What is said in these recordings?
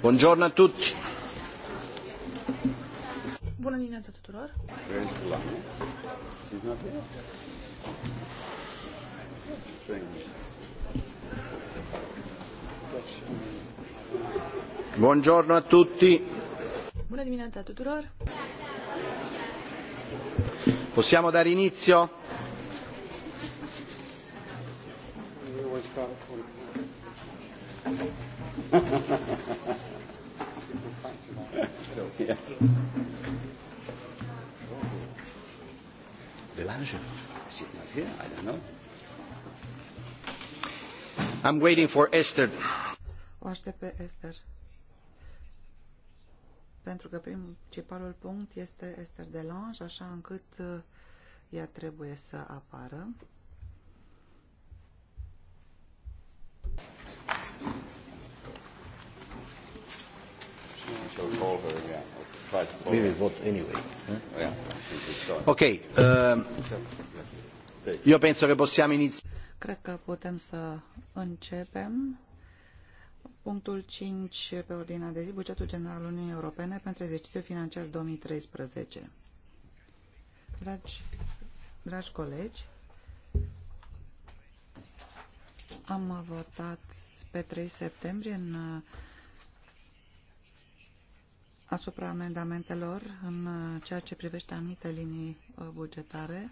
Buongiorno a tutti. Bună dimineața tuturor. Buongiorno a tutti. Bună dimineața tuturor. Possiamo dare inizio? Thank you. Delange, Belange, she's not here, I don't know. I'm waiting for Esther. O aștept pe Esther. Pentru că principalul punct este Esther Delange, așa încât uh, ea trebuie să apară. shall call her again. Try to call we will vote anyway. Hmm? Yeah, ok. Uh, um, eu penso că possiamo iniziare. Cred că putem să începem. Punctul 5 pe ordinea de zi, bugetul general Uniunii Europene pentru exercițiul financiar 2013. Dragi, dragi colegi, am votat pe 3 septembrie în asupra amendamentelor în uh, ceea ce privește anumite linii uh, bugetare.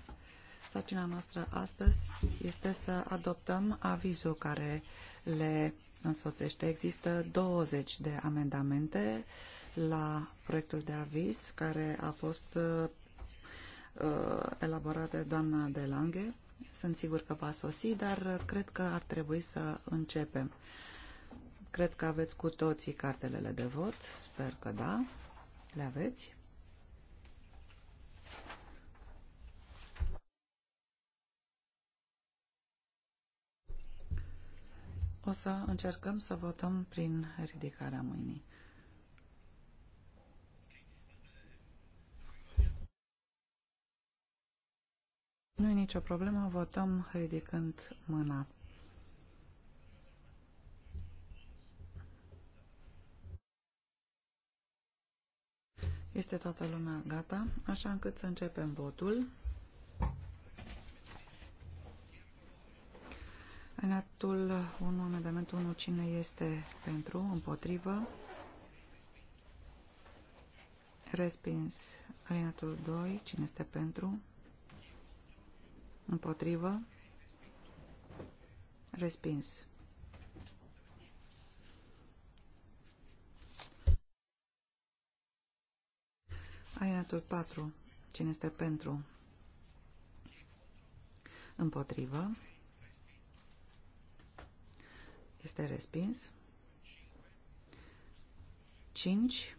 Sacina noastră astăzi este să adoptăm avizul care le însoțește. Există 20 de amendamente la proiectul de aviz care a fost uh, uh, elaborat de doamna de Lange. Sunt sigur că va sosi, dar cred că ar trebui să începem. Uh, Cred că aveți cu toții cartelele de vot. Sper că da. Le aveți. O să încercăm să votăm prin ridicarea mâinii. Nu e nicio problemă, votăm ridicând mâna. Este toată lumea gata, așa încât să începem votul. În actul 1, amendamentul 1, cine este pentru, împotrivă? Respins. Alineatul 2, cine este pentru? Împotrivă? Respins. Alinatul 4. Cine este pentru? Împotrivă. Este respins. 5.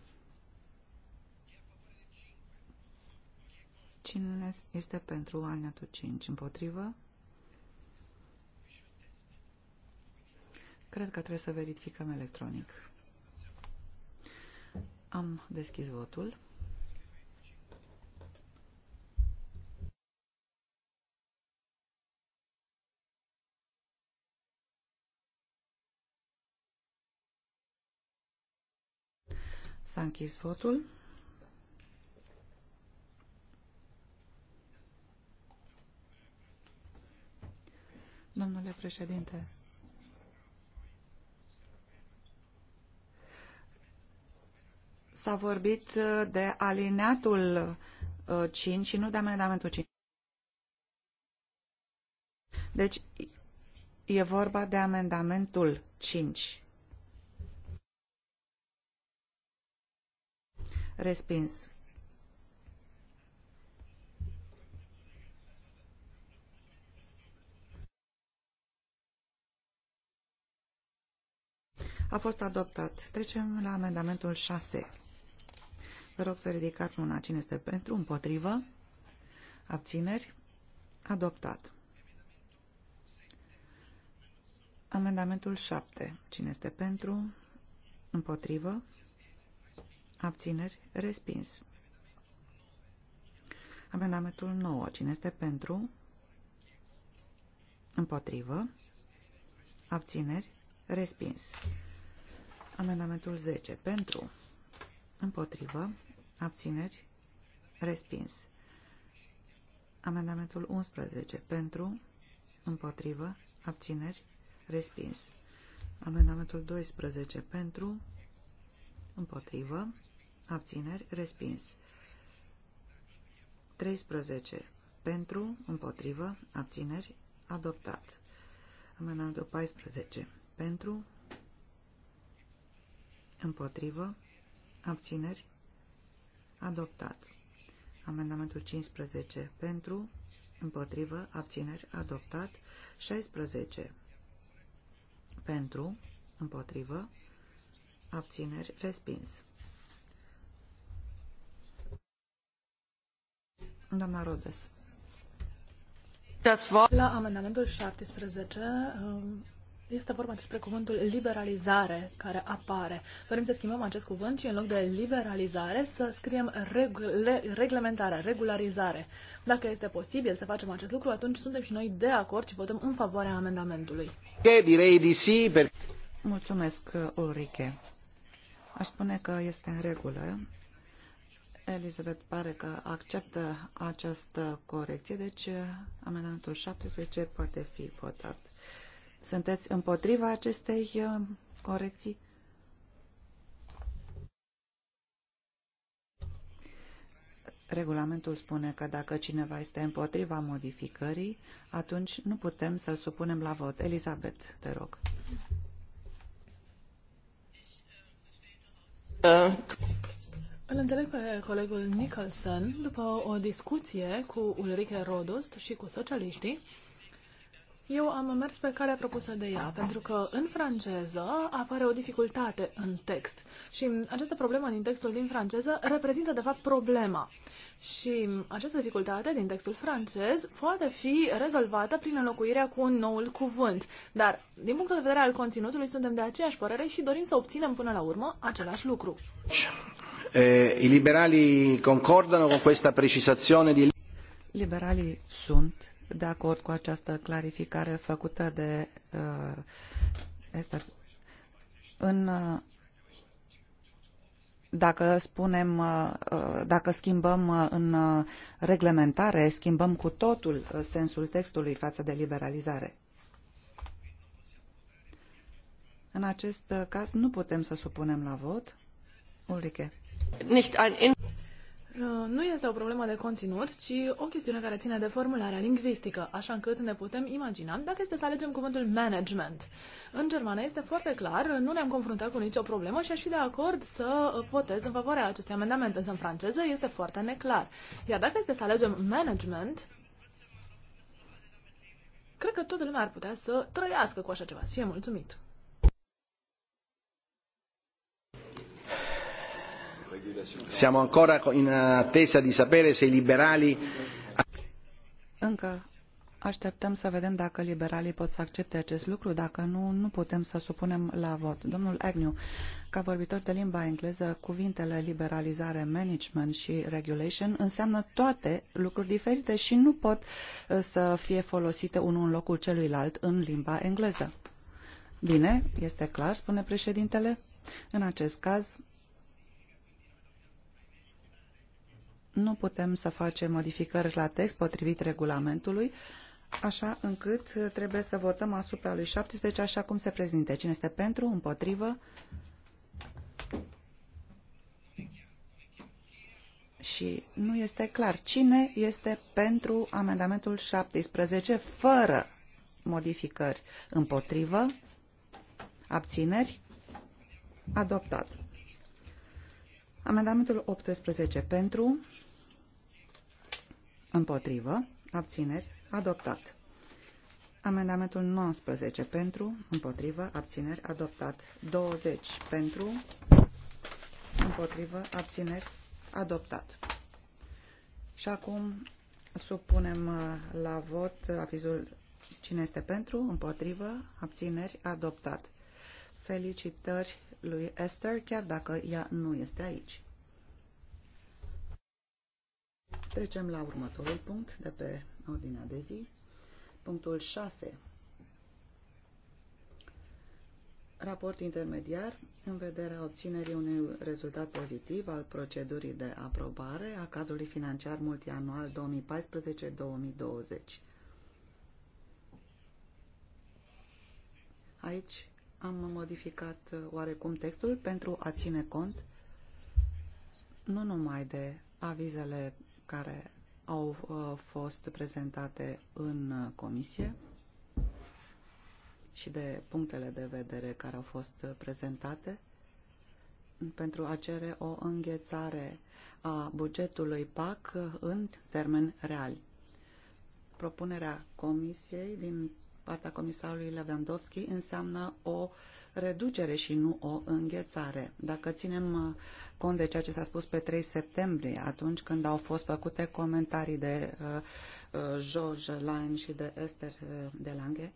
Cine este pentru alinatul 5? Împotrivă. Cred că trebuie să verificăm electronic. Am deschis votul. S-a închis votul. Domnule președinte, s-a vorbit uh, de alineatul 5 uh, și nu de amendamentul 5. Deci, e vorba de amendamentul 5. Respins. A fost adoptat. Trecem la amendamentul 6. Vă rog să ridicați mâna cine este pentru, împotrivă, abțineri, adoptat. Amendamentul 7. Cine este pentru, împotrivă, Abțineri. Respins. Amendamentul 9. Cine este pentru? Împotrivă. Abțineri. Respins. Amendamentul 10. Pentru. Împotrivă. Abțineri. Respins. Amendamentul 11. Pentru. Împotrivă. Abțineri. Respins. Amendamentul 12. Pentru. Împotrivă abțineri, respins. 13. Pentru, împotrivă, abțineri, adoptat. Amendamentul 14. Pentru, împotrivă, abțineri, adoptat. Amendamentul 15. Pentru, împotrivă, abțineri, adoptat. 16. Pentru, împotrivă, abțineri, respins. Doamna Rodes. La amendamentul 17 um, este vorba despre cuvântul liberalizare care apare. Dorim să schimbăm acest cuvânt și în loc de liberalizare să scriem regle, reglementare, regularizare. Dacă este posibil să facem acest lucru, atunci suntem și noi de acord și votăm în favoarea amendamentului. Mulțumesc, Ulrike. Aș spune că este în regulă Elizabeth pare că acceptă această corecție, deci uh, amendamentul 17 poate fi votat. Sunteți împotriva acestei uh, corecții? Regulamentul spune că dacă cineva este împotriva modificării, atunci nu putem să-l supunem la vot. Elizabeth, te rog. Uh, îl înțeleg pe colegul Nicholson după o discuție cu Ulrike Rodost și cu socialiștii. Eu am mers pe calea propusă de ea, pentru că în franceză apare o dificultate în text și această problemă din textul din franceză reprezintă de fapt problema. Și această dificultate din textul francez poate fi rezolvată prin înlocuirea cu un noul cuvânt. Dar, din punctul de vedere al conținutului, suntem de aceeași părere și dorim să obținem până la urmă același lucru. Eh, I liberali concordano con questa precisazione di... Liberalii sunt de acord cu această clarificare făcută de uh, În, eh, dacă spunem, dacă schimbăm în reglementare, schimbăm cu totul sensul textului față de liberalizare. În acest caz nu putem să supunem la vot. Ulrike. Uh, nu este o problemă de conținut, ci o chestiune care ține de formularea lingvistică, așa încât ne putem imagina dacă este să alegem cuvântul management. În germană este foarte clar, nu ne-am confruntat cu nicio problemă și aș fi de acord să votez în favoarea acestui amendament, însă în franceză este foarte neclar. Iar dacă este să alegem management, cred că toată lumea ar putea să trăiască cu așa ceva, să fie mulțumit. Siamo ancora in attesa di sapere se i liberali... Încă așteptăm să vedem dacă liberalii pot să accepte acest lucru. Dacă nu, nu putem să supunem la vot. Domnul Agnew, ca vorbitor de limba engleză, cuvintele liberalizare, management și regulation înseamnă toate lucruri diferite și nu pot uh, să fie folosite unul în locul celuilalt în limba engleză. Bine, este clar, spune președintele. În acest caz, nu putem să facem modificări la text potrivit regulamentului, așa încât trebuie să votăm asupra lui 17 așa cum se prezinte. Cine este pentru, împotrivă și nu este clar cine este pentru amendamentul 17 fără modificări împotrivă, abțineri, adoptat. Amendamentul 18 pentru, Împotrivă. Abțineri. Adoptat. Amendamentul 19 pentru, împotrivă, abțineri, adoptat. 20 pentru, împotrivă, abțineri, adoptat. Și acum supunem uh, la vot avizul cine este pentru, împotrivă, abțineri, adoptat. Felicitări lui Esther, chiar dacă ea nu este aici. Trecem la următorul punct de pe ordinea de zi. Punctul 6. Raport intermediar în vederea obținerii unui rezultat pozitiv al procedurii de aprobare a cadrului financiar multianual 2014-2020. Aici am modificat uh, oarecum textul pentru a ține cont nu numai de avizele care au uh, fost prezentate în uh, comisie și de punctele de vedere care au fost uh, prezentate pentru a cere o înghețare a bugetului PAC în termen real. Propunerea comisiei din partea comisarului Lewandowski înseamnă o reducere și nu o înghețare. Dacă ținem uh, cont de ceea ce s-a spus pe 3 septembrie, atunci când au fost făcute comentarii de uh, uh George Lain și de Esther uh, de Lange,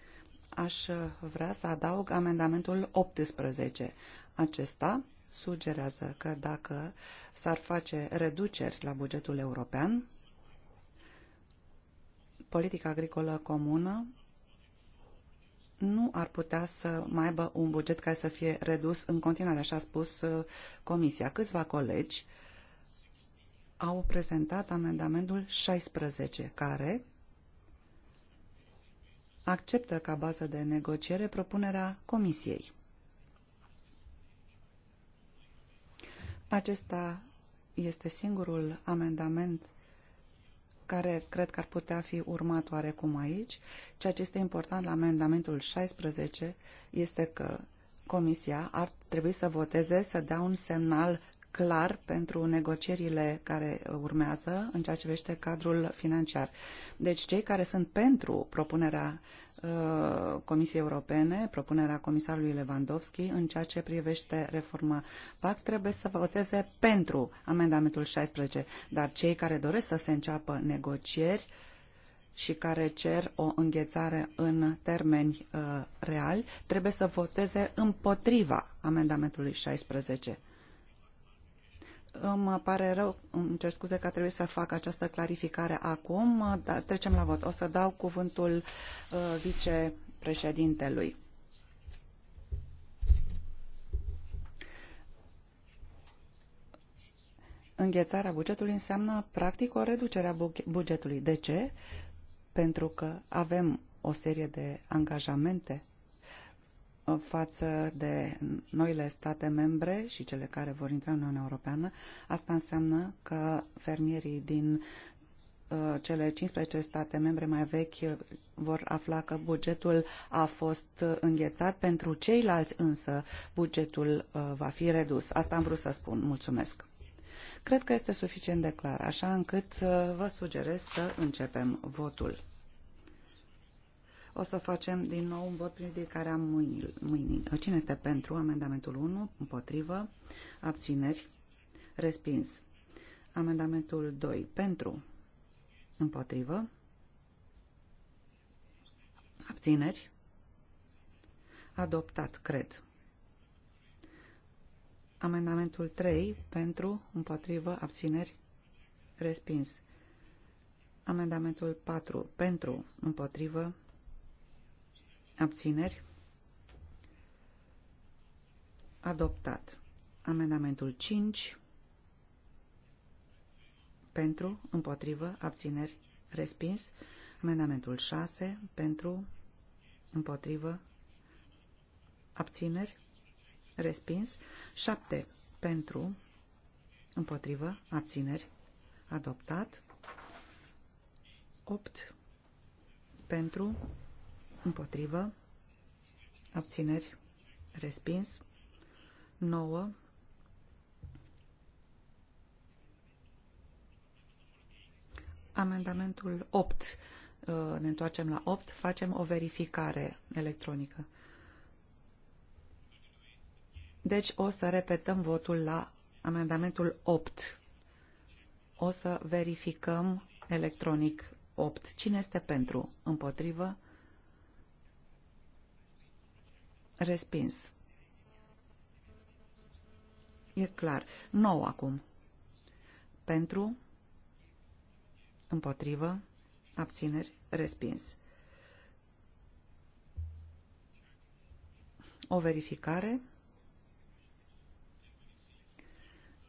aș vrea să adaug amendamentul 18. Acesta sugerează că dacă s-ar face reduceri la bugetul european, politica agricolă comună nu ar putea să mai aibă un buget care să fie redus în continuare, așa a spus uh, Comisia. Câțiva colegi au prezentat amendamentul 16, care acceptă ca bază de negociere propunerea Comisiei. Acesta este singurul amendament care cred că ar putea fi urmat oarecum aici. Ceea ce este important la amendamentul 16 este că Comisia ar trebui să voteze, să dea un semnal clar pentru negocierile care urmează în ceea ce privește cadrul financiar. Deci cei care sunt pentru propunerea Uh, Comisiei Europene, propunerea comisarului Lewandowski în ceea ce privește reforma PAC trebuie să voteze pentru amendamentul 16, dar cei care doresc să se înceapă negocieri și care cer o înghețare în termeni uh, reali trebuie să voteze împotriva amendamentului 16. Îmi pare rău, îmi cer scuze că trebuie să fac această clarificare acum, dar trecem la vot. O să dau cuvântul uh, vicepreședintelui. Înghețarea bugetului înseamnă practic o reducere a bugetului. De ce? Pentru că avem o serie de angajamente față de noile state membre și cele care vor intra în Uniunea Europeană. Asta înseamnă că fermierii din uh, cele 15 state membre mai vechi vor afla că bugetul a fost înghețat, pentru ceilalți însă bugetul uh, va fi redus. Asta am vrut să spun. Mulțumesc. Cred că este suficient de clar, așa încât uh, vă sugerez să începem votul. O să facem din nou un vot prin ridicarea mâinii. Cine este pentru amendamentul 1? Împotrivă? Abțineri? Respins. Amendamentul 2. Pentru? Împotrivă? Abțineri? Adoptat, cred. Amendamentul 3. Pentru? Împotrivă? Abțineri? Respins. Amendamentul 4. Pentru? Împotrivă? Abțineri? Adoptat. Amendamentul 5. Pentru, împotrivă, abțineri, respins. Amendamentul 6. Pentru, împotrivă, abțineri, respins. 7. Pentru, împotrivă, abțineri, adoptat. 8. Pentru, Împotrivă. Abțineri. Respins. 9. Amendamentul 8. Uh, ne întoarcem la 8. Facem o verificare electronică. Deci o să repetăm votul la amendamentul 8. O să verificăm electronic 8. Cine este pentru? Împotrivă? Respins. E clar. Nou acum. Pentru. Împotrivă. Abțineri. Respins. O verificare.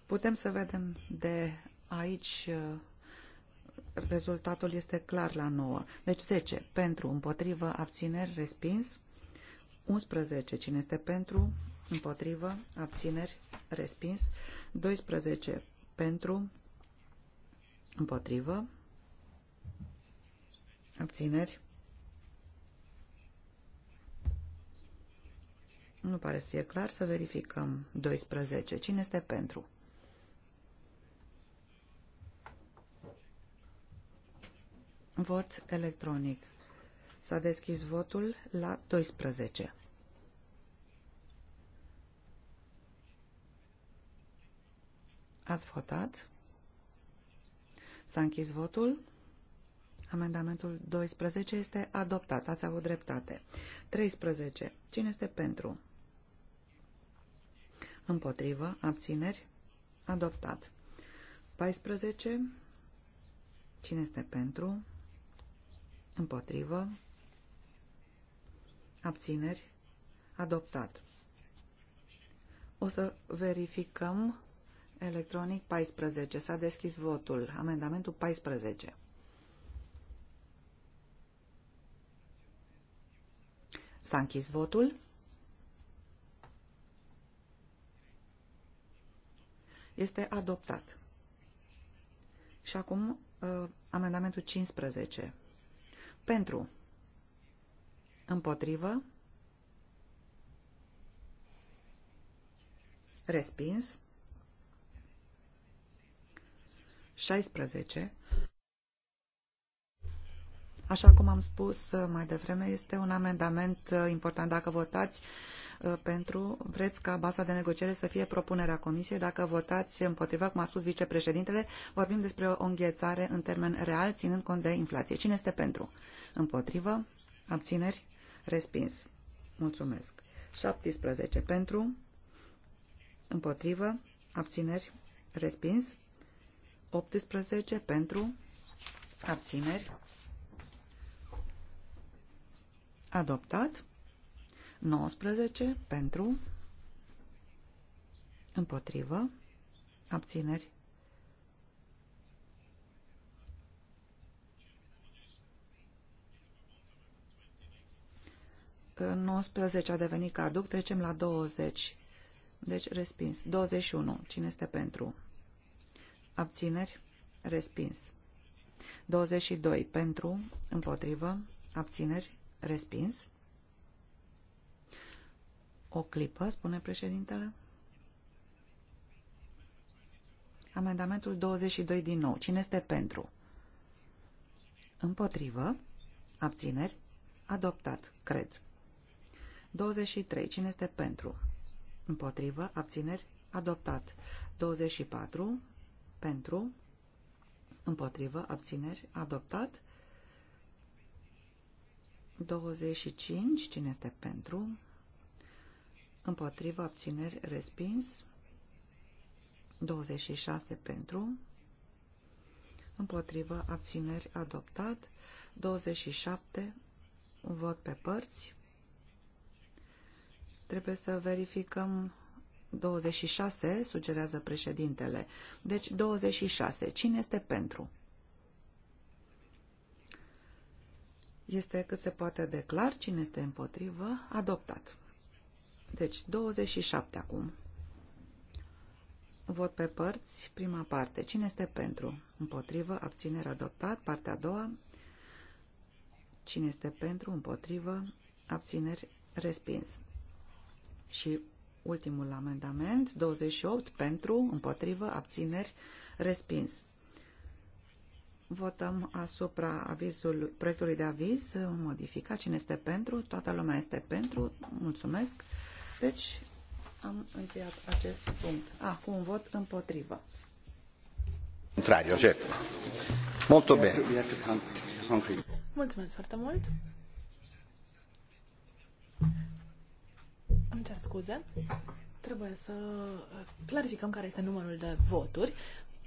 Putem să vedem de aici uh, rezultatul este clar la 9. Deci 10 pentru, împotrivă, abțineri, respins. 11. Cine este pentru? Împotrivă? Abțineri? Respins. 12. Pentru? Împotrivă? Abțineri? Nu pare să fie clar, să verificăm. 12. Cine este pentru? Vot electronic. S-a deschis votul la 12. Ați votat? S-a închis votul. Amendamentul 12 este adoptat. Ați avut dreptate. 13. Cine este pentru? Împotrivă. Abțineri. Adoptat. 14. Cine este pentru? Împotrivă abțineri, adoptat. O să verificăm electronic 14. S-a deschis votul. Amendamentul 14. S-a închis votul. Este adoptat. Și acum uh, amendamentul 15. Pentru. Împotrivă. Respins. 16. Așa cum am spus uh, mai devreme, este un amendament uh, important. Dacă votați uh, pentru, vreți ca baza de negociere să fie propunerea Comisiei. Dacă votați împotriva, cum a spus vicepreședintele, vorbim despre o înghețare în termen real, ținând cont de inflație. Cine este pentru? Împotrivă? Abțineri? Respins. Mulțumesc. 17 pentru, împotrivă, abțineri, respins. 18 pentru, abțineri, adoptat. 19 pentru, împotrivă, abțineri, 19 a devenit caduc, trecem la 20. Deci respins. 21. Cine este pentru? Abțineri? Respins. 22. Pentru? Împotrivă? Abțineri? Respins. O clipă, spune președintele. Amendamentul 22 din nou. Cine este pentru? Împotrivă? Abțineri? Adoptat, cred. 23. Cine este pentru? Împotrivă. Abțineri. Adoptat. 24. Pentru. Împotrivă. Abțineri. Adoptat. 25. Cine este pentru? Împotrivă. Abțineri. Respins. 26 pentru. Împotrivă. Abțineri. Adoptat. 27. Un vot pe părți. Trebuie să verificăm 26, sugerează președintele. Deci 26. Cine este pentru? Este cât se poate declar cine este împotrivă. Adoptat. Deci 27 acum. Vot pe părți. Prima parte. Cine este pentru? Împotrivă. Abținere. Adoptat. Partea a doua. Cine este pentru? Împotrivă. Abțineri. Respins. Și ultimul amendament, 28 pentru, împotrivă, abțineri, respins. Votăm asupra avizul, proiectului de aviz uh, modificat. Cine este pentru? Toată lumea este pentru. Mulțumesc. Deci am încheiat acest punct. Ah, cu un vot împotrivă. Contrario, certo. Molto bene. Mulțumesc foarte mult. Îmi cer scuze. Trebuie să uh, clarificăm care este numărul de voturi,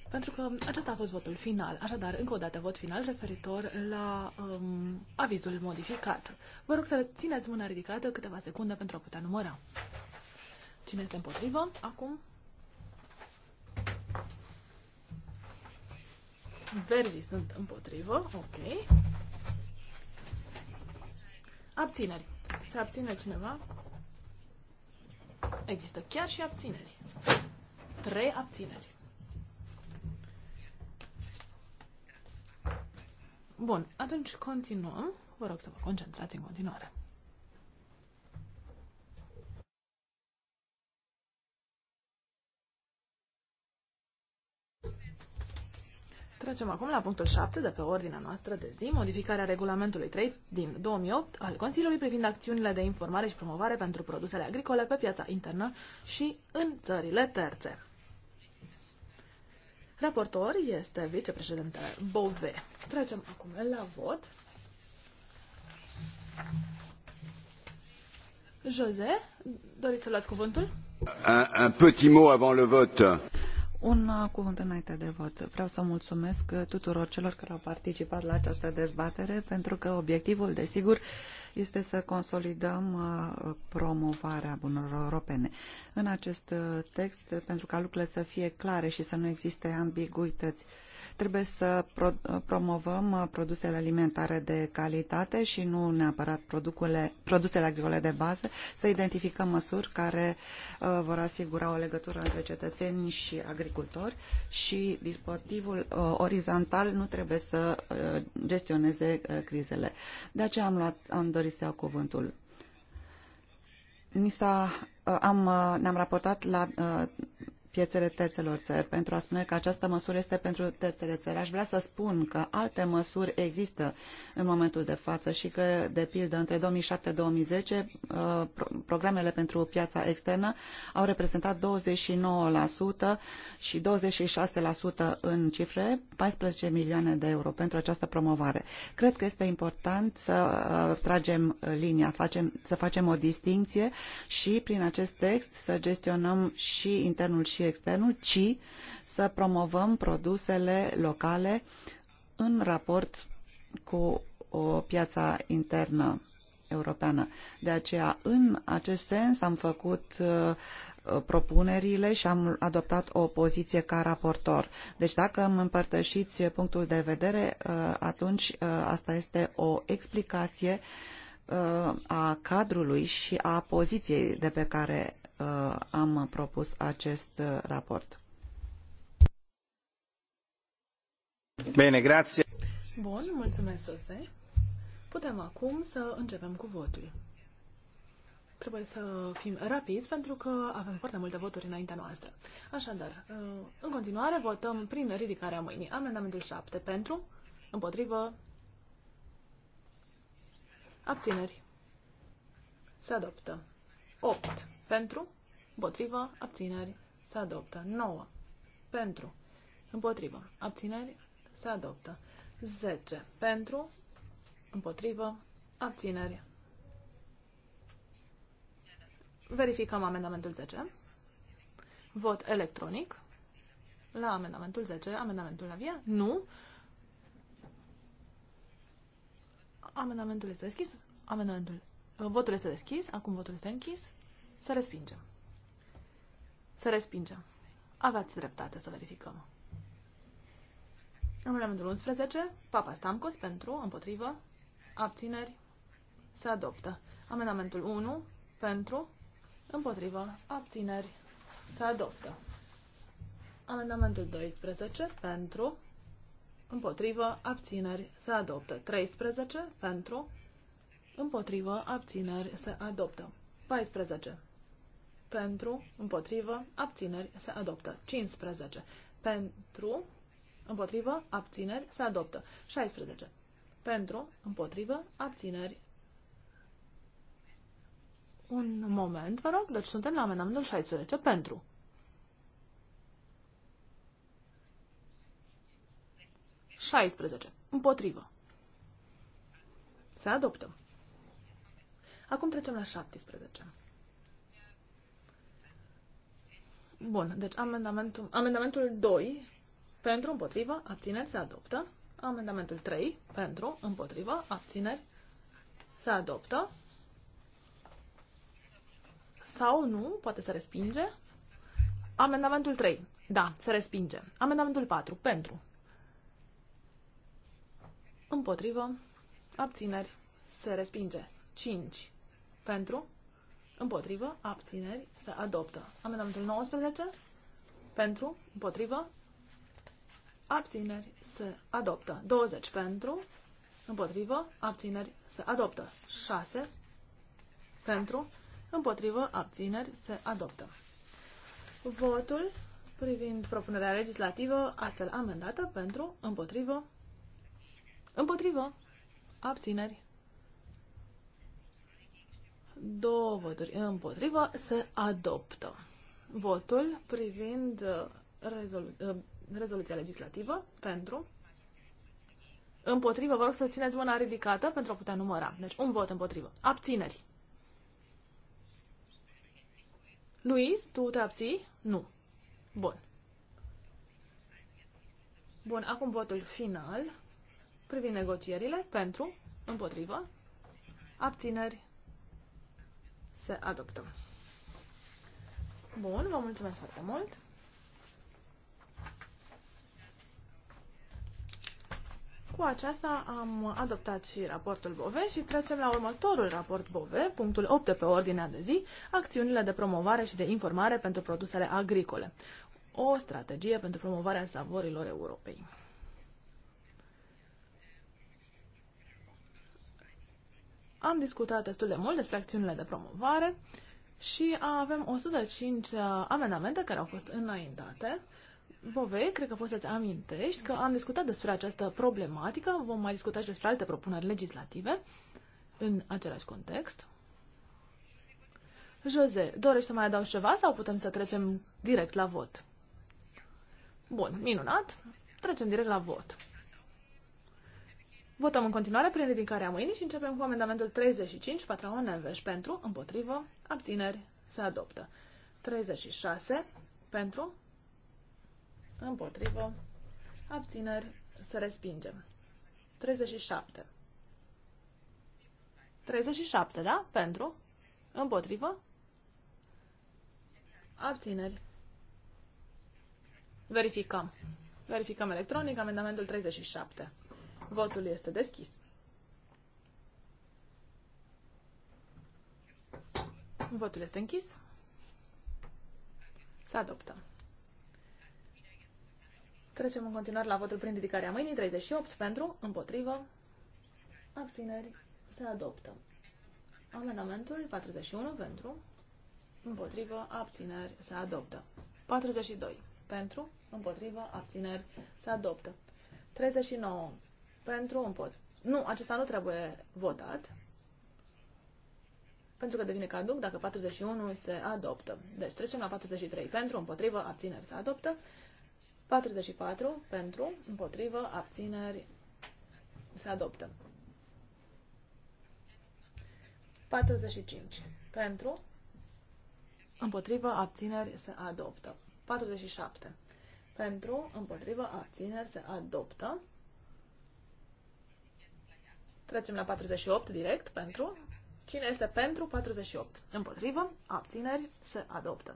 pentru că acesta a fost votul final. Așadar, încă o dată, vot final referitor la um, avizul modificat. Vă rog să țineți mâna ridicată câteva secunde pentru a putea număra. Cine este împotrivă? Acum. Verzii sunt împotrivă. Ok. Abțineri. Se abține cineva? Există chiar și abțineri. Trei abțineri. Bun, atunci continuăm. Vă rog să vă concentrați în continuare. Trecem acum la punctul 7 de pe ordinea noastră de zi, modificarea regulamentului 3 din 2008 al Consiliului privind acțiunile de informare și promovare pentru produsele agricole pe piața internă și în țările terțe. Raportor este vicepreședintele Bove. Trecem acum la vot. José, doriți să luați cuvântul? Un, un petit mot avant le vote. Un cuvânt înainte de vot. Vreau să mulțumesc tuturor celor care au participat la această dezbatere, pentru că obiectivul, desigur, este să consolidăm uh, promovarea bunurilor europene. În acest uh, text, pentru ca lucrurile să fie clare și să nu existe ambiguități, Trebuie să pro promovăm uh, produsele alimentare de calitate și nu neapărat produsele agricole de bază, să identificăm măsuri care uh, vor asigura o legătură între cetățeni și agricultori și dispozitivul uh, orizontal nu trebuie să uh, gestioneze uh, crizele. De aceea am, luat, am dorit să iau cuvântul. Ni uh, am, ne-am raportat la piețele terțelor țări pentru a spune că această măsură este pentru terțele țări. Aș vrea să spun că alte măsuri există în momentul de față și că, de pildă, între 2007-2010, uh, programele pentru piața externă au reprezentat 29% și 26% în cifre, 14 milioane de euro pentru această promovare. Cred că este important să uh, tragem linia, facem, să facem o distinție și prin acest text să gestionăm și internul și comerțul extern, ci să promovăm produsele locale în raport cu o piața internă europeană. De aceea, în acest sens, am făcut uh, uh, propunerile și am adoptat o poziție ca raportor. Deci dacă îmi împărtășiți punctul de vedere, uh, atunci asta este o explicație a cadrului și a poziției de pe care Uh, am propus acest uh, raport. Bine, grație. Bun, mulțumesc, Jose. Putem acum să începem cu votul. Trebuie să fim rapizi pentru că avem foarte multe voturi înaintea noastră. Așadar, uh, în continuare votăm prin ridicarea mâinii. Amendamentul 7 pentru, împotrivă, abțineri. Se adoptă. 8 pentru, împotrivă, abțineri, se adoptă. 9. Pentru, împotrivă, abțineri, se adoptă. 10. Pentru, împotrivă, abțineri. Verificăm amendamentul 10. Vot electronic. La amendamentul 10, amendamentul la via? Nu. Amendamentul este deschis. Amendamentul. Votul este deschis. Acum votul este închis. Să respingem. Să respingem. Aveați dreptate să verificăm. Amendamentul 11, Papa Stamcos pentru, împotrivă, abțineri, se adoptă. Amendamentul 1, pentru, împotrivă, abțineri, se adoptă. Amendamentul 12, pentru, împotrivă, abțineri, se adoptă. 13, pentru, împotrivă, abțineri, se adoptă. 14, pentru, împotrivă, abțineri, se adoptă. 15. Pentru, împotrivă, abțineri, se adoptă. 16. Pentru, împotrivă, abțineri. Un moment, vă rog, deci suntem la amendamentul 16. Pentru. Șaisprezece. Împotrivă. Se adoptă. Acum trecem la 17. Bun, deci amendamentul, amendamentul 2 pentru, împotrivă, abțineri se adoptă. Amendamentul 3 pentru, împotrivă, abțineri se adoptă. Sau nu, poate să respinge. Amendamentul 3. Da, se respinge. Amendamentul 4. Pentru. Împotrivă. Abțineri. Se respinge. 5. Pentru. Împotrivă. Abțineri. Se adoptă. Amendamentul 19. Pentru. Împotrivă. Abțineri. Se adoptă. 20. Pentru. Împotrivă. Abțineri. Se adoptă. 6. Pentru. Împotrivă. Abțineri. Se adoptă. Votul privind propunerea legislativă astfel amendată pentru, împotrivă, împotrivă, abțineri două voturi împotrivă, se adoptă. Votul privind uh, rezolu- uh, rezoluția legislativă pentru. Împotrivă, vă rog să țineți mâna ridicată pentru a putea număra. Deci un vot împotrivă. Abțineri. Luis, tu te abții? Nu. Bun. Bun, acum votul final privind negocierile pentru, împotrivă, abțineri, se adoptă. Bun, vă mulțumesc foarte mult. Cu aceasta am adoptat și raportul BOVE și trecem la următorul raport BOVE, punctul 8 pe ordinea de zi, acțiunile de promovare și de informare pentru produsele agricole. O strategie pentru promovarea savorilor Europei. Am discutat destul de mult despre acțiunile de promovare și avem 105 uh, amendamente care au fost înaintate. Bove, cred că poți să-ți amintești că am discutat despre această problematică, vom mai discuta și despre alte propuneri legislative în același context. Jose, dorești să mai adaugi ceva sau putem să trecem direct la vot? Bun, minunat. Trecem direct la vot. Votăm în continuare prin ridicarea mâinii și începem cu amendamentul 35, Patraon Neveș, pentru, împotrivă, abțineri, se adoptă. 36, pentru, împotrivă, abțineri, se respinge. 37. 37, da? Pentru, împotrivă, abțineri. Verificăm. Verificăm electronic amendamentul 37. Votul este deschis. Votul este închis. Se adoptă. Trecem în continuare la votul prin ridicarea mâinii. 38 pentru, împotrivă, abțineri, se adoptă. Amendamentul 41 pentru, împotrivă, abțineri, se adoptă. 42 pentru, împotrivă, abțineri, se adoptă. 39 pentru un pod. Nu, acesta nu trebuie votat. Pentru că devine caduc dacă 41 se adoptă. Deci trecem la 43. Pentru, împotrivă, abțineri se adoptă. 44 pentru, împotrivă, abțineri se adoptă. 45 pentru, împotrivă, abțineri se adoptă. 47 pentru, împotrivă, abțineri se adoptă. Trecem la 48 direct pentru. Cine este pentru 48? Împotrivă, abțineri, se adoptă.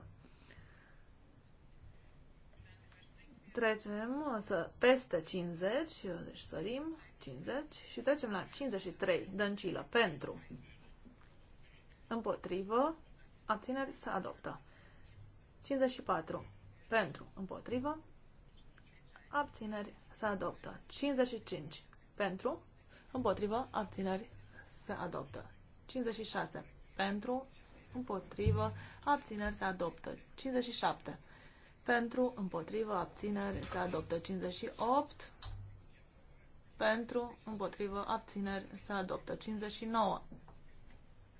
Trecem uh, să peste 50, deci sărim 50 și trecem la 53, dăncilă, pentru. Împotrivă, abțineri, se adoptă. 54, pentru, împotrivă, abțineri, se adoptă. 55, pentru, Împotrivă, abțineri, se adoptă. 56. Pentru, împotrivă, abțineri, se adoptă. 57. Pentru, împotrivă, abțineri, se adoptă. 58. Pentru, împotrivă, abțineri, se adoptă. 59.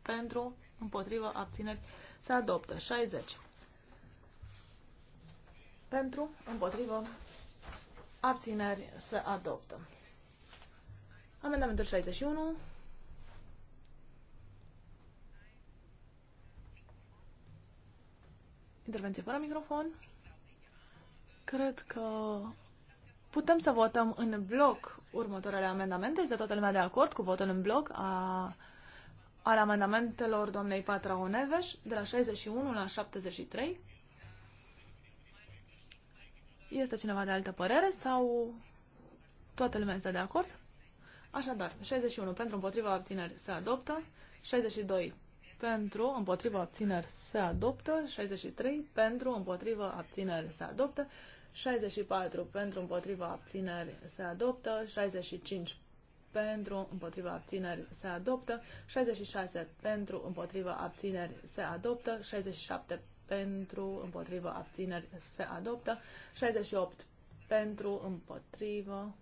Pentru, împotrivă, abțineri, se adoptă. 60. Pentru, împotrivă, abțineri, se adoptă. Amendamentul 61. Intervenție fără microfon. Cred că putem să votăm în bloc următoarele amendamente. Este toată lumea de acord cu votul în bloc a, al amendamentelor doamnei Patra Oneveș de la 61 la 73. Este cineva de altă părere sau toată lumea este de acord? Așadar, 61 pentru împotriva abțineri se adoptă, 62 pentru împotriva abțineri se adoptă, 63 pentru împotriva abțineri se adoptă, 64 pentru împotriva abțineri se adoptă, 65 pentru împotriva abțineri se adoptă, 66 pentru împotriva abțineri se adoptă, 67 pentru împotriva abțineri se adoptă, 68 pentru împotriva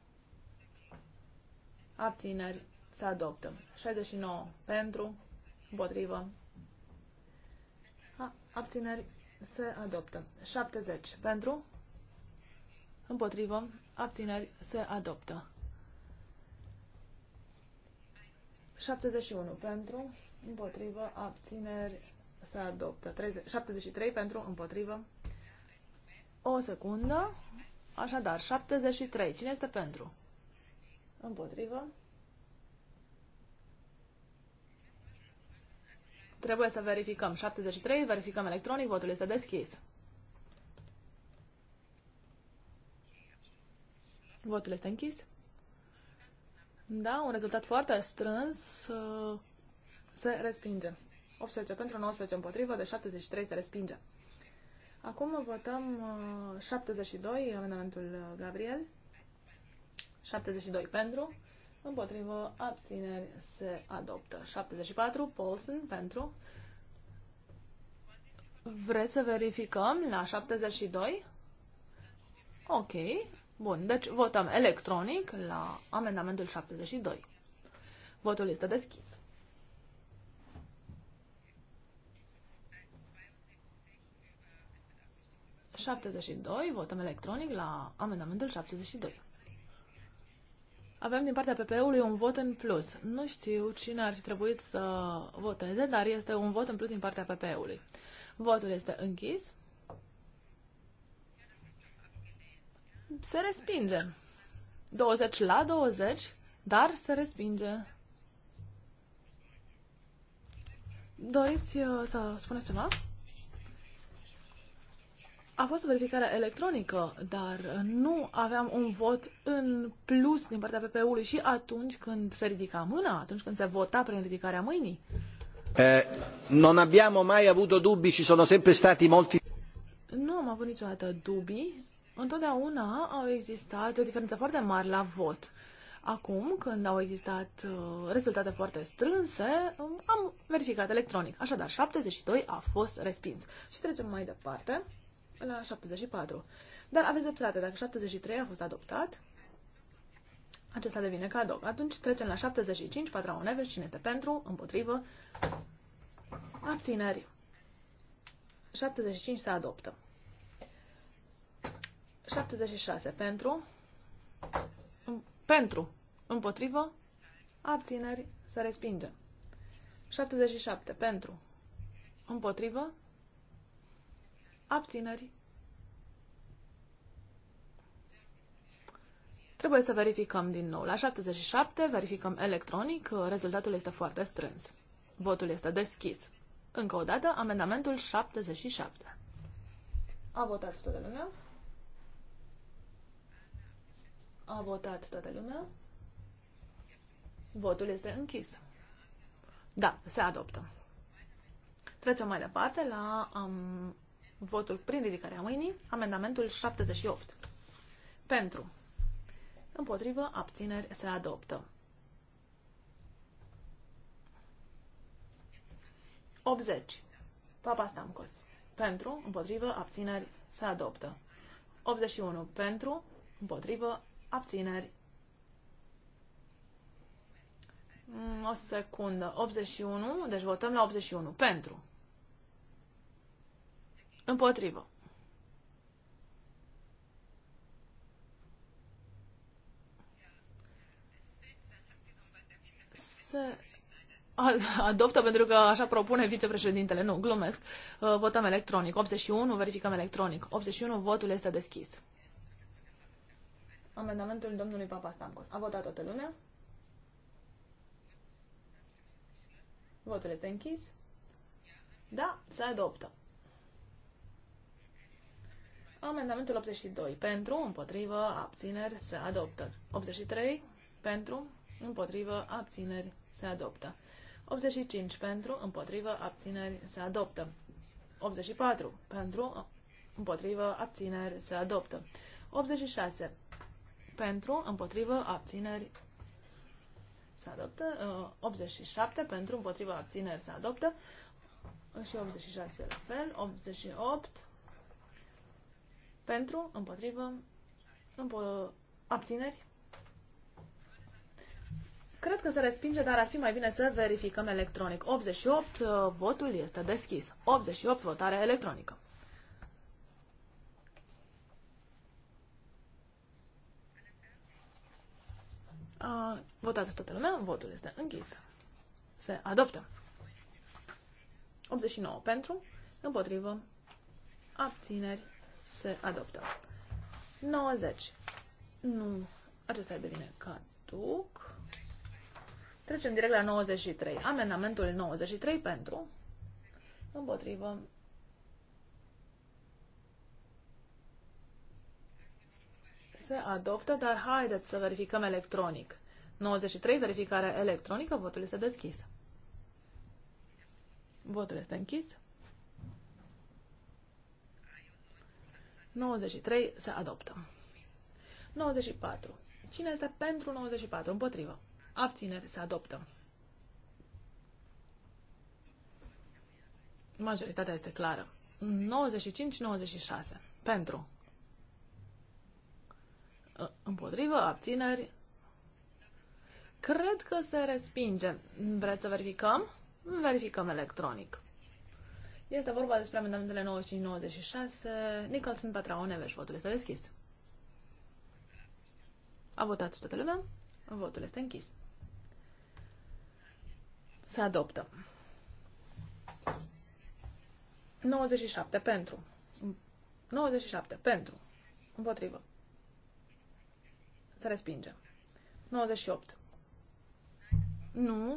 Abțineri. Se adoptă. 69 pentru. Împotrivă. Abțineri. Se adoptă. 70 pentru. Împotrivă. Abțineri. Se adoptă. 71 pentru. Împotrivă. Abțineri. Se adoptă. 30, 73 pentru. Împotrivă. O secundă. Așadar, 73. Cine este pentru? Împotrivă. Trebuie să verificăm. 73, verificăm electronic, votul este deschis. Votul este închis. Da, un rezultat foarte strâns uh, se respinge. 18 pentru 19 împotrivă, de 73 se respinge. Acum votăm 72, uh, amendamentul uh, Gabriel. 72 pentru, împotrivă, abțineri, se adoptă. 74, Paulson pentru. Vreți să verificăm la 72? Ok, bun, deci votăm electronic la amendamentul 72. Votul este deschis. ...72, votăm electronic la amendamentul 72 avem din partea PP-ului un vot în plus. Nu știu cine ar fi trebuit să voteze, dar este un vot în plus din partea PP-ului. Votul este închis. Se respinge. 20 la 20, dar se respinge. Doriți uh, să spuneți ceva? A fost o verificare electronică, dar uh, nu aveam un vot în plus din partea PP-ului și atunci când se ridica mâna, atunci când se vota prin ridicarea mâinii. Eh, non abbiamo mai avuto dubbi, ci sono sempre stati molti... Nu am avut niciodată dubii. Întotdeauna au existat o diferență foarte mare la vot. Acum, când au existat uh, rezultate foarte strânse, um, am verificat electronic. Așadar, 72 a fost respins. Și trecem mai departe la 74. Dar aveți dreptate, dacă 73 a fost adoptat, acesta devine cadou. Atunci trecem la 75, patraul Neves, cine este pentru, împotrivă, abțineri. 75 se adoptă. 76 pentru, pentru, împotrivă, abțineri, se respinge. 77 pentru, împotrivă, Abțineri. Trebuie să verificăm din nou. La 77 verificăm electronic. Rezultatul este foarte strâns. Votul este deschis. Încă o dată, amendamentul 77. A votat toată lumea? A votat toată lumea? Votul este închis. Da, se adoptă. Trecem mai departe la um, Votul prin ridicarea mâinii. Amendamentul 78. Pentru. Împotrivă. Abțineri. Se adoptă. 80. Papa Stamcos. Pentru. Împotrivă. Abțineri. Se adoptă. 81. Pentru. Împotrivă. Abțineri. Mm, o secundă. 81. Deci votăm la 81. Pentru. Împotrivă. Se adoptă pentru că așa propune vicepreședintele. Nu, glumesc. Uh, votăm electronic. 81, verificăm electronic. 81, votul este deschis. Amendamentul domnului Papa Papastamcos. A votat toată lumea? Votul este închis? Da, se adoptă. Amendamentul 82. Pentru, împotrivă, abțineri, se adoptă. 83. Pentru, împotrivă, abțineri, se adoptă. 85. Pentru, împotrivă, abțineri, se adoptă. 84. Pentru, împotrivă, abțineri, se adoptă. 86. Pentru, împotrivă, abțineri, se adoptă. 87. Uh, Pentru, împotrivă, abțineri, se adoptă. Și 86 la fel. 88 pentru, împotrivă, împo- abțineri. Cred că se respinge, dar ar fi mai bine să verificăm electronic. 88, uh, votul este deschis. 88, votare electronică. A votat toată lumea, votul este închis. Se adoptă. 89 pentru, împotrivă, abțineri, se adoptă. 90. Nu, acesta devine caduc. Trecem direct la 93. Amendamentul 93 pentru, împotrivă, se adoptă, dar haideți să verificăm electronic. 93, verificare electronică, votul este deschis. Votul este închis. 93 se adoptă. 94. Cine este pentru 94? Împotrivă. Abțineri se adoptă. Majoritatea este clară. 95-96. Pentru. Ă, împotrivă, abțineri. Cred că se respinge. Vreți să verificăm? Verificăm electronic. Este vorba despre amendamentele 95-96. Nicholson, Patraone, vezi, votul este deschis. A votat toată lumea? Votul este închis. Se adoptă. 97 pentru. 97 pentru. Împotrivă. Se respinge. 98. Nu.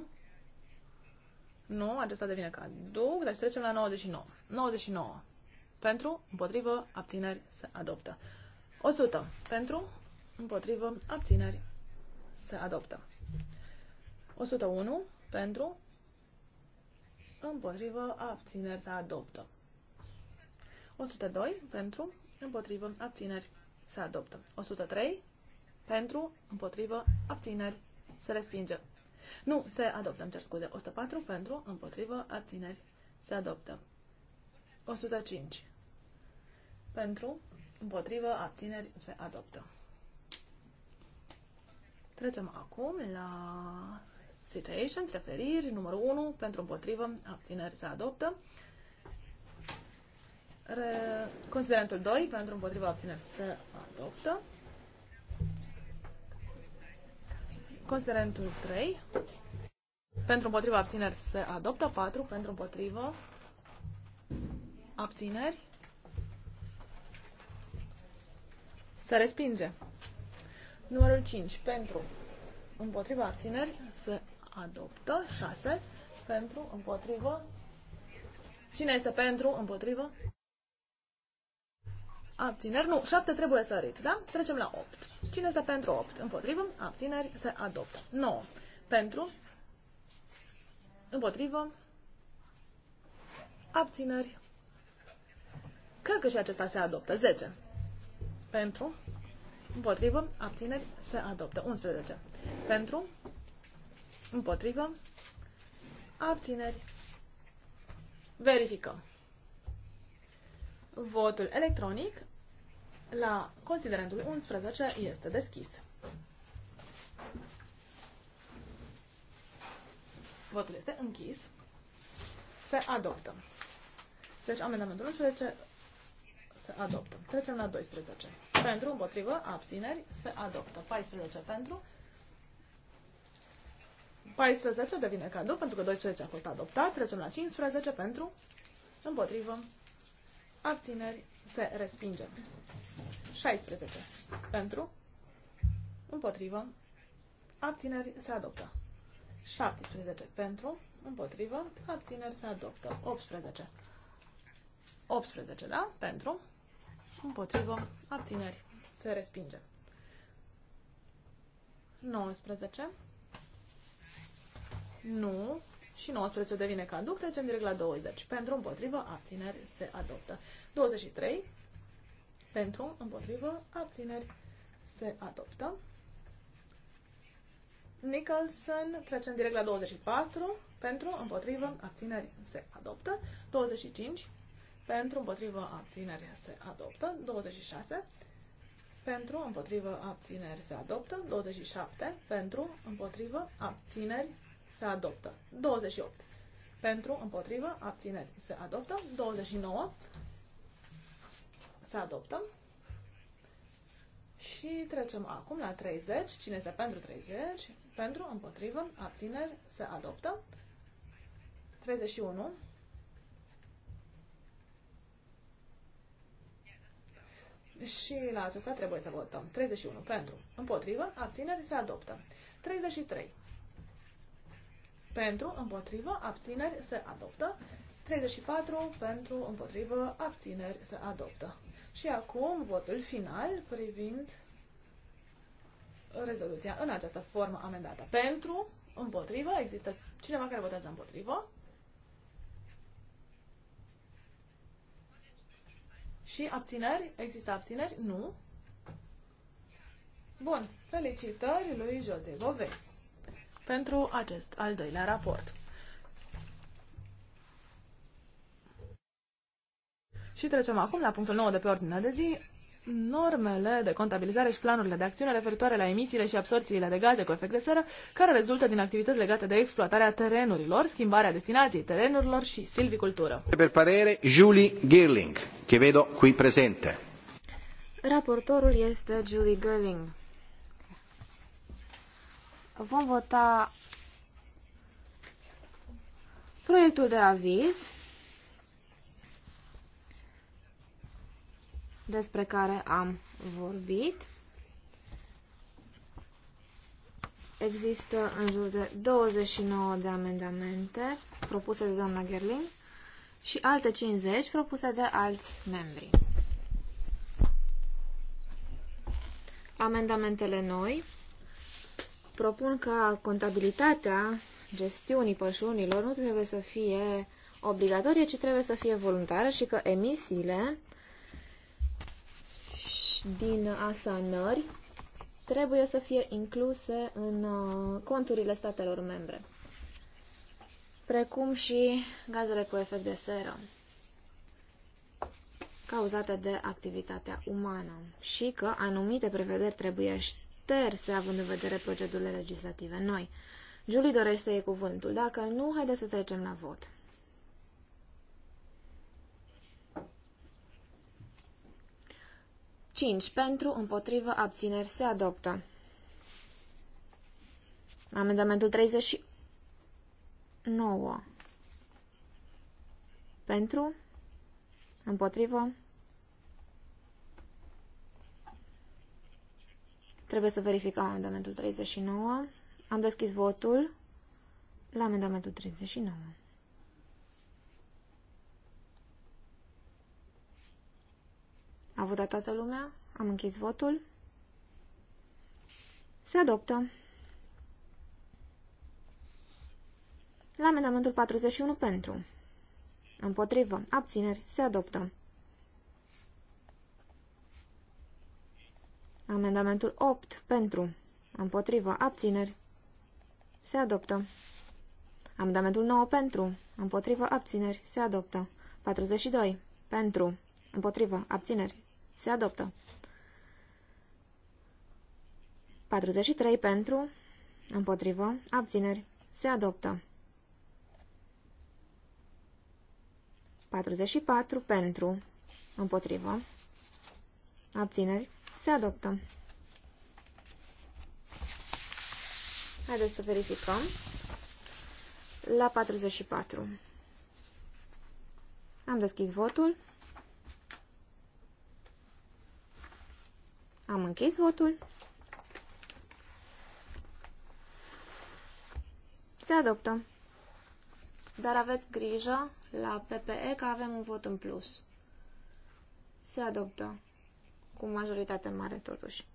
Nu, acesta devine caduc, deci trecem la 99. 99. Pentru, împotrivă, abțineri, se adoptă. 100. Pentru, împotrivă, abțineri, se adoptă. 101. Pentru, împotrivă, abțineri, se adoptă. 102. Pentru, împotrivă, abțineri, se adoptă. 103. Pentru, împotrivă, abțineri, se respinge. Nu, se adoptă, îmi cer scuze. 104 pentru, împotrivă, abțineri, se adoptă. 105 pentru, împotrivă, abțineri, se adoptă. Trecem acum la situations, referiri, numărul 1, pentru împotrivă, abțineri, se adoptă. Re... Considerentul 2, pentru împotrivă, abțineri, se adoptă. Considerentul 3. Pentru împotriva abțineri se adoptă 4. Pentru împotrivă abțineri se respinge. Numărul 5. Pentru împotriva abțineri se adoptă 6. Pentru împotrivă. Cine este pentru împotrivă? abțineri, nu, 7 trebuie să sărit, da? Trecem la 8. Cine este pentru 8? Împotrivă, abțineri, se adoptă. 9. Pentru, împotrivă, abțineri. Cred că și acesta se adoptă. 10. Pentru, împotrivă, abțineri, se adoptă. 11. Pentru, împotrivă, abțineri. Verificăm. Votul electronic la considerentul 11 este deschis. Votul este închis. Se adoptă. Deci amendamentul 11 se adoptă. Trecem la 12. Pentru, împotrivă, abțineri, se adoptă. 14 pentru. 14 devine cadou pentru că 12 a fost adoptat. Trecem la 15 pentru, împotrivă, abțineri, se respinge. 16. Pentru. Împotrivă. Abțineri se adoptă. 17. Pentru. Împotrivă. Abțineri se adoptă. 18. 18, da? Pentru. Împotrivă. Abțineri se respinge. 19. Nu. Și 19 devine caduc. Trecem direct la 20. Pentru împotrivă, abțineri se adoptă. 23 pentru, împotrivă, abțineri se adoptă. Nicholson, trecem direct la 24. Pentru, împotrivă, abțineri se adoptă. 25. Pentru, împotrivă, abțineri se adoptă. 26. Pentru, împotrivă, abțineri se adoptă. 27. Pentru, împotrivă, abțineri se adoptă. 28. Pentru, împotrivă, abțineri se adoptă. 29 se adoptă. Și trecem acum la 30. Cine este pentru 30? Pentru, împotrivă, abțineri, se adoptă. 31. Și la acesta trebuie să votăm. 31 pentru, împotrivă, abțineri, se adoptă. 33. Pentru, împotrivă, abțineri, se adoptă. 34 pentru, împotrivă, abțineri, se adoptă. Și acum votul final privind rezoluția în această formă amendată. Pentru, împotrivă, există cineva care votează împotrivă. Și abțineri? Există abțineri? Nu. Bun. Felicitări lui Jose Bove pentru acest al doilea raport. Și trecem acum la punctul 9 de pe ordinea de zi, normele de contabilizare și planurile de acțiune referitoare la emisiile și absorțiile de gaze cu efect de seră care rezultă din activități legate de exploatarea terenurilor, schimbarea destinației terenurilor și silvicultură. Per parere, Julie Gerling, che vedo qui presente. Raportorul este Julie Gerling. Vom vota proiectul de aviz despre care am vorbit. Există în jur de 29 de amendamente propuse de doamna Gerlin și alte 50 propuse de alți membri. Amendamentele noi propun ca contabilitatea gestiunii pășunilor nu trebuie să fie obligatorie, ci trebuie să fie voluntară și că emisiile din asanări trebuie să fie incluse în uh, conturile statelor membre, precum și gazele cu efect de seră cauzate de activitatea umană și că anumite prevederi trebuie șterse având în vedere procedurile legislative noi. Julie dorește să iei cuvântul. Dacă nu, haideți să trecem la vot. 5. Pentru, împotrivă, abțineri se adoptă. Amendamentul 39. Pentru, împotrivă, Trebuie să verificăm amendamentul 39. Am deschis votul la amendamentul 39. A votat toată lumea? Am închis votul. Se adoptă. La amendamentul 41 pentru. Împotrivă. Abțineri. Se adoptă. Amendamentul 8 pentru. Împotrivă. Abțineri. Se adoptă. Amendamentul 9 pentru. Împotrivă. Abțineri. Se adoptă. 42. Pentru. Împotrivă. Abțineri. Se adoptă. 43 pentru, împotrivă, abțineri. Se adoptă. 44 pentru, împotrivă, abțineri. Se adoptă. Haideți să verificăm. La 44. Am deschis votul. Am închis votul. Se adoptă. Dar aveți grijă la PPE că avem un vot în plus. Se adoptă. Cu majoritate mare, totuși.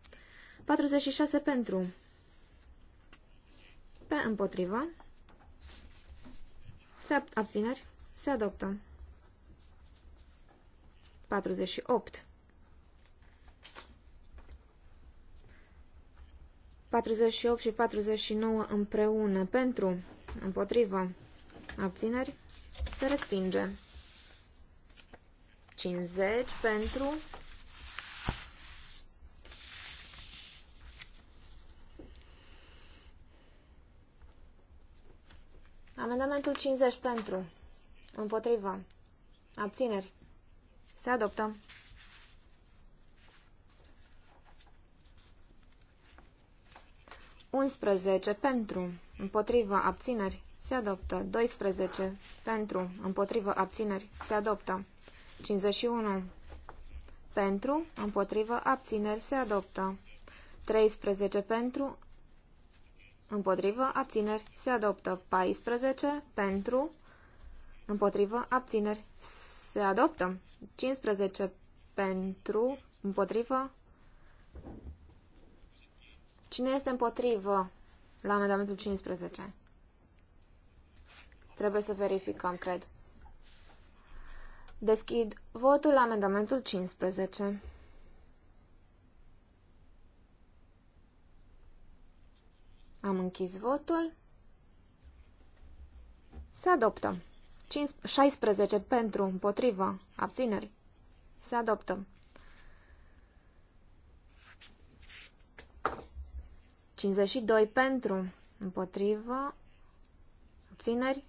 46 pentru. Pe împotrivă. Se abțineri. Se adoptă. 48. 48 și 49 împreună pentru, împotrivă, abțineri, se respinge. 50 pentru, amendamentul 50 pentru, împotrivă, abțineri, se adoptă. 11 pentru, împotriva abțineri, se adoptă. 12 pentru, împotriva abțineri, se adoptă. 51 pentru, împotriva abțineri, se adoptă. 13 pentru, împotriva abțineri, se adoptă. 14 pentru, împotriva abțineri, se adoptă. 15 pentru, împotriva Cine este împotrivă la amendamentul 15? Trebuie să verificăm, cred. Deschid votul la amendamentul 15. Am închis votul. Se adoptă. 15, 16 pentru, împotrivă, abțineri. Se adoptă. 52 pentru, împotrivă, țineri,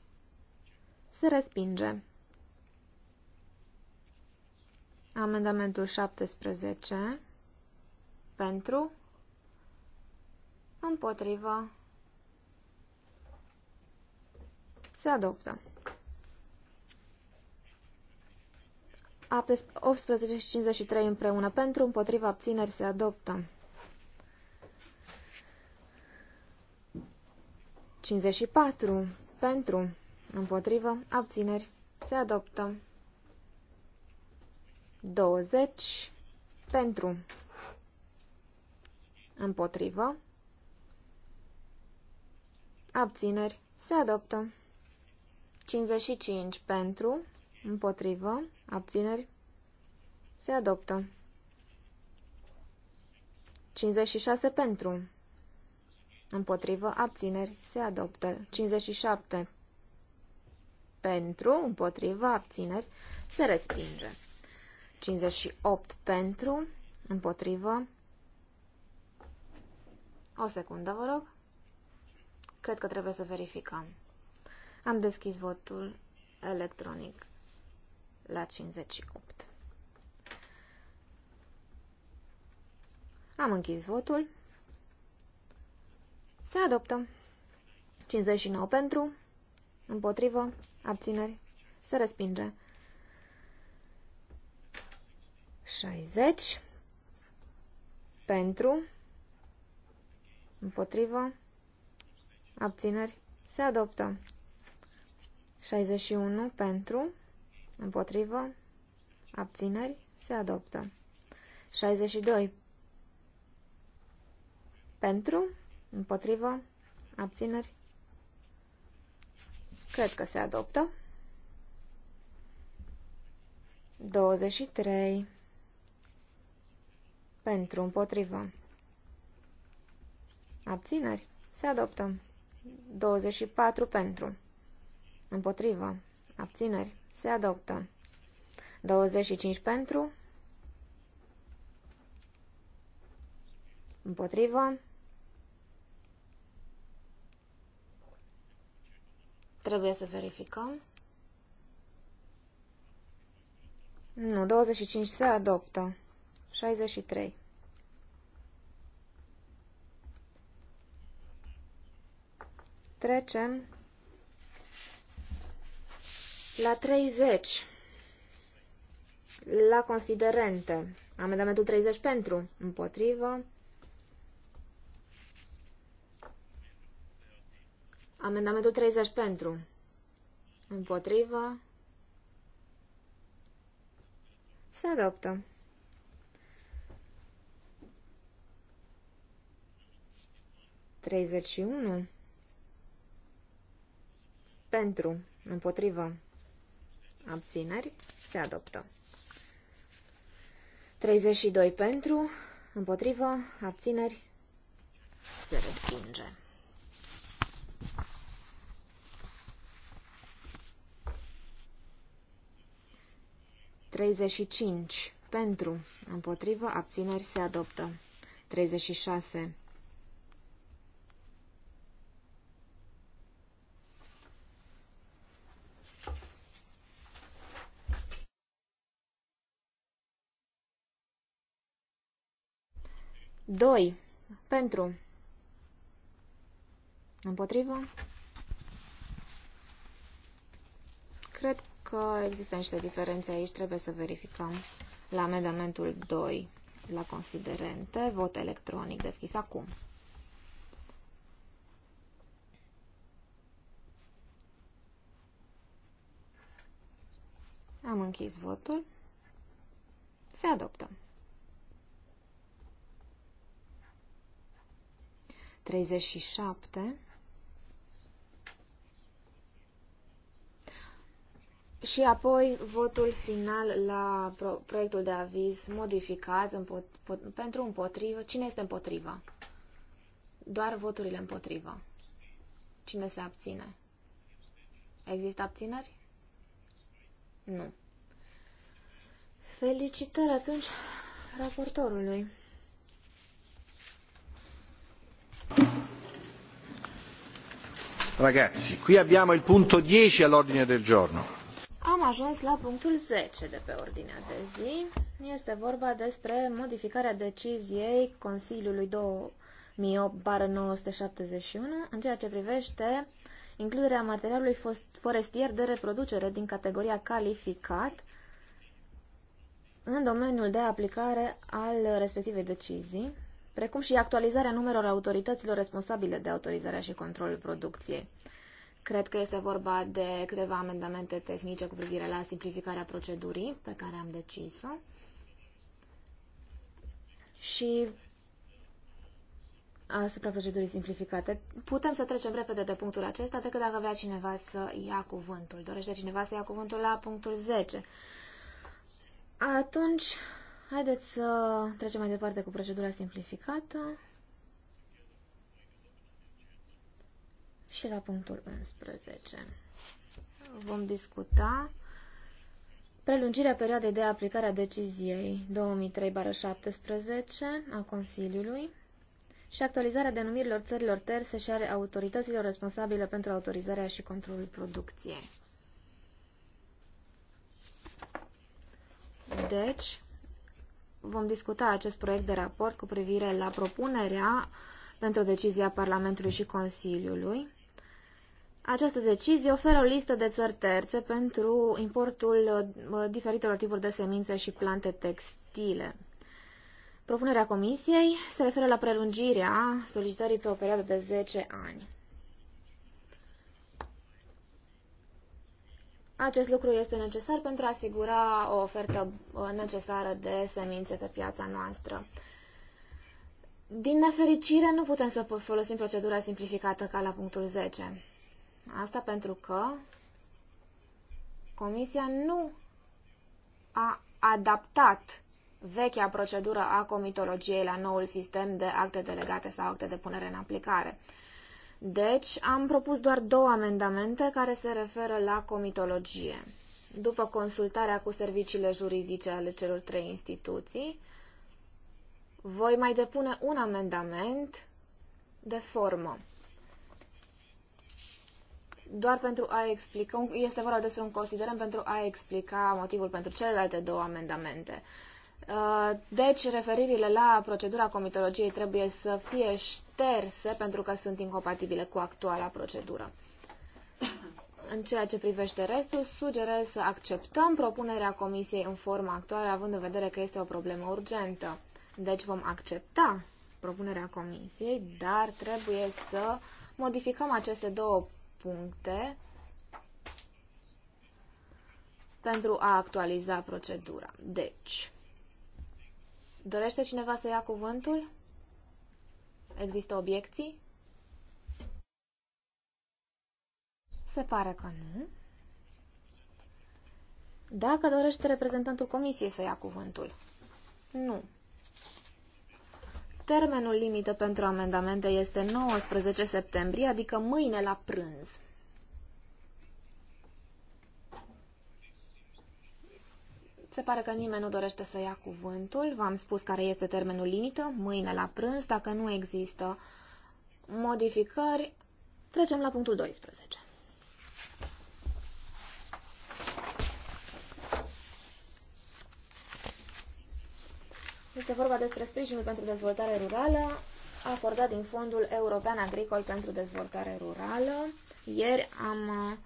se respinge. Amendamentul 17 pentru, împotrivă, se adoptă. 18 și 53 împreună pentru, împotriva abțineri se adoptă. 54. Pentru. Împotrivă. Abțineri. Se adoptă. 20. Pentru. Împotrivă. Abțineri. Se adoptă. 55. Pentru. Împotrivă. Abțineri. Se adoptă. 56 pentru. Împotrivă. Abțineri. Se adoptă. 57. Pentru. Împotrivă. Abțineri. Se respinge. 58. Pentru. Împotrivă. O secundă, vă rog. Cred că trebuie să verificăm. Am deschis votul electronic la 58. Am închis votul. Se adoptă. 59 pentru, împotrivă, abțineri, se respinge. 60 pentru, împotrivă, abțineri, se adoptă. 61 pentru, împotrivă, abțineri, se adoptă. 62 pentru, Împotrivă? Abțineri? Cred că se adoptă. 23. Pentru, împotrivă. Abțineri? Se adoptă. 24 pentru. Împotrivă. Abțineri. Se adoptă. 25 pentru. Împotrivă. Trebuie să verificăm. Nu, 25 se adoptă. 63. Trecem la 30. La considerente. Amendamentul 30 pentru, împotrivă, Amendamentul 30 pentru. Împotrivă. Se adoptă. Treizeci și unu. Pentru. Împotrivă. Abțineri. Se adoptă. 32 pentru. Împotrivă. Abțineri. Se respinge. 35. Pentru. Împotrivă. Abțineri se adoptă. 36. Doi. Pentru. Împotrivă. Cred că există niște diferențe aici, trebuie să verificăm la amendamentul 2 la considerente, vot electronic deschis acum. Am închis votul. Se adoptă. 37 Și apoi votul final la pro- proiectul de aviz modificat împo- pentru împotrivă. Cine este împotriva? Doar voturile împotriva. Cine se abține? Există abțineri? Nu. Felicitări atunci raportorului. Ragazzi, qui abbiamo il punto 10 all'ordine del giorno. Am ajuns la punctul 10 de pe ordinea de zi. Este vorba despre modificarea deciziei Consiliului 2008-971 în ceea ce privește includerea materialului forestier de reproducere din categoria calificat în domeniul de aplicare al respectivei decizii, precum și actualizarea numerelor autorităților responsabile de autorizarea și controlul producției. Cred că este vorba de câteva amendamente tehnice cu privire la simplificarea procedurii pe care am decis-o. Și asupra procedurii simplificate. Putem să trecem repede de punctul acesta decât dacă vrea cineva să ia cuvântul. Dorește cineva să ia cuvântul la punctul 10. Atunci, haideți să trecem mai departe cu procedura simplificată. și la punctul 11. Vom discuta prelungirea perioadei de aplicare a deciziei 2003-17 a Consiliului și actualizarea denumirilor țărilor terse și ale autorităților responsabile pentru autorizarea și controlul producției. Deci, vom discuta acest proiect de raport cu privire la propunerea pentru decizia Parlamentului și Consiliului această decizie oferă o listă de țări terțe pentru importul uh, diferitelor tipuri de semințe și plante textile. Propunerea Comisiei se referă la prelungirea solicitării pe o perioadă de 10 ani. Acest lucru este necesar pentru a asigura o ofertă uh, necesară de semințe pe piața noastră. Din nefericire, nu putem să folosim procedura simplificată ca la punctul 10. Asta pentru că Comisia nu a adaptat vechea procedură a comitologiei la noul sistem de acte delegate sau acte de punere în aplicare. Deci, am propus doar două amendamente care se referă la comitologie. După consultarea cu serviciile juridice ale celor trei instituții, voi mai depune un amendament de formă doar pentru a explica, este vorba despre un considerent pentru a explica motivul pentru celelalte două amendamente. Uh, deci, referirile la procedura comitologiei trebuie să fie șterse pentru că sunt incompatibile cu actuala procedură. În ceea ce privește restul, sugerez să acceptăm propunerea Comisiei în forma actuală, având în vedere că este o problemă urgentă. Deci vom accepta propunerea Comisiei, dar trebuie să modificăm aceste două puncte pentru a actualiza procedura. Deci, dorește cineva să ia cuvântul? Există obiecții? Se pare că nu. Dacă dorește reprezentantul comisiei să ia cuvântul. Nu. Termenul limită pentru amendamente este 19 septembrie, adică mâine la prânz. Se pare că nimeni nu dorește să ia cuvântul. V-am spus care este termenul limită, mâine la prânz, dacă nu există modificări. Trecem la punctul 12. Este vorba despre sprijinul pentru dezvoltare rurală acordat din Fondul European Agricol pentru Dezvoltare Rurală. Ieri am uh,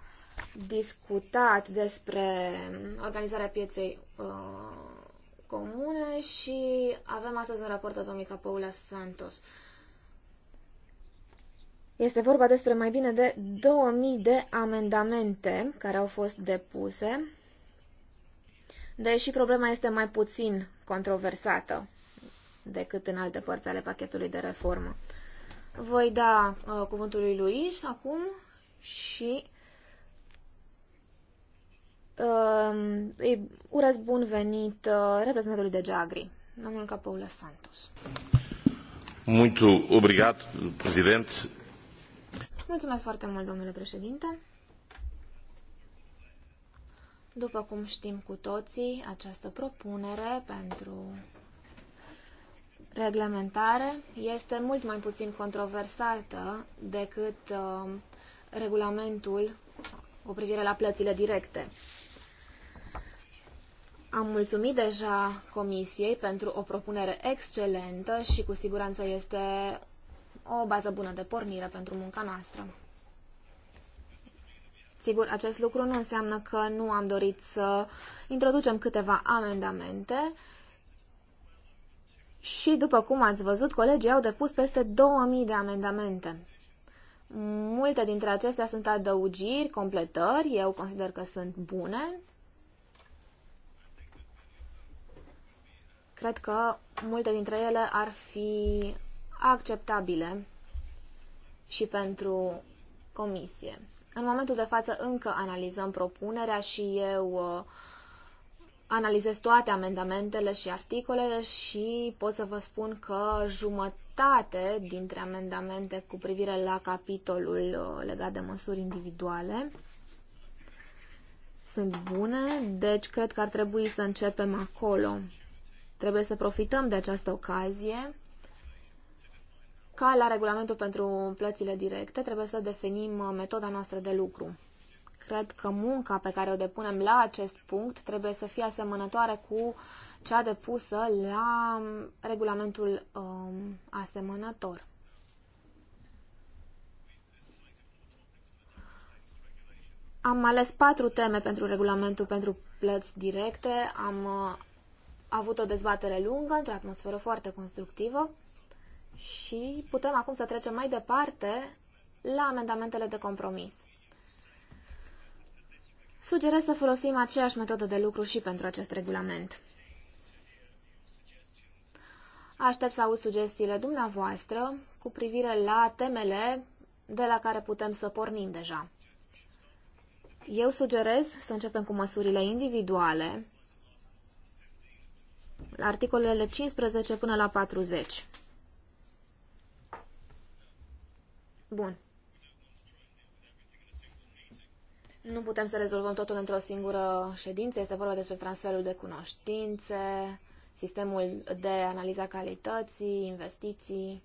discutat despre organizarea pieței uh, comune și avem astăzi un raport atomic a Paula Santos. Este vorba despre mai bine de 2000 de amendamente care au fost depuse, deși problema este mai puțin controversată decât în alte părți ale pachetului de reformă. Voi da uh, cuvântul lui Luis acum și uh, îi urez bun venit uh, reprezentantului de Geagri, domnul Capoula Santos. Muito Mulțumesc foarte mult, domnule președinte. După cum știm cu toții, această propunere pentru reglementare este mult mai puțin controversată decât uh, regulamentul cu privire la plățile directe. Am mulțumit deja Comisiei pentru o propunere excelentă și cu siguranță este o bază bună de pornire pentru munca noastră. Sigur, acest lucru nu înseamnă că nu am dorit să introducem câteva amendamente și, după cum ați văzut, colegii au depus peste 2000 de amendamente. Multe dintre acestea sunt adăugiri, completări, eu consider că sunt bune. Cred că multe dintre ele ar fi acceptabile și pentru comisie. În momentul de față încă analizăm propunerea și eu uh, analizez toate amendamentele și articolele și pot să vă spun că jumătate dintre amendamente cu privire la capitolul uh, legat de măsuri individuale sunt bune, deci cred că ar trebui să începem acolo. Trebuie să profităm de această ocazie ca la regulamentul pentru plățile directe, trebuie să definim uh, metoda noastră de lucru. Cred că munca pe care o depunem la acest punct trebuie să fie asemănătoare cu cea depusă la um, regulamentul um, asemănător. Am ales patru teme pentru regulamentul pentru plăți directe. Am uh, avut o dezbatere lungă, într-o atmosferă foarte constructivă. Și putem acum să trecem mai departe la amendamentele de compromis. Sugerez să folosim aceeași metodă de lucru și pentru acest regulament. Aștept să aud sugestiile dumneavoastră cu privire la temele de la care putem să pornim deja. Eu sugerez să începem cu măsurile individuale, articolele 15 până la 40. Bun. Nu putem să rezolvăm totul într-o singură ședință. Este vorba despre transferul de cunoștințe, sistemul de analiza calității, investiții,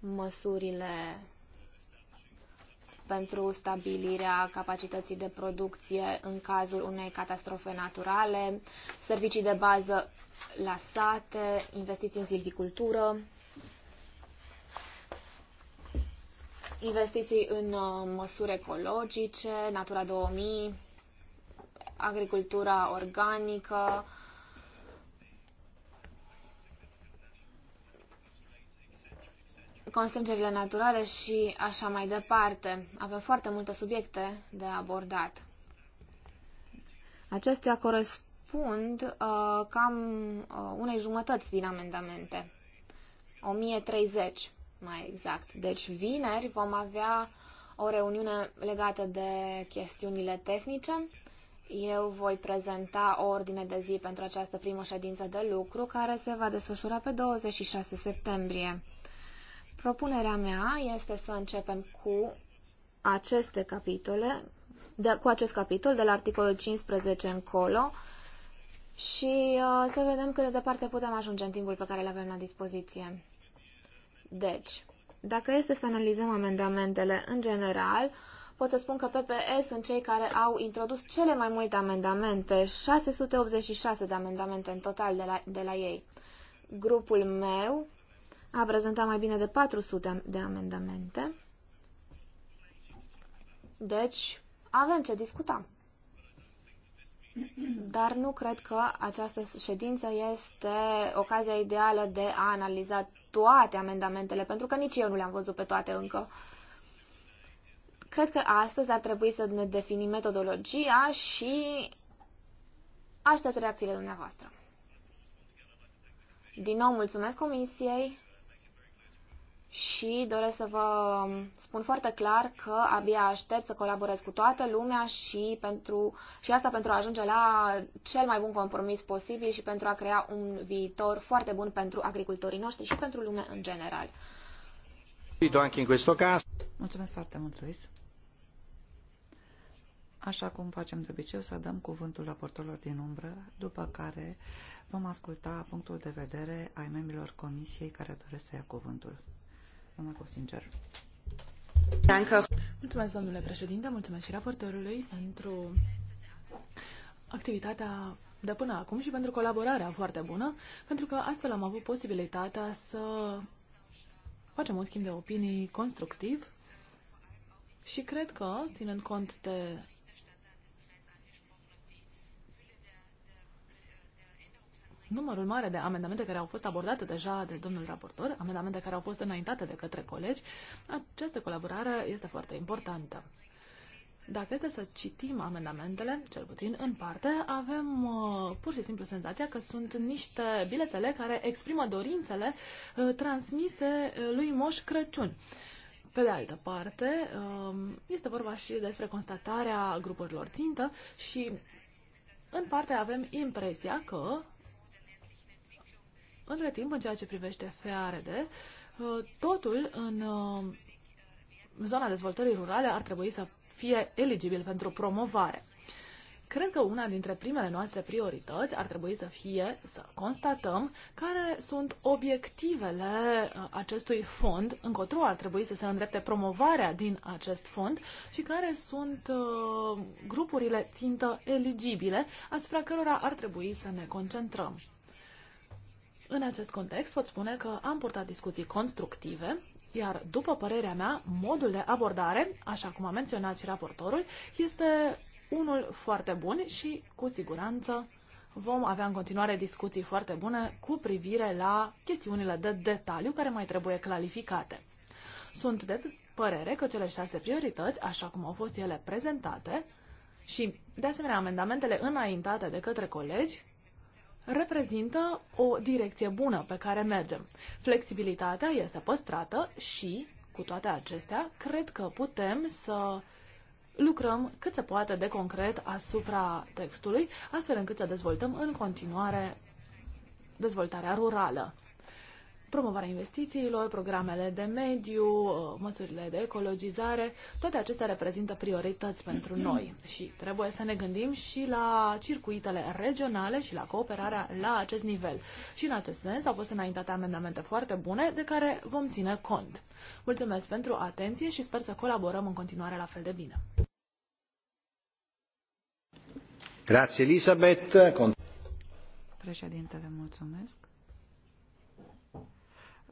măsurile pentru stabilirea capacității de producție în cazul unei catastrofe naturale, servicii de bază la sate, investiții în silvicultură. investiții în uh, măsuri ecologice, Natura 2000, agricultura organică, constrângerile naturale și așa mai departe. Avem foarte multe subiecte de abordat. Acestea corespund uh, cam uh, unei jumătăți din amendamente. 1030 mai exact. Deci vineri vom avea o reuniune legată de chestiunile tehnice. Eu voi prezenta o ordine de zi pentru această primă ședință de lucru care se va desfășura pe 26 septembrie. Propunerea mea este să începem cu aceste capitole, de, cu acest capitol de la articolul 15 încolo și uh, să vedem cât de departe putem ajunge în timpul pe care îl avem la dispoziție. Deci, dacă este să analizăm amendamentele în general, pot să spun că PPE sunt cei care au introdus cele mai multe amendamente, 686 de amendamente în total de la, de la ei. Grupul meu a prezentat mai bine de 400 de amendamente. Deci, avem ce discuta. Dar nu cred că această ședință este ocazia ideală de a analiza toate amendamentele, pentru că nici eu nu le-am văzut pe toate încă. Cred că astăzi ar trebui să ne definim metodologia și aștept reacțiile dumneavoastră. Din nou mulțumesc comisiei și doresc să vă spun foarte clar că abia aștept să colaborez cu toată lumea și, pentru, și asta pentru a ajunge la cel mai bun compromis posibil și pentru a crea un viitor foarte bun pentru agricultorii noștri și pentru lume în general. Mulțumesc foarte mult, Luis. Așa cum facem de obicei, o să dăm cuvântul raportorilor din umbră, după care vom asculta punctul de vedere ai membrilor comisiei care doresc să ia cuvântul doamna Costinger. Mulțumesc, domnule președinte, mulțumesc și raportorului pentru activitatea de până acum și pentru colaborarea foarte bună, pentru că astfel am avut posibilitatea să facem un schimb de opinii constructiv și cred că, ținând cont de numărul mare de amendamente care au fost abordate deja de domnul raportor, amendamente care au fost înaintate de către colegi, această colaborare este foarte importantă. Dacă este să citim amendamentele, cel puțin în parte, avem uh, pur și simplu senzația că sunt niște bilețele care exprimă dorințele uh, transmise uh, lui Moș Crăciun. Pe de altă parte, uh, este vorba și despre constatarea grupurilor țintă și în parte avem impresia că între timp, în ceea ce privește FARD, uh, totul în uh, zona dezvoltării rurale ar trebui să fie eligibil pentru promovare. Cred că una dintre primele noastre priorități ar trebui să fie să constatăm care sunt obiectivele uh, acestui fond, încotro ar trebui să se îndrepte promovarea din acest fond și care sunt uh, grupurile țintă eligibile asupra cărora ar trebui să ne concentrăm. În acest context pot spune că am purtat discuții constructive, iar după părerea mea, modul de abordare, așa cum a menționat și raportorul, este unul foarte bun și cu siguranță vom avea în continuare discuții foarte bune cu privire la chestiunile de detaliu care mai trebuie clarificate. Sunt de părere că cele șase priorități, așa cum au fost ele prezentate, și, de asemenea, amendamentele înaintate de către colegi reprezintă o direcție bună pe care mergem. Flexibilitatea este păstrată și, cu toate acestea, cred că putem să lucrăm cât se poate de concret asupra textului, astfel încât să dezvoltăm în continuare dezvoltarea rurală promovarea investițiilor, programele de mediu, uh, măsurile de ecologizare, toate acestea reprezintă priorități pentru noi și trebuie să ne gândim și la circuitele regionale și la cooperarea la acest nivel. Și în acest sens au fost înaintate amendamente foarte bune de care vom ține cont. Mulțumesc pentru atenție și sper să colaborăm în continuare la fel de bine. Grazie Elisabeth. Președintele, mulțumesc.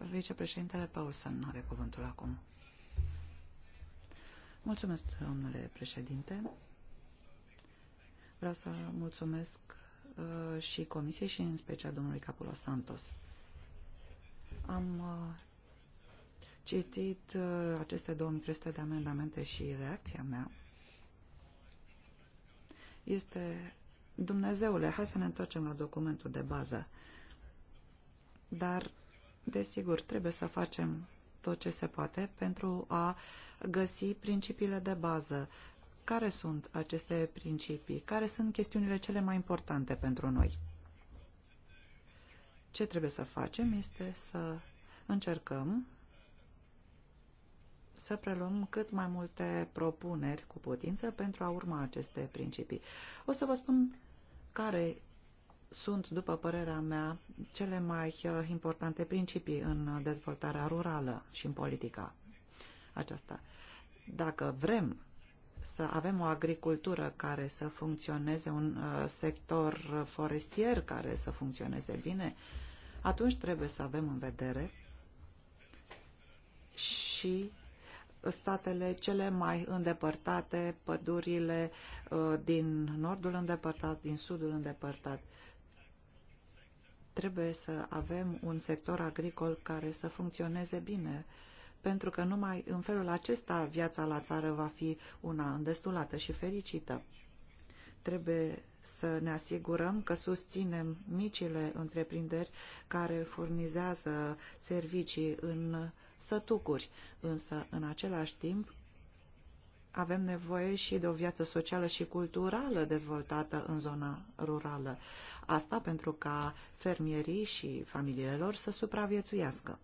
Vicepreședintele Paulsen are cuvântul acum. Mulțumesc, domnule președinte. Vreau să mulțumesc uh, și comisiei și în special domnului Capula Santos. Am uh, citit uh, aceste 2300 de amendamente și reacția mea este Dumnezeule, hai să ne întoarcem la documentul de bază. Dar Desigur, trebuie să facem tot ce se poate pentru a găsi principiile de bază. Care sunt aceste principii? Care sunt chestiunile cele mai importante pentru noi? Ce trebuie să facem este să încercăm să preluăm cât mai multe propuneri cu putință pentru a urma aceste principii. O să vă spun care sunt, după părerea mea, cele mai uh, importante principii în dezvoltarea rurală și în politica aceasta. Dacă vrem să avem o agricultură care să funcționeze, un uh, sector forestier care să funcționeze bine, atunci trebuie să avem în vedere și satele cele mai îndepărtate, pădurile uh, din nordul îndepărtat, din sudul îndepărtat. Trebuie să avem un sector agricol care să funcționeze bine, pentru că numai în felul acesta viața la țară va fi una îndestulată și fericită. Trebuie să ne asigurăm că susținem micile întreprinderi care furnizează servicii în sătucuri, însă în același timp avem nevoie și de o viață socială și culturală dezvoltată în zona rurală. Asta pentru ca fermierii și familiile lor să supraviețuiască.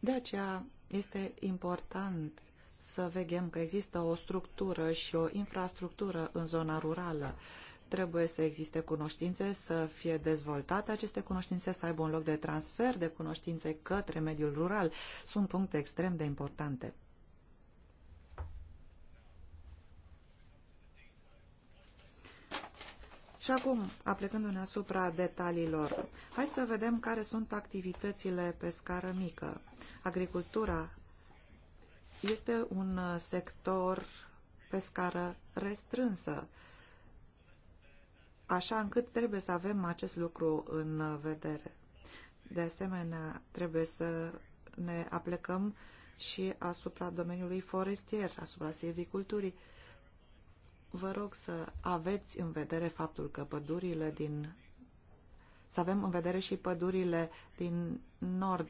De aceea este important să vegem că există o structură și o infrastructură în zona rurală trebuie să existe cunoștințe, să fie dezvoltate aceste cunoștințe, să aibă un loc de transfer de cunoștințe către mediul rural. Sunt puncte extrem de importante. Și acum, aplicându ne asupra detaliilor, hai să vedem care sunt activitățile pe scară mică. Agricultura este un sector pe scară restrânsă așa încât trebuie să avem acest lucru în vedere. De asemenea, trebuie să ne aplecăm și asupra domeniului forestier, asupra silviculturii. Vă rog să aveți în vedere faptul că pădurile din... să avem în vedere și pădurile din nord.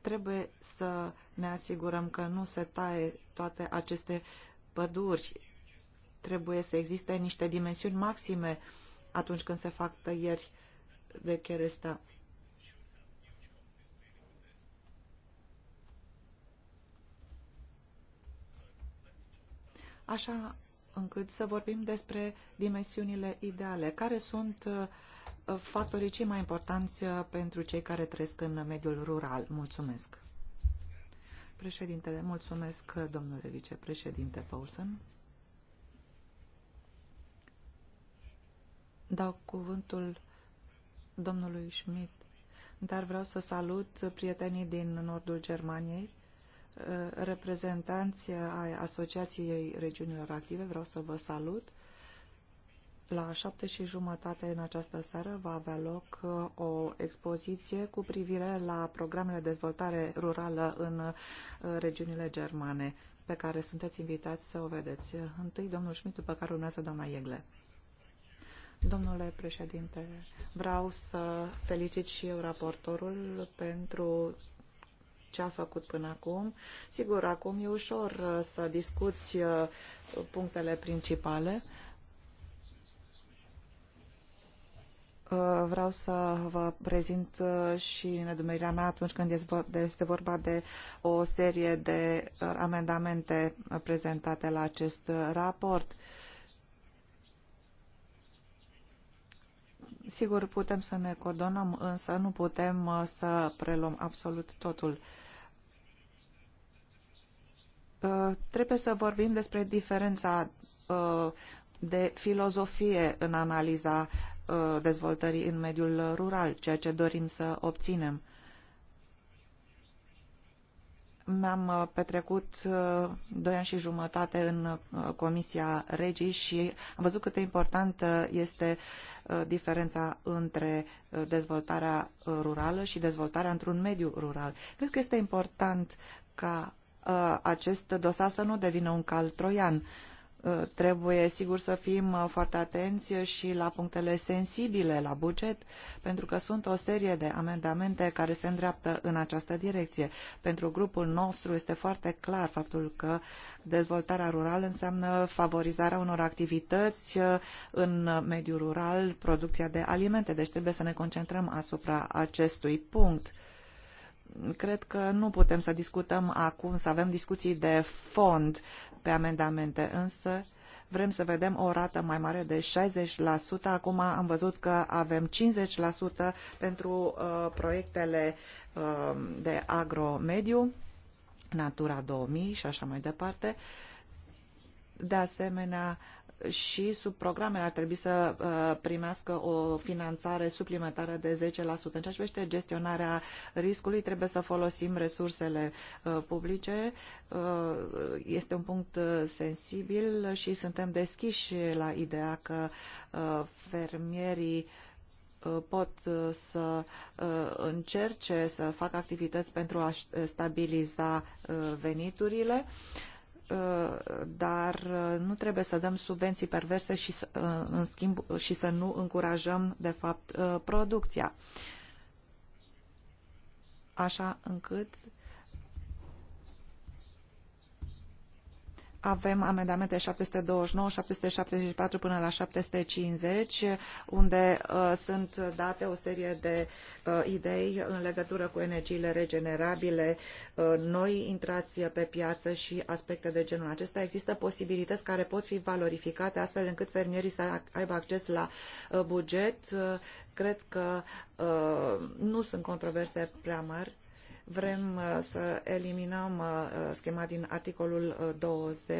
Trebuie să ne asigurăm că nu se taie toate aceste păduri Trebuie să existe niște dimensiuni maxime atunci când se fac tăieri de cheresta. Așa încât să vorbim despre dimensiunile ideale. Care sunt uh, factorii cei mai importanți uh, pentru cei care trăiesc în mediul rural? Mulțumesc! Președintele, mulțumesc, domnule vicepreședinte Paulsen. dau cuvântul domnului Schmidt, dar vreau să salut prietenii din nordul Germaniei, uh, reprezentanții ai Asociației Regiunilor Active, vreau să vă salut. La șapte și jumătate în această seară va avea loc uh, o expoziție cu privire la programele de dezvoltare rurală în uh, regiunile germane, pe care sunteți invitați să o vedeți. Întâi domnul Schmidt, după care urmează doamna Iegle. Domnule președinte, vreau să felicit și eu raportorul pentru ce a făcut până acum. Sigur, acum e ușor uh, să discuți uh, punctele principale. Uh, vreau să vă prezint și nedumerirea mea atunci când este vorba de o serie de amendamente prezentate la acest raport. Uh, Sigur, putem să ne coordonăm, însă nu putem uh, să preluăm absolut totul. Uh, trebuie să vorbim despre diferența uh, de filozofie în analiza dezvoltării în mediul rural, ceea ce dorim să obținem. Mi-am uh, petrecut uh, doi ani și jumătate în uh, Comisia Regii și am văzut cât de importantă este diferența între dezvoltarea rurală și dezvoltarea într-un mediu rural. Cred că este important ca acest dosar să nu devină un cal troian Uh, trebuie, sigur, să fim uh, foarte atenți și la punctele sensibile la buget, pentru că sunt o serie de amendamente care se îndreaptă în această direcție. Pentru grupul nostru este foarte clar faptul că dezvoltarea rurală înseamnă favorizarea unor activități uh, în mediul rural, producția de alimente, deci trebuie să ne concentrăm asupra acestui punct cred că nu putem să discutăm acum, să avem discuții de fond pe amendamente, însă vrem să vedem o rată mai mare de 60%. Acum am văzut că avem 50% pentru uh, proiectele uh, de agromediu, Natura 2000 și așa mai departe. De asemenea, uh, și sub programele ar trebui să uh, primească o finanțare suplimentară de 10%. În ceea ce privește gestionarea riscului, trebuie să folosim resursele uh, publice. Uh, este un punct sensibil și suntem deschiși la ideea că fermierii pot să încerce să facă activități pentru a stabiliza veniturile Uh, dar uh, nu trebuie să dăm subvenții perverse și să, uh, în schimb, și să nu încurajăm, de fapt, producția. Așa încât avem amendamente și patru până la cincizeci unde uh, sunt date o serie de uh, idei în legătură cu energiile regenerabile, uh, noi intrați pe piață și aspecte de genul acesta. Există posibilități care pot fi valorificate astfel încât fermierii să aibă acces la uh, buget. Uh, cred că uh, nu sunt controverse prea mari Vrem uh, să eliminăm uh, schema din articolul 20.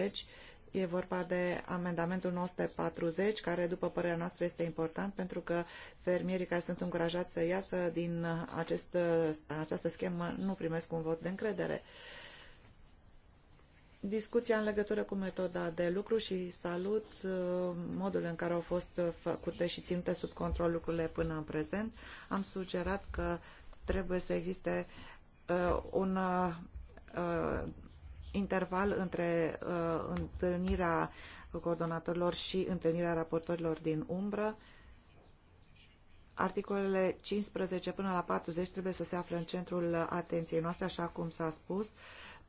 Uh, e vorba de amendamentul 940, care, după părerea noastră, este important pentru că fermierii care sunt încurajați să iasă din acest, această schemă nu primesc un vot de încredere discuția în legătură cu metoda de lucru și salut modul în care au fost făcute și ținute sub control lucrurile până în prezent. Am sugerat că trebuie să existe Uh, un uh, interval între uh, întâlnirea coordonatorilor și întâlnirea raportorilor din umbră. Articolele 15 până la 40 trebuie să se afle în centrul atenției noastre, așa cum s-a spus,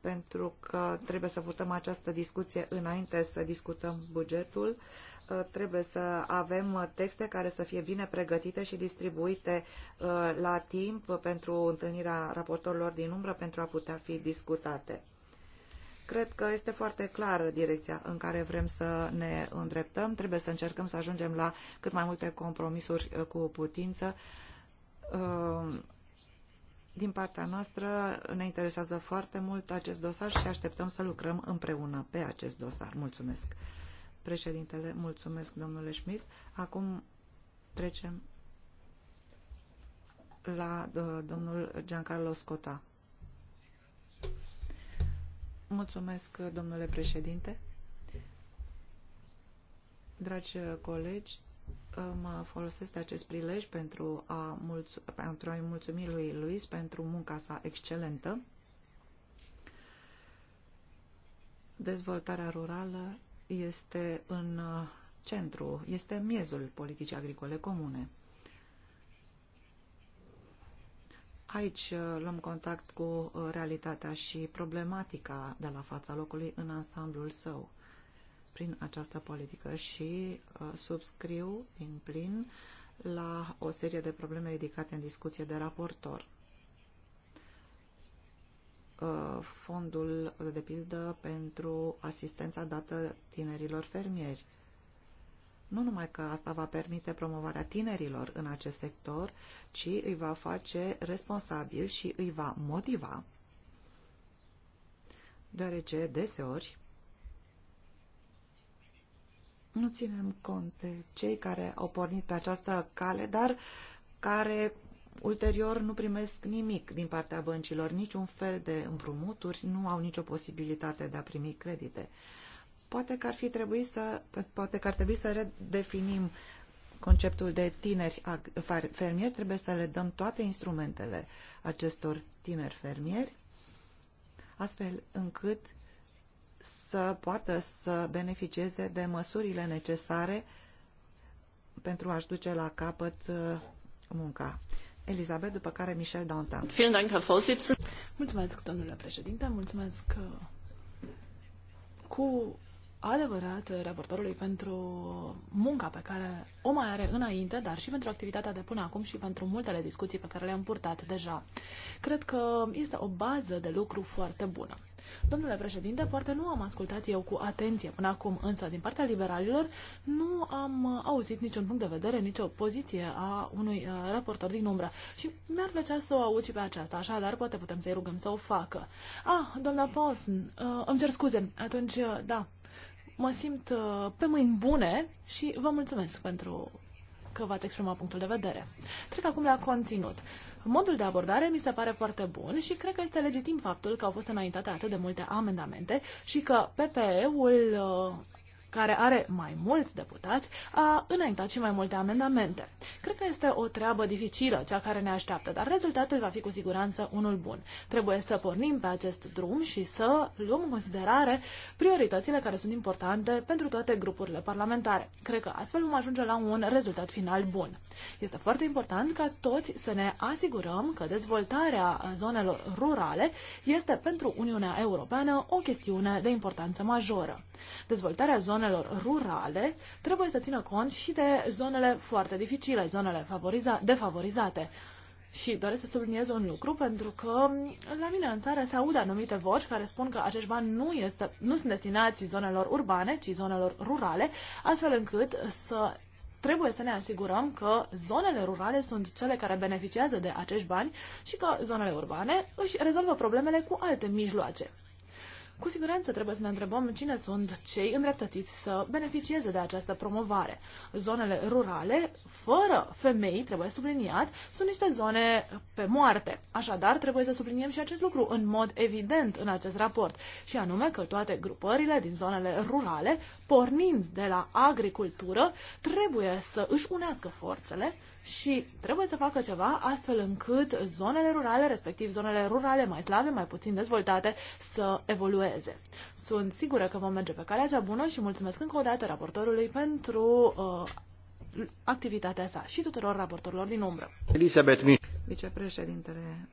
pentru că trebuie să purtăm această discuție înainte să discutăm bugetul trebuie să avem texte care să fie bine pregătite și distribuite uh, la timp pentru întâlnirea raportorilor din umbră pentru a putea fi discutate. Cred că este foarte clară direcția în care vrem să ne îndreptăm. Trebuie să încercăm să ajungem la cât mai multe compromisuri uh, cu putință. Uh, din partea noastră ne interesează foarte mult acest dosar și așteptăm să lucrăm împreună pe acest dosar. Mulțumesc! Președintele, mulțumesc, domnule Schmidt. Acum trecem la uh, domnul Giancarlo Scota. Mulțumesc, domnule președinte. Dragi colegi, mă folosesc de acest prilej pentru a, mulțu pentru a mulțumi lui Luis pentru munca sa excelentă. Dezvoltarea rurală este în uh, centru, este miezul politicii agricole comune. Aici uh, luăm contact cu uh, realitatea și problematica de la fața locului în ansamblul său prin această politică și subscriu din plin la o serie de probleme ridicate în discuție de raportor. Uh, fondul, de pildă, pentru asistența dată tinerilor fermieri. Nu numai că asta va permite promovarea tinerilor în acest sector, ci îi va face responsabil și îi va motiva, deoarece deseori nu ținem cont de cei care au pornit pe această cale, dar care Ulterior nu primesc nimic din partea băncilor, niciun fel de împrumuturi, nu au nicio posibilitate de a primi credite. Poate că ar, fi trebuit să, poate că ar trebui să redefinim conceptul de tineri fermieri, trebuie să le dăm toate instrumentele acestor tineri fermieri, astfel încât să poată să beneficieze de măsurile necesare pentru a-și duce la capăt uh, munca. Elizabeth, după care Michel Dantin. Mulțumesc, domnule președinte, mulțumesc uh, cu adevărat uh, raportorului pentru munca pe care o mai are înainte, dar și pentru activitatea de până acum și pentru multele discuții pe care le-am purtat deja. Cred că este o bază de lucru foarte bună. Domnule președinte, poate nu am ascultat eu cu atenție până acum, însă din partea liberalilor nu am uh, auzit niciun punct de vedere, nicio poziție a unui uh, raportor din umbră și mi-ar plăcea să o aud și pe aceasta, așa, dar poate putem să-i rugăm să o facă. Ah, doamna Paulsen, îmi cer scuze, atunci, da, mă simt uh, pe mâini bune și vă mulțumesc pentru că v-ați exprimat punctul de vedere. Trec acum la conținut. Modul de abordare mi se pare foarte bun și cred că este legitim faptul că au fost înaintate atât de multe amendamente și că PPE-ul uh, care are mai mulți deputați, a înaintat și mai multe amendamente. Cred că este o treabă dificilă, cea care ne așteaptă, dar rezultatul va fi cu siguranță unul bun. Trebuie să pornim pe acest drum și să luăm în considerare prioritățile care sunt importante pentru toate grupurile parlamentare. Cred că astfel vom ajunge la un rezultat final bun. Este foarte important ca toți să ne asigurăm că dezvoltarea zonelor rurale este pentru Uniunea Europeană o chestiune de importanță majoră. Dezvoltarea zonelor zonelor rurale, trebuie să țină cont și de zonele foarte dificile, zonele favoriza- defavorizate. Și doresc să subliniez un lucru, pentru că la mine în țară se aud anumite voci care spun că acești bani nu, este, nu sunt destinați zonelor urbane, ci zonelor rurale, astfel încât să trebuie să ne asigurăm că zonele rurale sunt cele care beneficiază de acești bani și că zonele urbane își rezolvă problemele cu alte mijloace. Cu siguranță trebuie să ne întrebăm cine sunt cei îndreptățiți să beneficieze de această promovare. Zonele rurale, fără femei, trebuie subliniat, sunt niște zone pe moarte. Așadar, trebuie să subliniem și acest lucru în mod evident în acest raport, și anume că toate grupările din zonele rurale, pornind de la agricultură, trebuie să își unească forțele și trebuie să facă ceva astfel încât zonele rurale, respectiv zonele rurale mai slabe, mai puțin dezvoltate, să evolueze. Sunt sigură că vom merge pe calea cea bună și mulțumesc încă o dată raportorului pentru uh, activitatea sa și tuturor raportorilor din umbră. Elisabeth Mich Vicepreședintele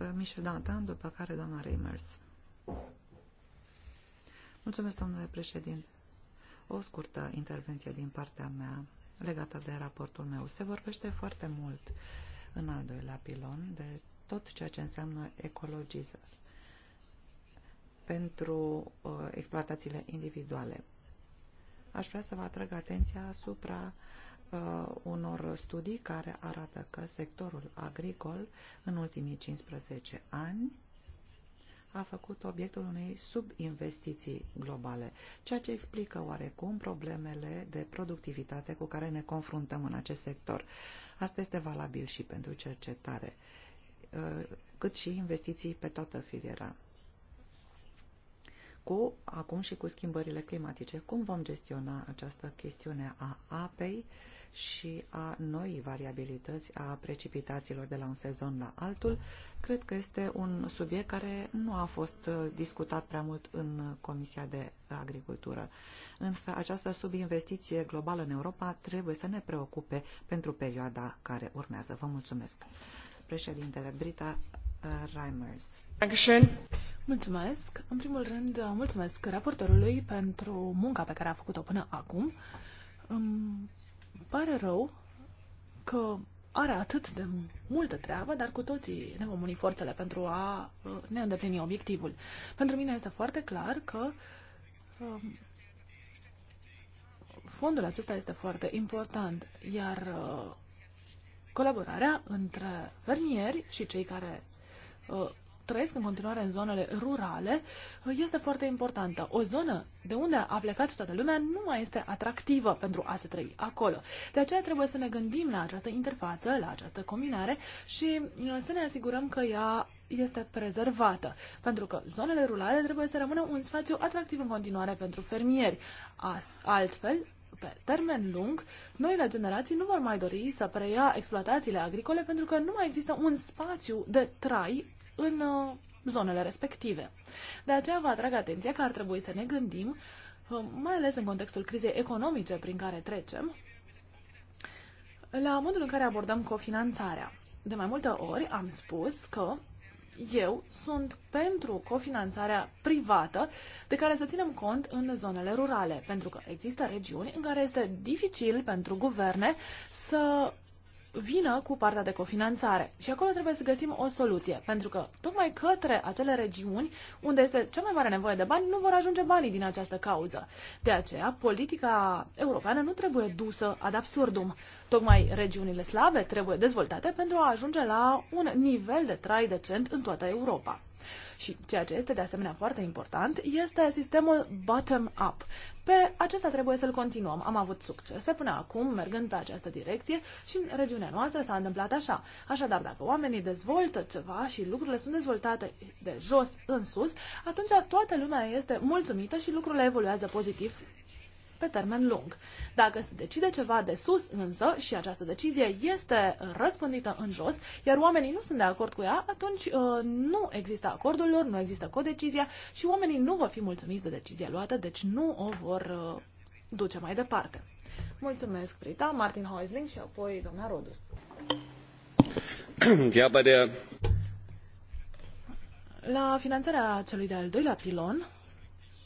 uh, Michel Dantan, după care doamna Reimers. Mulțumesc, domnule președinte. O scurtă intervenție din partea mea legată de raportul meu. Se vorbește foarte mult în al doilea pilon de tot ceea ce înseamnă ecologizare pentru uh, exploatațiile individuale. Aș vrea să vă atrag atenția asupra uh, unor studii care arată că sectorul agricol în ultimii 15 ani a făcut obiectul unei subinvestiții globale, ceea ce explică oarecum problemele de productivitate cu care ne confruntăm în acest sector. Asta este valabil și pentru cercetare, uh, cât și investiții pe toată filiera. Cu, acum și cu schimbările climatice, cum vom gestiona această chestiune a apei, uh, și a noii variabilități a precipitațiilor de la un sezon la altul, cred că este un subiect care nu a fost uh, discutat prea mult în Comisia de Agricultură. Însă această subinvestiție globală în Europa trebuie să ne preocupe pentru perioada care urmează. Vă mulțumesc. Președintele Brita uh, Reimers. Mulțumesc. În primul rând, uh, mulțumesc raportorului pentru munca pe care a făcut-o până acum pare rău că are atât de multă treabă, dar cu toții ne vom uni forțele pentru a uh, ne îndeplini obiectivul. Pentru mine este foarte clar că um, fondul acesta este foarte important, iar uh, colaborarea între fermieri și cei care uh, trăiesc în continuare în zonele rurale este foarte importantă. O zonă de unde a plecat toată lumea nu mai este atractivă pentru a se trăi acolo. De aceea trebuie să ne gândim la această interfață, la această combinare și uh, să ne asigurăm că ea este prezervată, pentru că zonele rurale trebuie să rămână un spațiu atractiv în continuare pentru fermieri. Altfel, pe termen lung, noile generații nu vor mai dori să preia exploatațiile agricole pentru că nu mai există un spațiu de trai în uh, zonele respective. De aceea vă atrag atenția că ar trebui să ne gândim, uh, mai ales în contextul crizei economice prin care trecem, la modul în care abordăm cofinanțarea. De mai multe ori am spus că eu sunt pentru cofinanțarea privată de care să ținem cont în zonele rurale, pentru că există regiuni în care este dificil pentru guverne să vină cu partea de cofinanțare. Și acolo trebuie să găsim o soluție, pentru că tocmai către acele regiuni unde este cea mai mare nevoie de bani, nu vor ajunge banii din această cauză. De aceea, politica europeană nu trebuie dusă ad absurdum. Tocmai regiunile slabe trebuie dezvoltate pentru a ajunge la un nivel de trai decent în toată Europa. Și ceea ce este de asemenea foarte important este sistemul bottom-up. Pe acesta trebuie să-l continuăm. Am avut succese până acum, mergând pe această direcție și în regiunea noastră s-a întâmplat așa. Așadar, dacă oamenii dezvoltă ceva și lucrurile sunt dezvoltate de jos în sus, atunci toată lumea este mulțumită și lucrurile evoluează pozitiv pe termen lung. Dacă se decide ceva de sus însă și această decizie este răspândită în jos, iar oamenii nu sunt de acord cu ea, atunci uh, nu există acordul lor, nu există codecizia și oamenii nu vor fi mulțumiți de decizia luată, deci nu o vor uh, duce mai departe. Mulțumesc, Brita, Martin Heusling și apoi doamna Rodus. Ja, bei der la finanțarea celui de-al doilea pilon,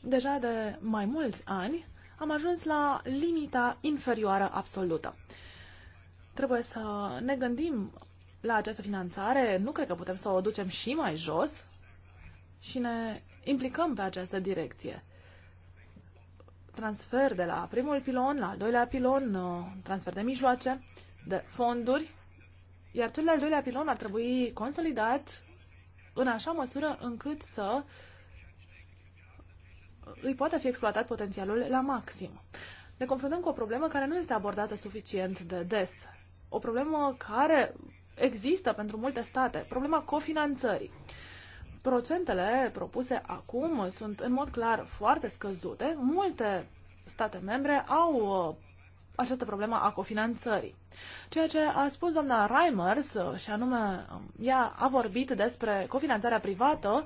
deja de mai mulți ani, am ajuns la limita inferioară absolută. Trebuie să ne gândim la această finanțare, nu cred că putem să o ducem și mai jos și ne implicăm pe această direcție. Transfer de la primul pilon la al doilea pilon, uh, transfer de mijloace, de fonduri, iar cel de-al doilea pilon ar trebui consolidat în așa măsură încât să uh, îi poate fi exploatat potențialul la maxim. Ne confruntăm cu o problemă care nu este abordată suficient de des. O problemă care există pentru multe state, problema cofinanțării. Procentele propuse acum sunt în mod clar foarte scăzute. Multe state membre au uh, această problemă a cofinanțării. Ceea ce a spus doamna Reimers, uh, și anume um, ea a vorbit despre cofinanțarea privată,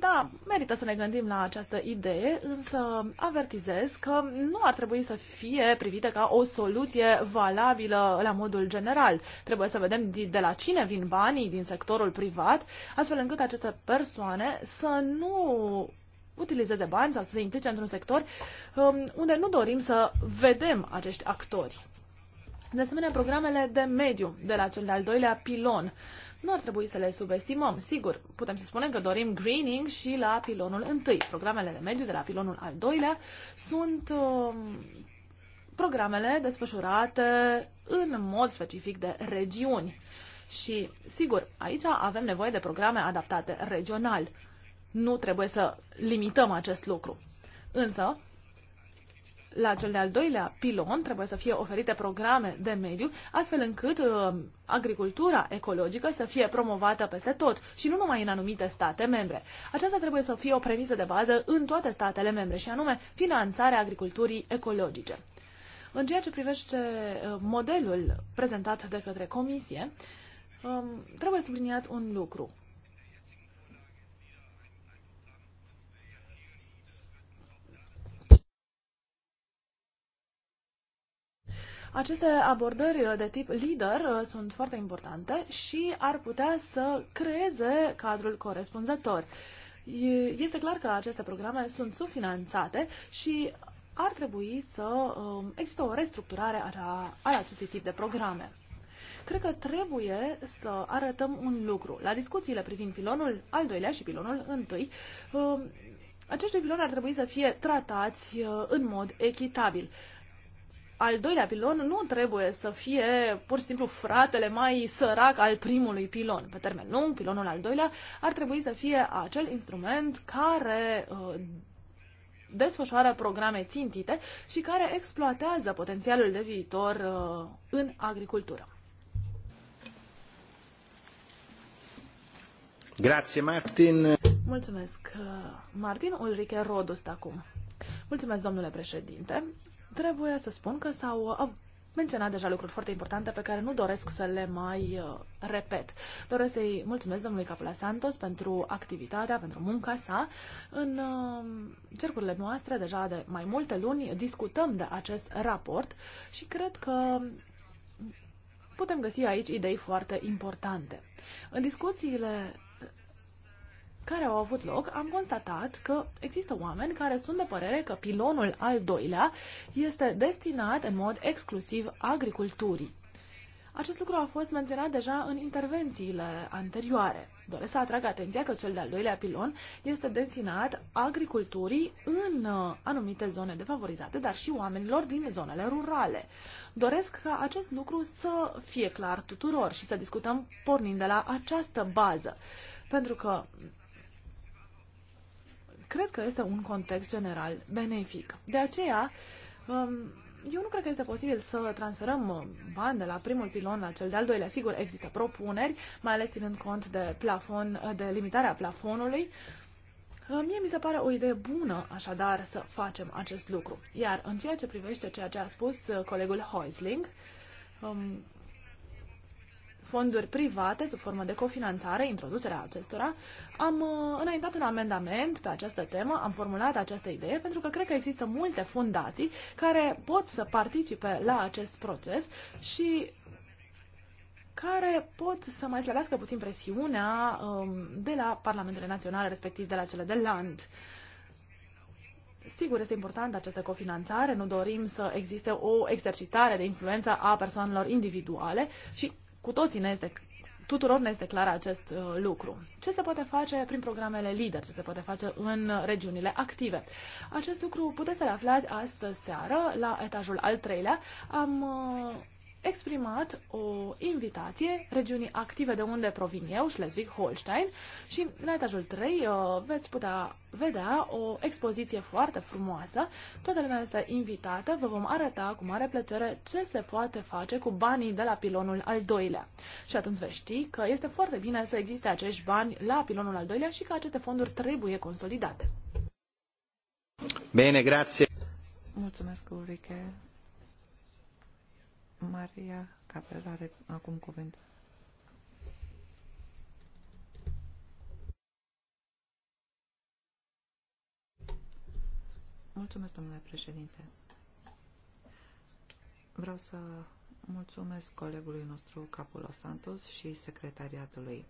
da, merită să ne gândim la această idee, însă avertizez că nu ar trebui să fie privită ca o soluție valabilă la modul general. Trebuie să vedem de la cine vin banii din sectorul privat, astfel încât aceste persoane să nu utilizeze bani sau să se implice într-un sector um, unde nu dorim să vedem acești actori. De asemenea, programele de mediu de la cel de-al doilea pilon nu ar trebui să le subestimăm. Sigur, putem să spunem că dorim greening și la pilonul întâi. Programele de mediu de la pilonul al doilea sunt um, programele desfășurate în mod specific de regiuni. Și, sigur, aici avem nevoie de programe adaptate regional. Nu trebuie să limităm acest lucru. Însă, la cel de-al doilea pilon trebuie să fie oferite programe de mediu, astfel încât uh, agricultura ecologică să fie promovată peste tot și nu numai în anumite state membre. Aceasta trebuie să fie o premisă de bază în toate statele membre și anume finanțarea agriculturii ecologice. În ceea ce privește uh, modelul prezentat de către Comisie, um, trebuie subliniat un lucru. Aceste abordări de tip lider uh, sunt foarte importante și ar putea să creeze cadrul corespunzător. Este clar că aceste programe sunt subfinanțate și ar trebui să um, există o restructurare a, a acestui tip de programe cred că trebuie să arătăm un lucru. La discuțiile privind pilonul al doilea și pilonul întâi, um, acești piloni ar trebui să fie tratați uh, în mod echitabil al doilea pilon nu trebuie să fie pur și simplu fratele mai sărac al primului pilon. Pe termen lung, pilonul al doilea ar trebui să fie acel instrument care uh, desfășoară programe țintite și care exploatează potențialul de viitor uh, în agricultură. Grazie, Martin. Mulțumesc, uh, Martin Ulrike Rodust acum. Mulțumesc, domnule președinte. Trebuie să spun că s-au uh, menționat deja lucruri foarte importante pe care nu doresc să le mai uh, repet. Doresc să-i mulțumesc domnului Capula Santos pentru activitatea, pentru munca sa. În uh, cercurile noastre, deja de mai multe luni, discutăm de acest raport și cred că putem găsi aici idei foarte importante. În discuțiile care au avut loc, am constatat că există oameni care sunt de părere că pilonul al doilea este destinat în mod exclusiv agriculturii. Acest lucru a fost menționat deja în intervențiile anterioare. Doresc să atrag atenția că cel de-al doilea pilon este destinat agriculturii în uh, anumite zone defavorizate, dar și oamenilor din zonele rurale. Doresc ca acest lucru să fie clar tuturor și să discutăm pornind de la această bază. Pentru că cred că este un context general benefic. De aceea, um, eu nu cred că este posibil să transferăm uh, bani de la primul pilon la cel de-al doilea. Sigur, există propuneri, mai ales ținând cont de plafon, uh, de limitarea plafonului. Uh, mie mi se pare o idee bună, așadar, să facem acest lucru. Iar în ceea ce privește ceea ce a spus colegul Heusling, um, fonduri private sub formă de cofinanțare, introducerea acestora, am uh, înaintat un amendament pe această temă, am formulat această idee pentru că cred că există multe fundații care pot să participe la acest proces și care pot să mai slăbească puțin presiunea um, de la parlamentele naționale, respectiv de la cele de land. Sigur, este importantă această cofinanțare, nu dorim să existe o exercitare de influență a persoanelor individuale și cu toții ne este tuturor ne este clar acest uh, lucru. Ce se poate face prin programele LIDER, ce se poate face în regiunile active? Acest lucru puteți să-l aflați astăzi seară la etajul al treilea. Am uh, exprimat o invitație regiunii active de unde provin eu, Schleswig-Holstein, și la etajul 3 uh, veți putea vedea o expoziție foarte frumoasă. Toată lumea este invitată, vă vom arăta cu mare plăcere ce se poate face cu banii de la pilonul al doilea. Și atunci veți ști că este foarte bine să existe acești bani la pilonul al doilea și că aceste fonduri trebuie consolidate. Bine, grație. Mulțumesc, Ulrike. Maria Capel are acum cuvânt. Mulțumesc, domnule președinte. Vreau să mulțumesc colegului nostru Capulo Santos și secretariatului.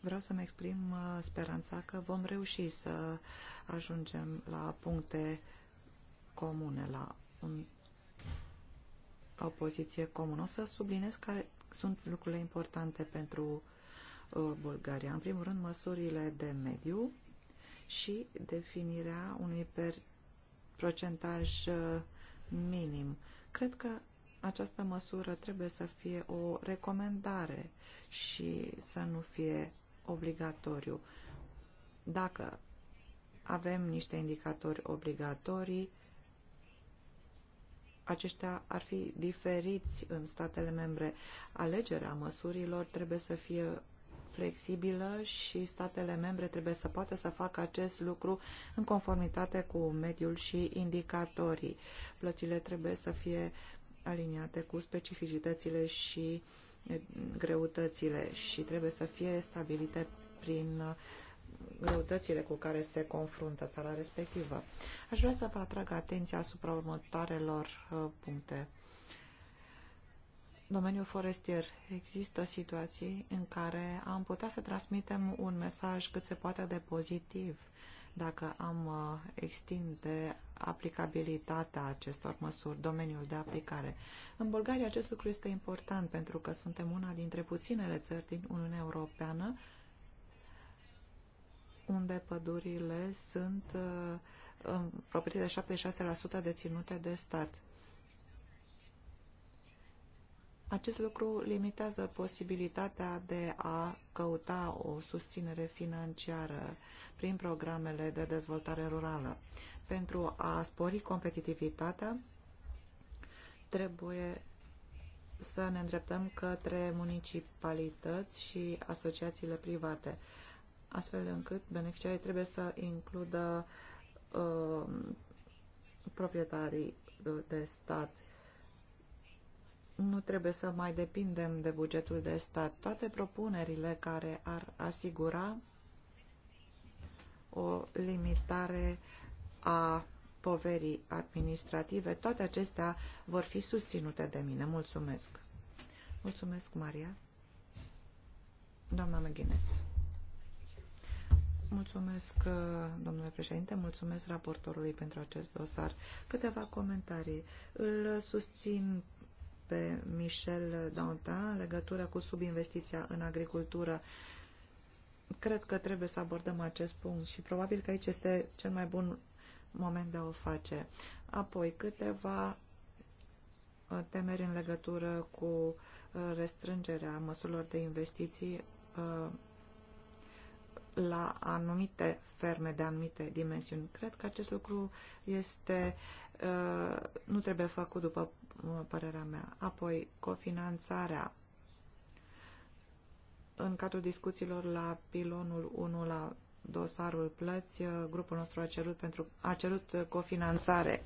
Vreau să-mi exprim uh, speranța că vom reuși să ajungem la puncte comune, la un o poziție comună. O să sublinez care sunt lucrurile importante pentru uh, Bulgaria. În primul rând, măsurile de mediu și definirea unui per procentaj uh, minim. Cred că această măsură trebuie să fie o recomandare și să nu fie obligatoriu. Dacă avem niște indicatori obligatorii, aceștia ar fi diferiți în statele membre. Alegerea măsurilor trebuie să fie flexibilă și statele membre trebuie să poată să facă acest lucru în conformitate cu mediul și indicatorii. Plățile trebuie să fie aliniate cu specificitățile și greutățile și trebuie să fie stabilite prin greutățile cu care se confruntă țara respectivă. Aș vrea să vă atrag atenția asupra următoarelor uh, puncte. domeniul forestier există situații în care am putea să transmitem un mesaj cât se poate de pozitiv dacă am uh, extinde aplicabilitatea acestor măsuri, domeniul de aplicare. În Bulgaria acest lucru este important pentru că suntem una dintre puținele țări din Uniunea Europeană unde pădurile sunt uh, în proporție de 76% deținute de stat. Acest lucru limitează posibilitatea de a căuta o susținere financiară prin programele de dezvoltare rurală. Pentru a spori competitivitatea, trebuie să ne îndreptăm către municipalități și asociațiile private astfel încât beneficiarii trebuie să includă uh, proprietarii uh, de stat. Nu trebuie să mai depindem de bugetul de stat. Toate propunerile care ar asigura o limitare a poverii administrative, toate acestea vor fi susținute de mine. Mulțumesc! Mulțumesc, Maria! Doamna McGuinness. Mulțumesc, uh, domnule președinte, mulțumesc raportorului pentru acest dosar. Câteva comentarii. Îl susțin pe Michel Dantin în legătură cu subinvestiția în agricultură. Cred că trebuie să abordăm acest punct și probabil că aici este cel mai bun moment de a o face. Apoi, câteva uh, temeri în legătură cu uh, restrângerea măsurilor de investiții la anumite ferme de anumite dimensiuni. Cred că acest lucru este, uh, nu trebuie făcut după uh, părerea mea. Apoi, cofinanțarea în cadrul discuțiilor la pilonul 1 la dosarul plăți, uh, grupul nostru a cerut, pentru, a cerut cofinanțare.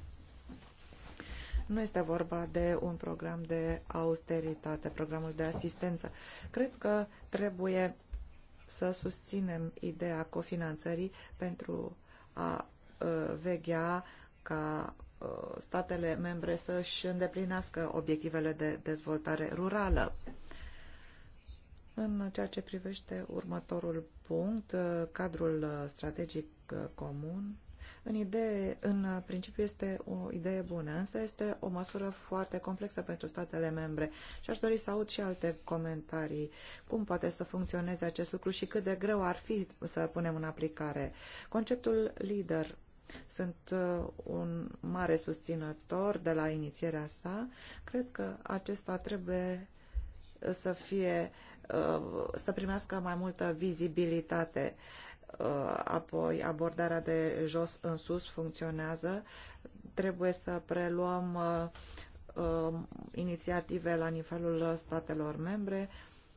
Nu este vorba de un program de austeritate, programul de asistență. Cred că trebuie să susținem ideea cofinanțării pentru a ă, veghea ca ă, statele membre să își îndeplinească obiectivele de dezvoltare rurală. În ceea ce privește următorul punct, ă, cadrul strategic comun, în, idee, în principiu este o idee bună, însă este o măsură foarte complexă pentru statele membre și aș dori să aud și alte comentarii. Cum poate să funcționeze acest lucru și cât de greu ar fi să punem în aplicare? Conceptul lider sunt uh, un mare susținător de la inițierea sa. Cred că acesta trebuie să fie uh, să primească mai multă vizibilitate. Uh, Uh, apoi abordarea de jos în sus funcționează. Trebuie să preluăm uh, uh, inițiative la nivelul statelor membre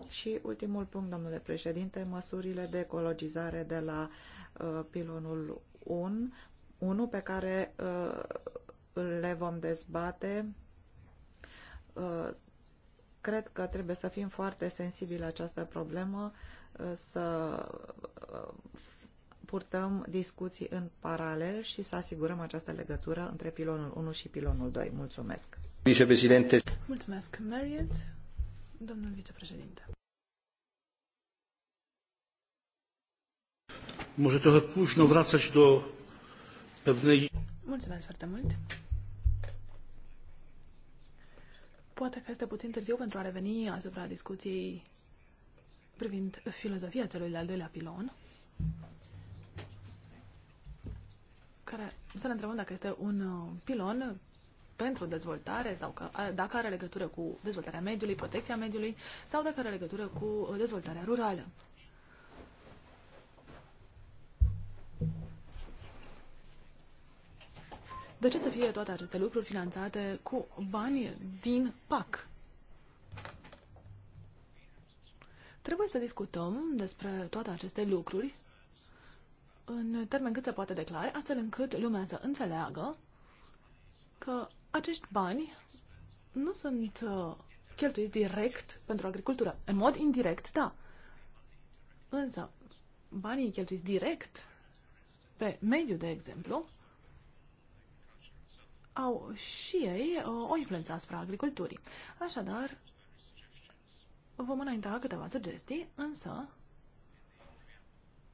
și ultimul punct, domnule președinte, măsurile de ecologizare de la pilonul 1, 1 pe care le vom dezbate Cred că trebuie să fim foarte sensibili la această problemă, să uh, purtăm discuții în paralel și să asigurăm această legătură între pilonul 1 și pilonul 2. Mulțumesc. Vicepreședinte. Mulțumesc, Marriott. Domnul vicepreședinte. do Mulțumesc foarte mult. Poate că este puțin târziu pentru a reveni asupra discuției privind filozofia celui de-al doilea pilon, care să ne întrebăm dacă este un uh, pilon pentru dezvoltare sau că, dacă are legătură cu dezvoltarea mediului, protecția mediului sau dacă are legătură cu dezvoltarea rurală. De ce să fie toate aceste lucruri finanțate cu bani din PAC? Trebuie să discutăm despre toate aceste lucruri în termen cât se poate declara, astfel încât lumea să înțeleagă că acești bani nu sunt uh, cheltuiți direct pentru agricultură. În mod indirect, da. Însă, banii cheltuiți direct pe mediu, de exemplu, au și ei uh, o influență asupra agriculturii. Așadar, vom înainta câteva sugestii, însă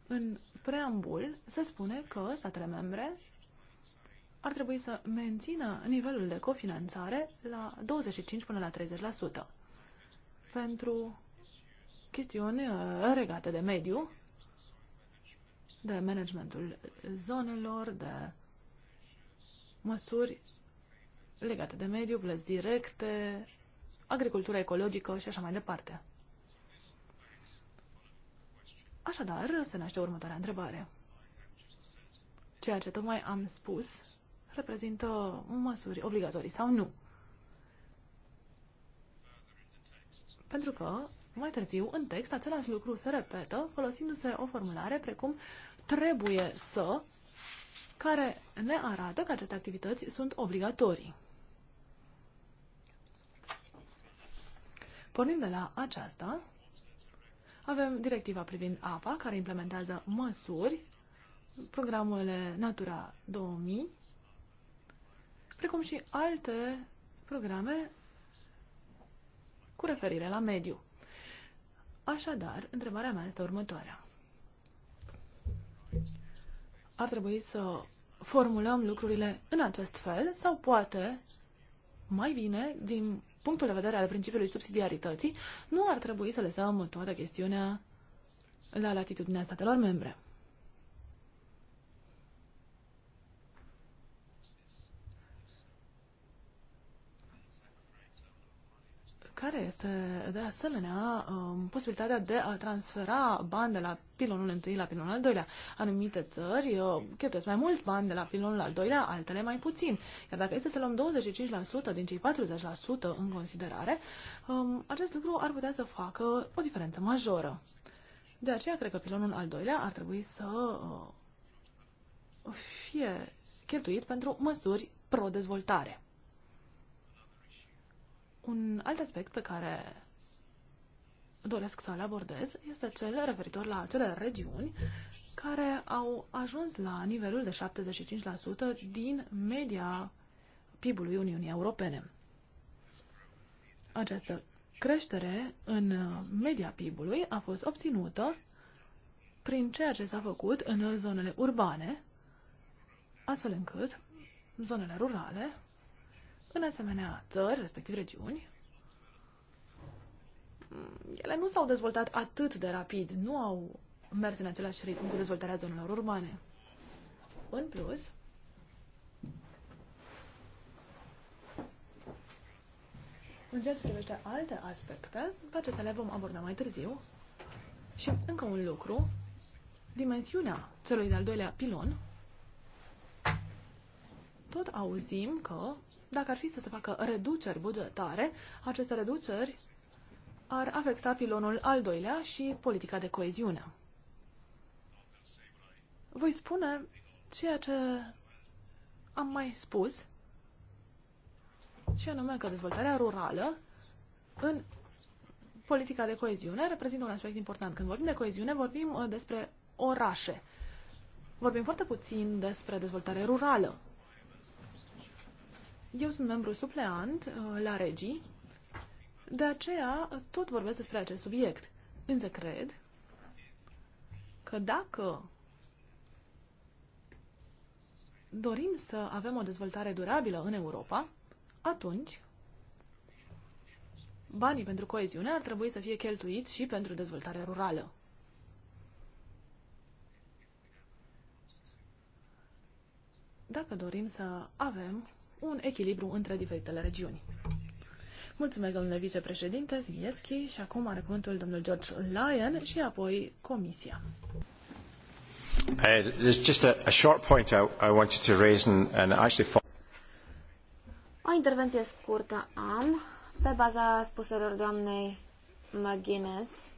în preambul se spune că statele membre ar trebui să mențină nivelul de cofinanțare la 25 până la 30% pentru chestiuni uh, regate de mediu, de managementul zonelor, de măsuri legate de mediu, plăți directe, agricultură ecologică și așa mai departe. Așadar, se naște următoarea întrebare. Ceea ce tocmai am spus reprezintă măsuri obligatorii sau nu? Pentru că, mai târziu, în text, același lucru se repetă folosindu-se o formulare precum trebuie să care ne arată că aceste activități sunt obligatorii. Pornind de la aceasta, avem directiva privind apa, care implementează măsuri, programele Natura 2000, precum și alte programe cu referire la mediu. Așadar, întrebarea mea este următoarea ar trebui să formulăm lucrurile în acest fel sau poate, mai bine, din punctul de vedere al principiului subsidiarității, nu ar trebui să lăsăm toată chestiunea la latitudinea statelor membre. care este de asemenea um, posibilitatea de a transfera bani de la pilonul întâi la pilonul al doilea. Anumite țări uh, cheltuiesc mai mult bani de la pilonul al doilea, altele mai puțin. Iar dacă este să luăm 25% din cei 40% în considerare, um, acest lucru ar putea să facă o diferență majoră. De aceea, cred că pilonul al doilea ar trebui să uh, fie cheltuit pentru măsuri pro-dezvoltare. Un alt aspect pe care doresc să-l abordez este cel referitor la acele regiuni care au ajuns la nivelul de 75% din media PIB-ului Uniunii Europene. Această creștere în media PIB-ului a fost obținută prin ceea ce s-a făcut în zonele urbane, astfel încât zonele rurale în asemenea țări, respectiv regiuni, ele nu s-au dezvoltat atât de rapid, nu au mers în același ritm cu dezvoltarea zonelor urbane. În plus, În ceea ce privește alte aspecte, pe acestea le vom aborda mai târziu. Și încă un lucru, dimensiunea celui de-al doilea pilon. Tot auzim că dacă ar fi să se facă reduceri bugetare, aceste reduceri ar afecta pilonul al doilea și politica de coeziune. Voi spune ceea ce am mai spus, și anume că dezvoltarea rurală în politica de coeziune reprezintă un aspect important. Când vorbim de coeziune, vorbim uh, despre orașe. Vorbim foarte puțin despre dezvoltare rurală. Eu sunt membru supleant uh, la regii, de aceea tot vorbesc despre acest subiect. Însă cred că dacă dorim să avem o dezvoltare durabilă în Europa, atunci banii pentru coeziune ar trebui să fie cheltuiți și pentru dezvoltarea rurală. Dacă dorim să avem un echilibru între diferitele regiuni. Mulțumesc, domnule vicepreședinte Zimiețchi, și acum are cuvântul domnul George Lyon și apoi Comisia. Uh, there's just a, short point I, wanted to raise and, actually O intervenție scurtă am pe baza spuselor doamnei McGuinness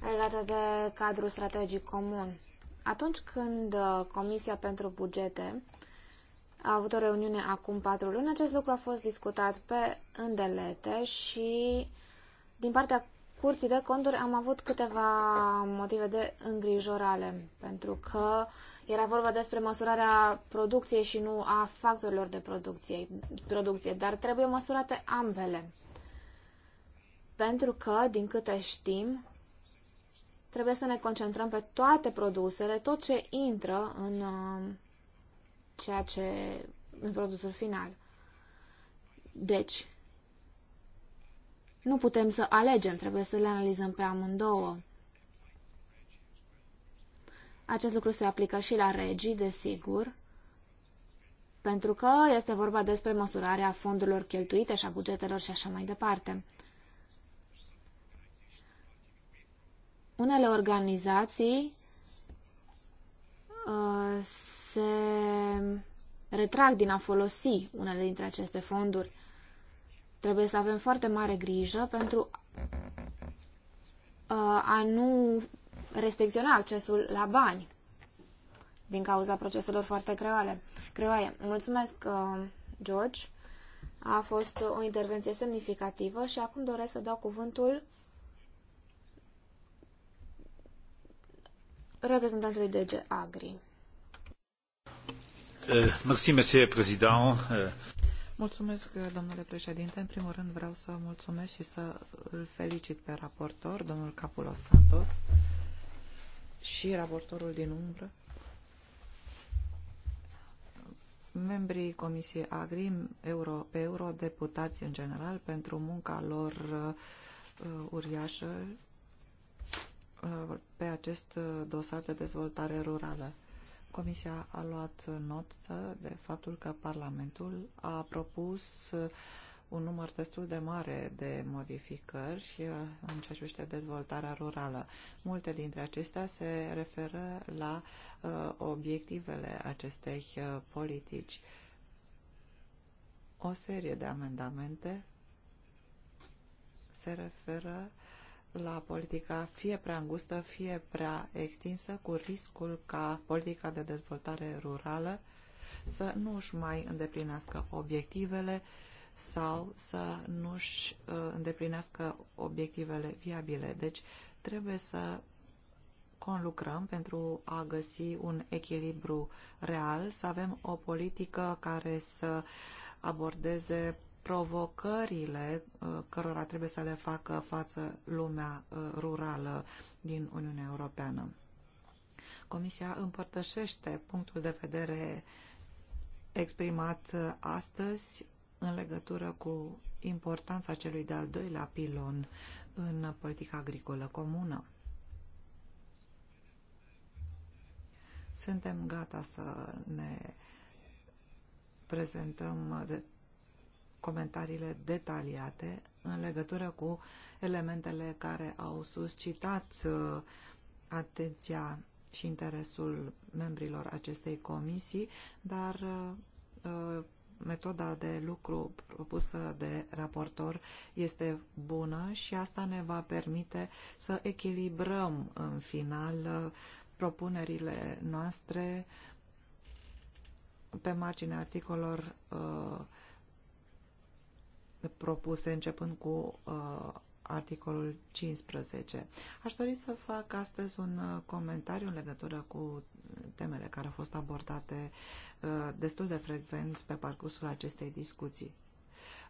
legată de cadrul strategic comun. Atunci când uh, Comisia pentru Bugete a avut o reuniune acum patru luni. Acest lucru a fost discutat pe îndelete și din partea Curții de Conturi am avut câteva motive de îngrijorare, pentru că era vorba despre măsurarea producției și nu a factorilor de producție, producție dar trebuie măsurate ambele. Pentru că, din câte știm, trebuie să ne concentrăm pe toate produsele, tot ce intră în uh, ceea ce în produsul final. Deci, nu putem să alegem, trebuie să le analizăm pe amândouă. Acest lucru se aplică și la regii, desigur, pentru că este vorba despre măsurarea fondurilor cheltuite și a bugetelor și așa mai departe. Unele organizații uh, se retrag din a folosi unele dintre aceste fonduri. Trebuie să avem foarte mare grijă pentru uh, a nu restricționa accesul la bani din cauza proceselor foarte creoale. creoaie. Mulțumesc, uh, George. A fost o intervenție semnificativă și acum doresc să dau cuvântul reprezentantului DG Agri. Eh, eh. Mulțumesc, domnule președinte. În primul rând vreau să mulțumesc și să îl felicit pe raportor, domnul Capulos Santos, și raportorul din umbră, membrii Comisiei Agri, euro, pe eurodeputați în general, pentru munca lor uh, uriașă uh, pe acest dosar de dezvoltare rurală. Comisia a luat notă de faptul că Parlamentul a propus un număr destul de mare de modificări uh, în ce privește dezvoltarea rurală. Multe dintre acestea se referă la uh, obiectivele acestei uh, politici. O serie de amendamente se referă uh, la politica fie prea îngustă, fie prea extinsă, cu riscul ca politica de dezvoltare rurală să nu își mai îndeplinească obiectivele sau să nu își uh, îndeplinească obiectivele viabile. Deci trebuie să conlucrăm pentru a găsi un echilibru real, să avem o politică care să abordeze provocările uh, cărora trebuie să le facă față lumea uh, rurală din Uniunea Europeană. Comisia împărtășește punctul de vedere exprimat uh, astăzi în legătură cu importanța celui de-al doilea pilon în politica agricolă comună. Suntem gata să ne prezentăm comentariile detaliate în legătură cu elementele care au suscitat uh, atenția și interesul membrilor acestei comisii, dar uh, uh, metoda de lucru propusă de raportor este bună și asta ne va permite să echilibrăm în final propunerile noastre pe marginea articolor. uh, propuse începând cu uh, articolul 15. Aș dori să fac astăzi un uh, comentariu în legătură cu temele care au fost abordate uh, destul de frecvent pe parcursul acestei discuții.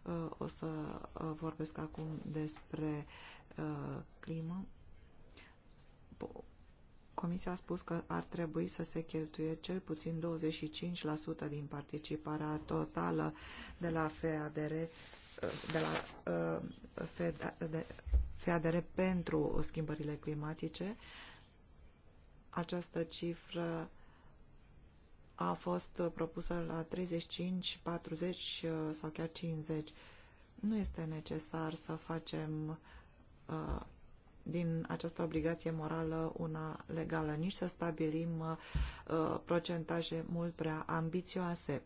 Uh, o să uh, vorbesc acum despre uh, climă. Comisia a spus că ar trebui să se cheltuie cel puțin 25% din participarea totală de la FEADR de la uh, FADR pentru schimbările climatice. Această cifră a fost propusă la 35, 40 uh, sau chiar 50. Nu este necesar să facem uh, din această obligație morală una legală, nici să stabilim uh, procentaje mult prea ambițioase.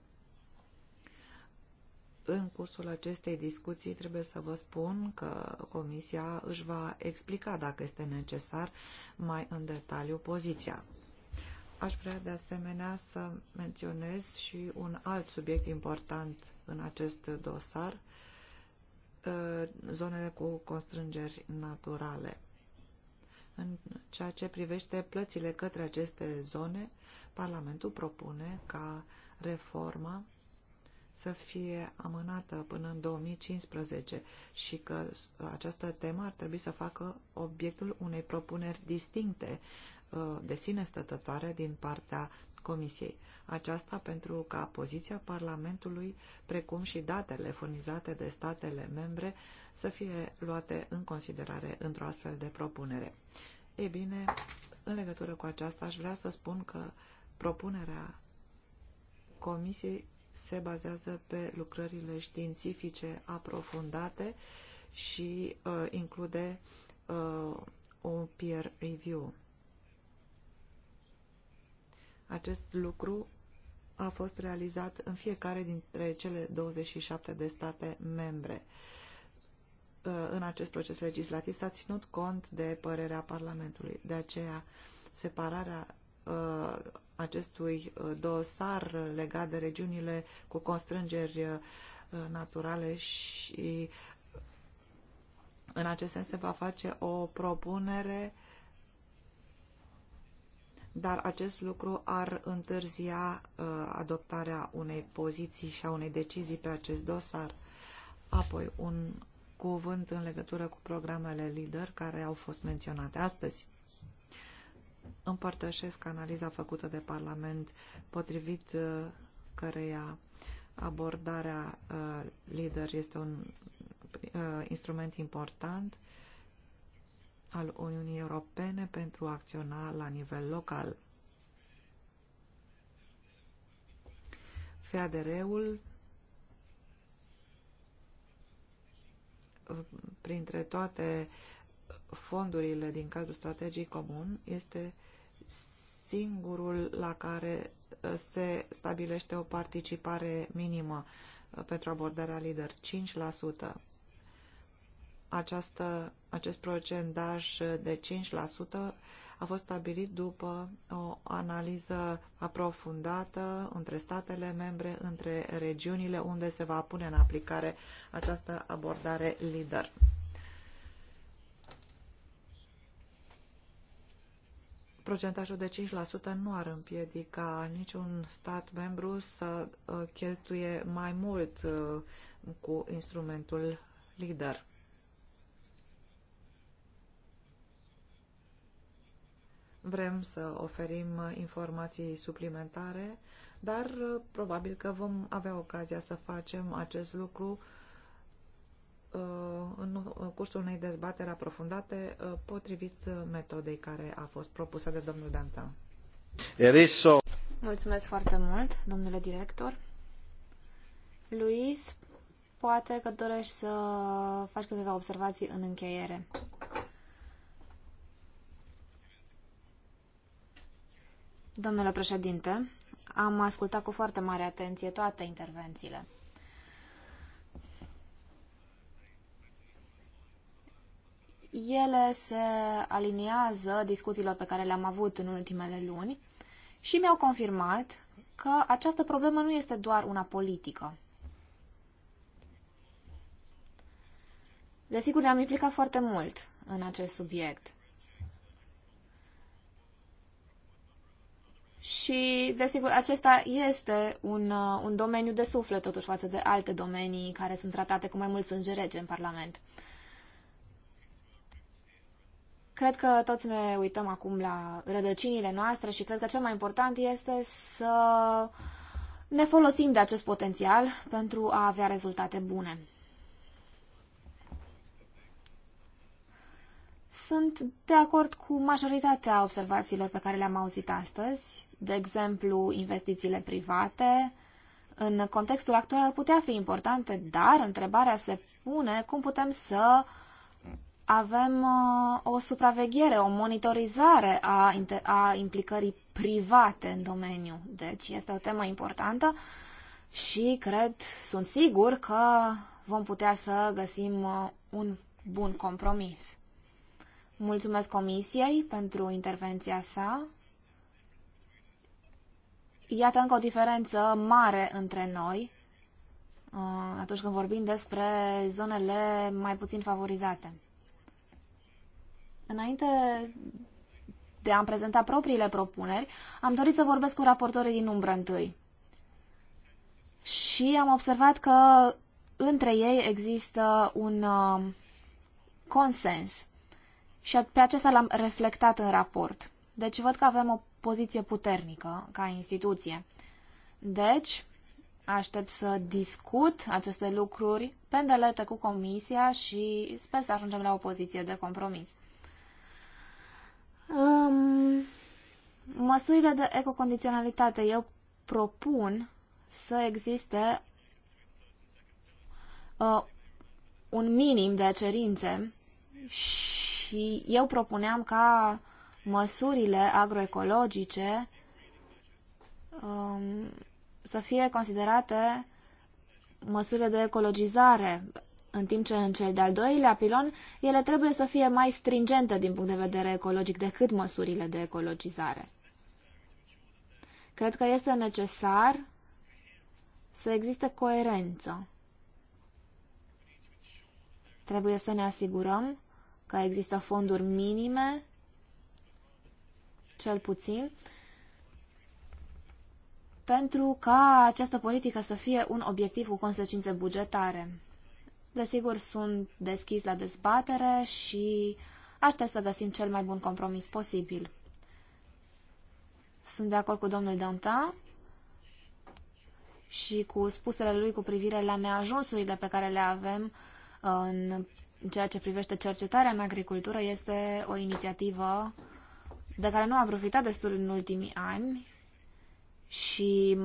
În cursul acestei discuții trebuie să vă spun că Comisia își va explica, dacă este necesar, mai în detaliu poziția. Aș vrea de asemenea să menționez și un alt subiect important în acest dosar, zonele cu constrângeri naturale. În ceea ce privește plățile către aceste zone, Parlamentul propune ca reforma să fie amânată până în 2015 și că uh, această temă ar trebui să facă obiectul unei propuneri distincte uh, de sine stătătoare din partea Comisiei. Aceasta pentru ca poziția Parlamentului, precum și datele furnizate de statele membre, să fie luate în considerare într-o astfel de propunere. Ei bine, în legătură cu aceasta aș vrea să spun că propunerea Comisiei se bazează pe lucrările științifice aprofundate și uh, include uh, un peer review. Acest lucru a fost realizat în fiecare dintre cele 27 de state membre. Uh, în acest proces legislativ s-a ținut cont de părerea Parlamentului. De aceea, separarea Uh, acestui uh, dosar legat de regiunile cu constrângeri uh, naturale și în acest sens se va face o propunere dar acest lucru ar întârzia adoptarea unei poziții și a unei decizii pe acest dosar. Apoi, un cuvânt în legătură cu programele LIDER care au fost menționate astăzi împărtășesc analiza făcută de Parlament potrivit uh, căreia abordarea uh, lider este un uh, instrument important al Uniunii Europene pentru a acționa la nivel local. fadr ul printre toate uh, fondurile din cadrul strategiei comun este singurul la care uh, se stabilește o participare minimă uh, pentru abordarea lider, 5%. Această, acest procentaj de 5% a fost stabilit după o analiză aprofundată între statele membre, între regiunile unde se va pune în aplicare această abordare lider. Procentajul de 5% nu ar împiedica niciun stat membru să uh, cheltuie mai mult uh, cu instrumentul LIDER. Vrem să oferim uh, informații suplimentare, dar probabil că vom avea ocazia să facem acest lucru uh, Uh, în uh, cursul unei dezbateri aprofundate uh, potrivit metodei care a fost propusă de domnul Dantan. Eriso. Mulțumesc foarte mult, domnule director. Luis, poate că dorești să faci câteva observații în încheiere. Domnule președinte, am ascultat cu foarte mare atenție toate intervențiile. Ele se aliniază discuțiilor pe care le-am avut în ultimele luni și mi-au confirmat că această problemă nu este doar una politică. Desigur, ne-am implicat foarte mult în acest subiect. Și, desigur, acesta este un, un domeniu de suflet, totuși, față de alte domenii care sunt tratate cu mai mult sânge rece în Parlament. Cred că toți ne uităm acum la rădăcinile noastre și cred că cel mai important este să ne folosim de acest potențial pentru a avea rezultate bune. Sunt de acord cu majoritatea observațiilor pe care le-am auzit astăzi, de exemplu, investițiile private. În contextul actual ar putea fi importante, dar întrebarea se pune cum putem să uh, avem uh, o supraveghere, o monitorizare a, a implicării private în domeniu. Deci este o temă importantă și cred, sunt sigur că vom putea să găsim uh, un bun compromis. Mulțumesc Comisiei pentru intervenția sa. Iată încă o diferență mare între noi uh, atunci când vorbim despre zonele mai puțin favorizate. Înainte de a-mi prezenta propriile propuneri, am dorit să vorbesc cu raportorii din umbră întâi. Și am observat că între ei există un uh, consens. Și pe acesta l-am reflectat în raport. Deci văd că avem o poziție puternică ca instituție. Deci, aștept să discut aceste lucruri pendelete cu comisia și sper să ajungem la o poziție de compromis. Um, măsurile de ecocondiționalitate. Eu propun să existe uh, un minim de cerințe și eu propuneam ca măsurile agroecologice um, să fie considerate măsurile de ecologizare în timp ce în cel de-al doilea pilon ele trebuie să fie mai stringente din punct de vedere ecologic decât măsurile de ecologizare. Cred că este necesar să existe coerență. Trebuie să ne asigurăm că există fonduri minime, cel puțin, pentru ca această politică să fie un obiectiv cu consecințe bugetare. Desigur, sunt deschis la dezbatere și aștept să găsim cel mai bun compromis posibil. Sunt de acord cu domnul Dantin și cu spusele lui cu privire la neajunsurile pe care le avem uh, în ceea ce privește cercetarea în agricultură. Este o inițiativă de care nu am profitat destul în ultimii ani și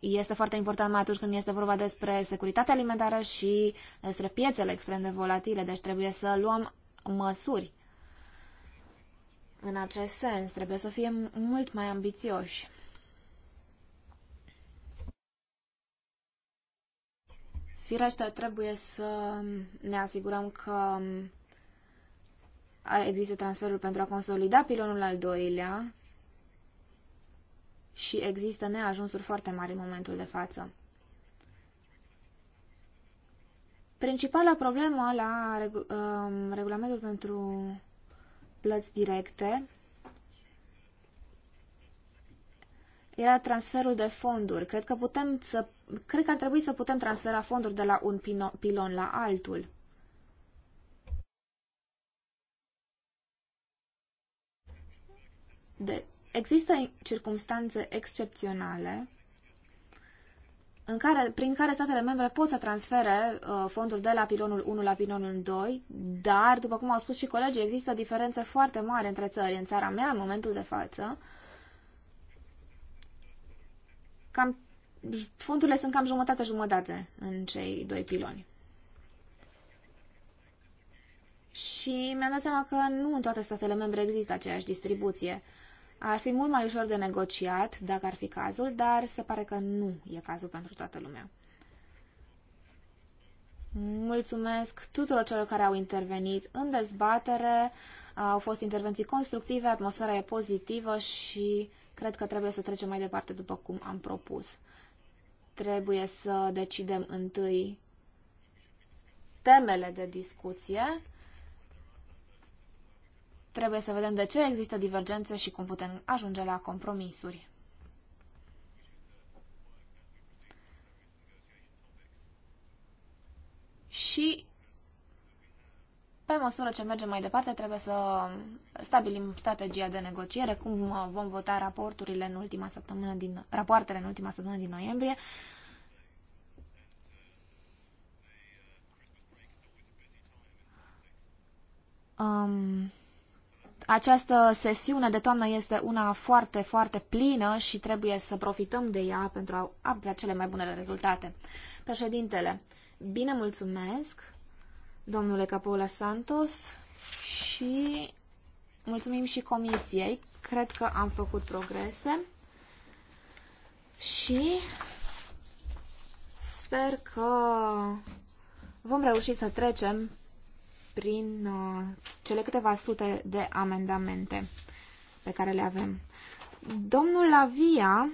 este foarte important mai atunci când este vorba despre securitatea alimentară și despre piețele extrem de volatile, deci trebuie să luăm măsuri în acest sens. Trebuie să fim mult mai ambițioși. Firește, trebuie să ne asigurăm că există transferul pentru a consolida pilonul al doilea și există neajunsuri foarte mari în momentul de față. Principala problemă la um, regulamentul pentru plăți directe era transferul de fonduri. Cred că putem să cred că ar trebui să putem transfera fonduri de la un pilon la altul. De, Există circumstanțe excepționale în care, prin care statele membre pot să transfere uh, fonduri de la pilonul 1 la pilonul 2, dar, după cum au spus și colegii, există diferențe foarte mari între țări. În țara mea, în momentul de față, cam, fondurile sunt cam jumătate-jumătate în cei doi piloni. Și mi-am dat seama că nu în toate statele membre există aceeași distribuție. Ar fi mult mai ușor de negociat, dacă ar fi cazul, dar se pare că nu e cazul pentru toată lumea. Mulțumesc tuturor celor care au intervenit în dezbatere. Au fost intervenții constructive, atmosfera e pozitivă și cred că trebuie să trecem mai departe după cum am propus. Trebuie să decidem întâi temele de discuție Trebuie să vedem de ce există divergențe și cum putem ajunge la compromisuri. Și pe măsură ce mergem mai departe, trebuie să stabilim strategia de negociere, cum uh, vom vota raporturile în ultima săptămână din, rapoartele în ultima săptămână din noiembrie. Um, această sesiune de toamnă este una foarte, foarte plină și trebuie să profităm de ea pentru a avea cele mai bune rezultate. Președintele, bine mulțumesc, domnule Capola Santos, și mulțumim și comisiei. Cred că am făcut progrese și sper că vom reuși să trecem prin uh, cele câteva sute de amendamente pe care le avem. Domnul Lavia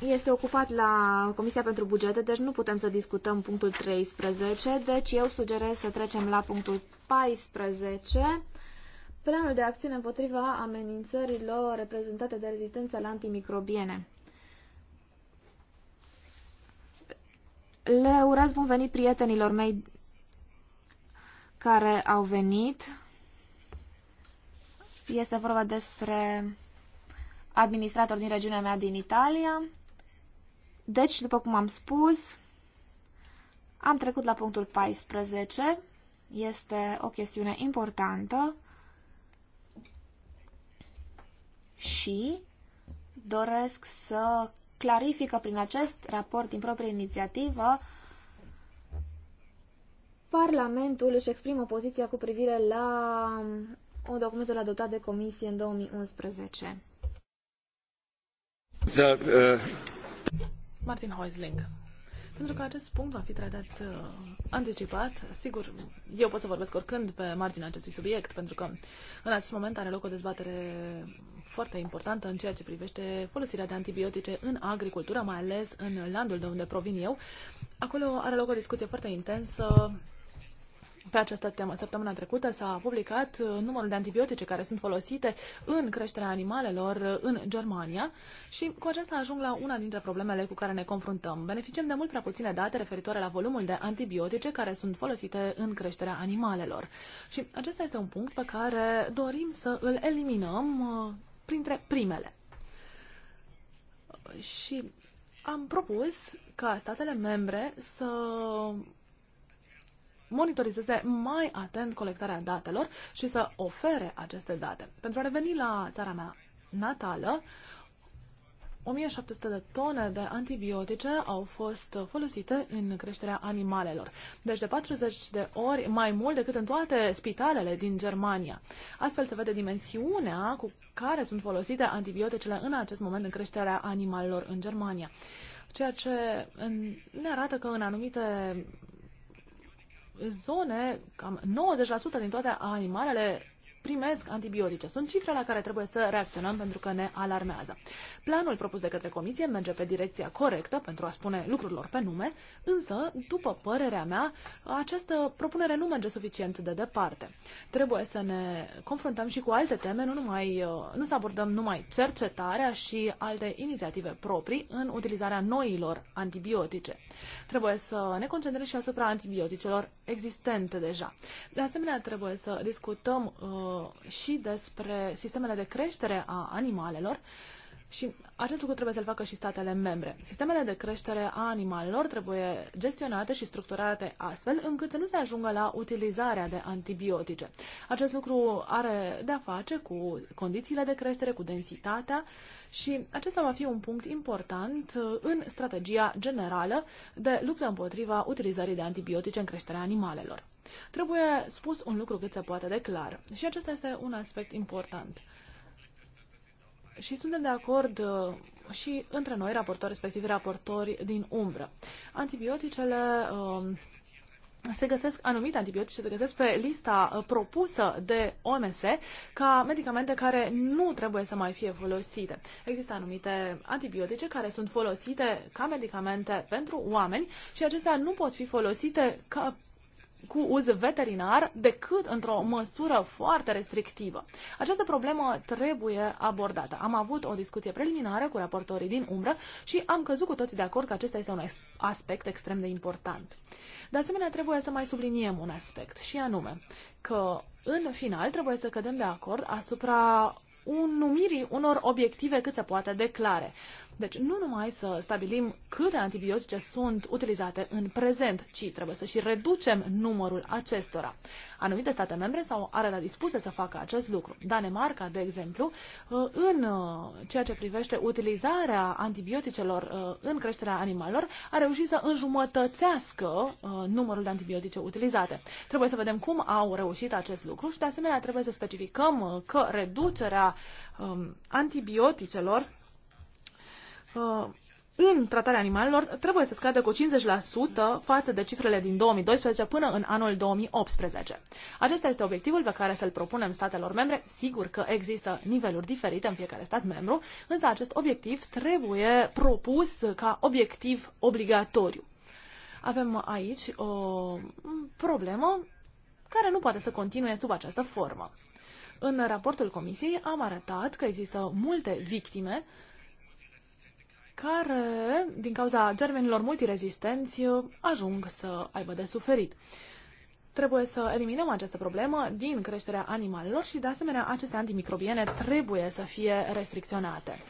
este ocupat la Comisia pentru Bugete, deci nu putem să discutăm punctul 13, deci eu sugerez să trecem la punctul 14. Planul de acțiune împotriva amenințărilor reprezentate de rezistența la antimicrobiene. Le urez bun venit prietenilor mei care au venit. Este vorba despre administrator din regiunea mea din Italia. Deci, după cum am spus, am trecut la punctul 14. Este o chestiune importantă și doresc să clarifică prin acest raport din proprie inițiativă Parlamentul își exprimă poziția cu privire la un documentul adoptat de Comisie în 2011. Uh, Martin Heusling. Pentru că acest punct va fi tratat uh, anticipat, sigur, eu pot să vorbesc oricând pe marginea acestui subiect, pentru că în acest moment are loc o dezbatere foarte importantă în ceea ce privește folosirea de antibiotice în agricultură, mai ales în landul de unde provin eu. Acolo are loc o discuție foarte intensă pe această temă. Săptămâna trecută s-a publicat uh, numărul de antibiotice care sunt folosite în creșterea animalelor uh, în Germania și cu aceasta ajung la una dintre problemele cu care ne confruntăm. Beneficiem de mult prea puține date referitoare la volumul de antibiotice care sunt folosite în creșterea animalelor. Și acesta este un punct pe care dorim să îl eliminăm uh, printre primele. Și am propus ca statele membre să monitorizeze mai atent colectarea datelor și să ofere aceste date. Pentru a reveni la țara mea natală, 1700 de tone de antibiotice au fost folosite în creșterea animalelor, deci de 40 de ori mai mult decât în toate spitalele din Germania. Astfel se vede dimensiunea cu care sunt folosite antibioticele în acest moment în creșterea animalelor în Germania. Ceea ce ne arată că în anumite zone, cam 90% din toate animalele primesc antibiotice. Sunt cifre la care trebuie să reacționăm pentru că ne alarmează. Planul propus de către comisie merge pe direcția corectă pentru a spune lucrurilor pe nume, însă, după părerea mea, această propunere nu merge suficient de departe. Trebuie să ne confruntăm și cu alte teme, nu, numai, uh, nu să abordăm numai cercetarea și alte inițiative proprii în utilizarea noilor antibiotice. Trebuie să ne concentrăm și asupra antibioticelor existente deja. De asemenea, trebuie să discutăm uh, Uh, și despre sistemele de creștere a animalelor și acest lucru trebuie să-l facă și statele membre. Sistemele de creștere a animalelor trebuie gestionate și structurate astfel încât să nu se ajungă la utilizarea de antibiotice. Acest lucru are de-a face cu condițiile de creștere, cu densitatea și acesta va fi un punct important uh, în strategia generală de luptă împotriva utilizării de antibiotice în creșterea animalelor. Trebuie spus un lucru cât se poate de clar. Și acesta este un aspect important. Și suntem de acord uh, și între noi, raportori, respectiv raportori din umbră. Antibioticele um, se găsesc anumite antibiotice, se găsesc pe lista uh, propusă de OMS ca medicamente care nu trebuie să mai fie folosite. Există anumite antibiotice care sunt folosite ca medicamente pentru oameni și acestea nu pot fi folosite ca cu uz veterinar decât într-o măsură foarte restrictivă. Această problemă trebuie abordată. Am avut o discuție preliminară cu raportorii din umbră și am căzut cu toții de acord că acesta este un aspect extrem de important. De asemenea, trebuie să mai subliniem un aspect și anume că în final trebuie să cădem de acord asupra un numirii unor obiective cât se poate declare. Deci nu numai să stabilim câte antibiotice sunt utilizate în prezent, ci trebuie să și reducem numărul acestora. Anumite state membre s-au arătat dispuse să facă acest lucru. Danemarca, de exemplu, uh, în uh, ceea ce privește utilizarea antibioticelor uh, în creșterea animalelor, a reușit să înjumătățească numărul de antibiotice utilizate. Trebuie să vedem cum au reușit acest lucru și, de asemenea, trebuie să specificăm că reducerea um, antibioticelor Uh, în tratarea animalelor trebuie să scadă cu 50% față de cifrele din 2012 până în anul 2018. Acesta este obiectivul pe care să-l propunem statelor membre. Sigur că există niveluri diferite în fiecare stat membru, însă acest obiectiv trebuie propus ca obiectiv obligatoriu. Avem aici o problemă care nu poate să continue sub această formă. În raportul comisiei am arătat că există multe victime care, din cauza germenilor multirezistenți, ajung să aibă de suferit. Trebuie să eliminăm această problemă din creșterea animalelor și, de asemenea, aceste antimicrobiene trebuie să fie restricționate.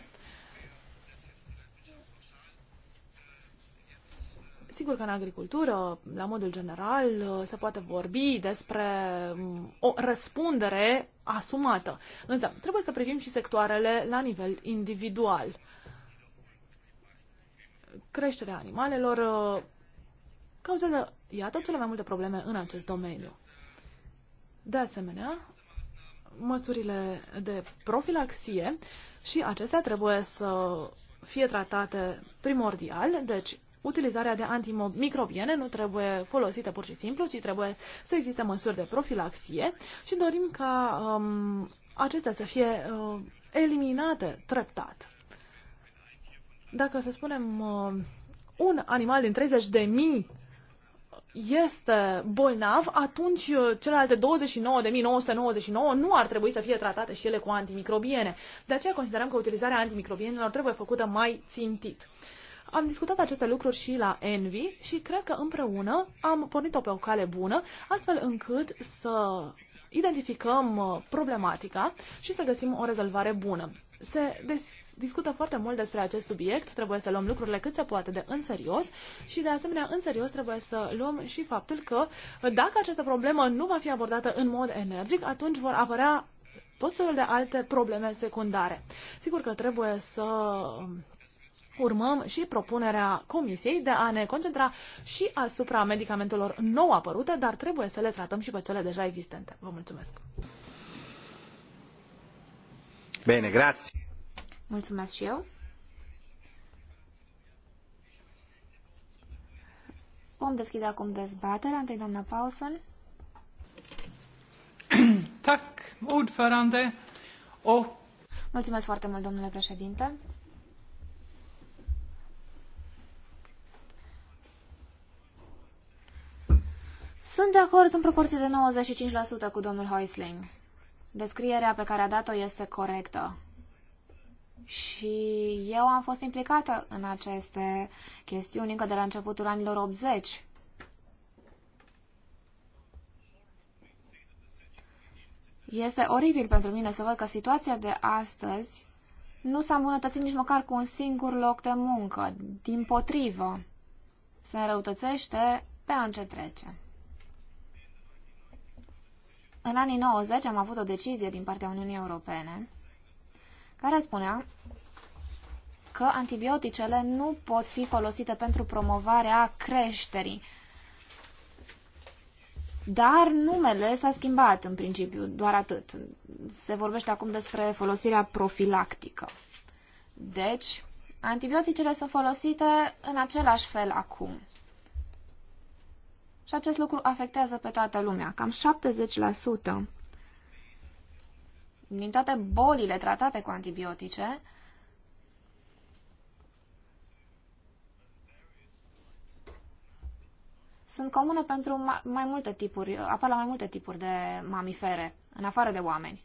sigur că în agricultură, la modul general, se poate vorbi despre mm, o răspundere asumată. Însă, trebuie să privim și sectoarele la nivel individual creșterea animalelor uh, cauzează, iată, cele mai multe probleme în acest domeniu. De asemenea, măsurile de profilaxie și acestea trebuie să fie tratate primordial, deci utilizarea de antimicrobiene nu trebuie folosită pur și simplu, ci trebuie să existe măsuri de profilaxie și dorim ca um, acestea să fie uh, eliminate treptat dacă să spunem uh, un animal din 30 de mii este bolnav, atunci uh, celelalte 29.999 nu ar trebui să fie tratate și ele cu antimicrobiene. De aceea considerăm că utilizarea antimicrobienilor trebuie făcută mai țintit. Am discutat aceste lucruri și la Envy și cred că împreună am pornit-o pe o cale bună, astfel încât să identificăm uh, problematica și să găsim o rezolvare bună. Se des- discută foarte mult despre acest subiect, trebuie să luăm lucrurile cât se poate de în serios și de asemenea în serios trebuie să luăm și faptul că dacă această problemă nu va fi abordată în mod energic, atunci vor apărea tot felul de alte probleme secundare. Sigur că trebuie să urmăm și propunerea Comisiei de a ne concentra și asupra medicamentelor nou apărute, dar trebuie să le tratăm și pe cele deja existente. Vă mulțumesc! Bine, grație! Mulțumesc și eu. Vom deschide acum dezbaterea. Întâi doamna Paulson. Tak, ordförande. O... Mulțumesc foarte mult, domnule președinte. Sunt de acord în proporție de 95% cu domnul Heusling. Descrierea pe care a dat-o este corectă și eu am fost implicată în aceste chestiuni încă de la începutul anilor 80. Este oribil pentru mine să văd că situația de astăzi nu s-a îmbunătățit nici măcar cu un singur loc de muncă. Din potrivă, se înrăutățește pe an ce trece. În anii 90 am avut o decizie din partea Uniunii Europene care spunea că antibioticele nu pot fi folosite pentru promovarea creșterii. Dar numele s-a schimbat în principiu, doar atât. Se vorbește acum despre folosirea profilactică. Deci, antibioticele sunt folosite în același fel acum. Și acest lucru afectează pe toată lumea. Cam 70% din toate bolile tratate cu antibiotice, sunt comune pentru mai multe tipuri, apar la mai multe tipuri de mamifere, în afară de oameni.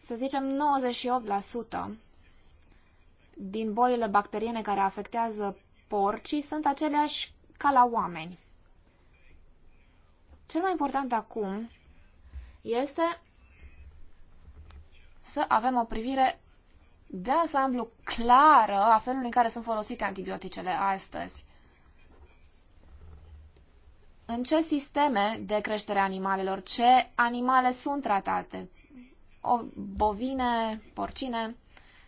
Să zicem 98% din bolile bacteriene care afectează porcii sunt aceleași ca la oameni. Cel mai important acum este să avem o privire de ansamblu clară a felului în care sunt folosite antibioticele astăzi. În ce sisteme de creștere animalelor, ce animale sunt tratate? O, bovine, porcine,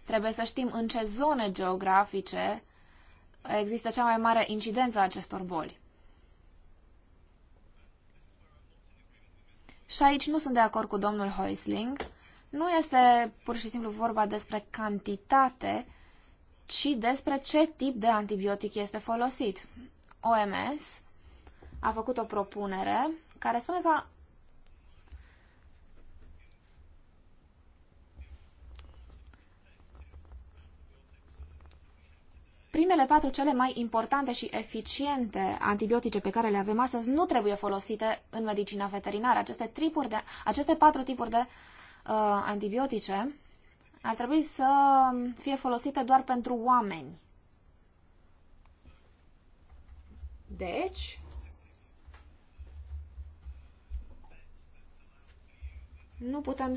trebuie să știm în ce zone geografice există cea mai mare incidență a acestor boli. Și aici nu sunt de acord cu domnul Heusling. Nu este pur și simplu vorba despre cantitate, ci despre ce tip de antibiotic este folosit. OMS a făcut o propunere care spune că primele patru cele mai importante și eficiente antibiotice pe care le avem astăzi nu trebuie folosite în medicina veterinară. Aceste, tripuri de, aceste patru tipuri de Uh, antibiotice ar trebui să fie folosite doar pentru oameni. Deci, nu putem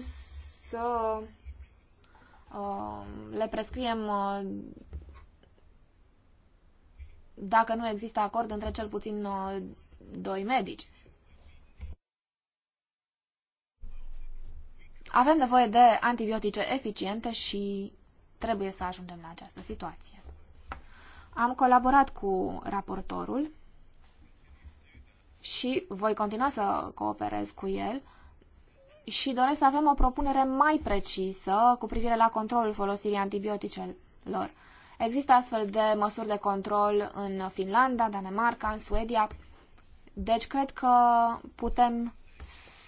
să uh, le prescriem uh, dacă nu există acord între cel puțin uh, doi medici. Avem nevoie de antibiotice eficiente și trebuie să ajungem la această situație. Am colaborat cu raportorul și voi continua să cooperez cu el și doresc să avem o propunere mai precisă cu privire la controlul folosirii antibioticelor. Există astfel de măsuri de control în Finlanda, Danemarca, în Suedia, deci cred că putem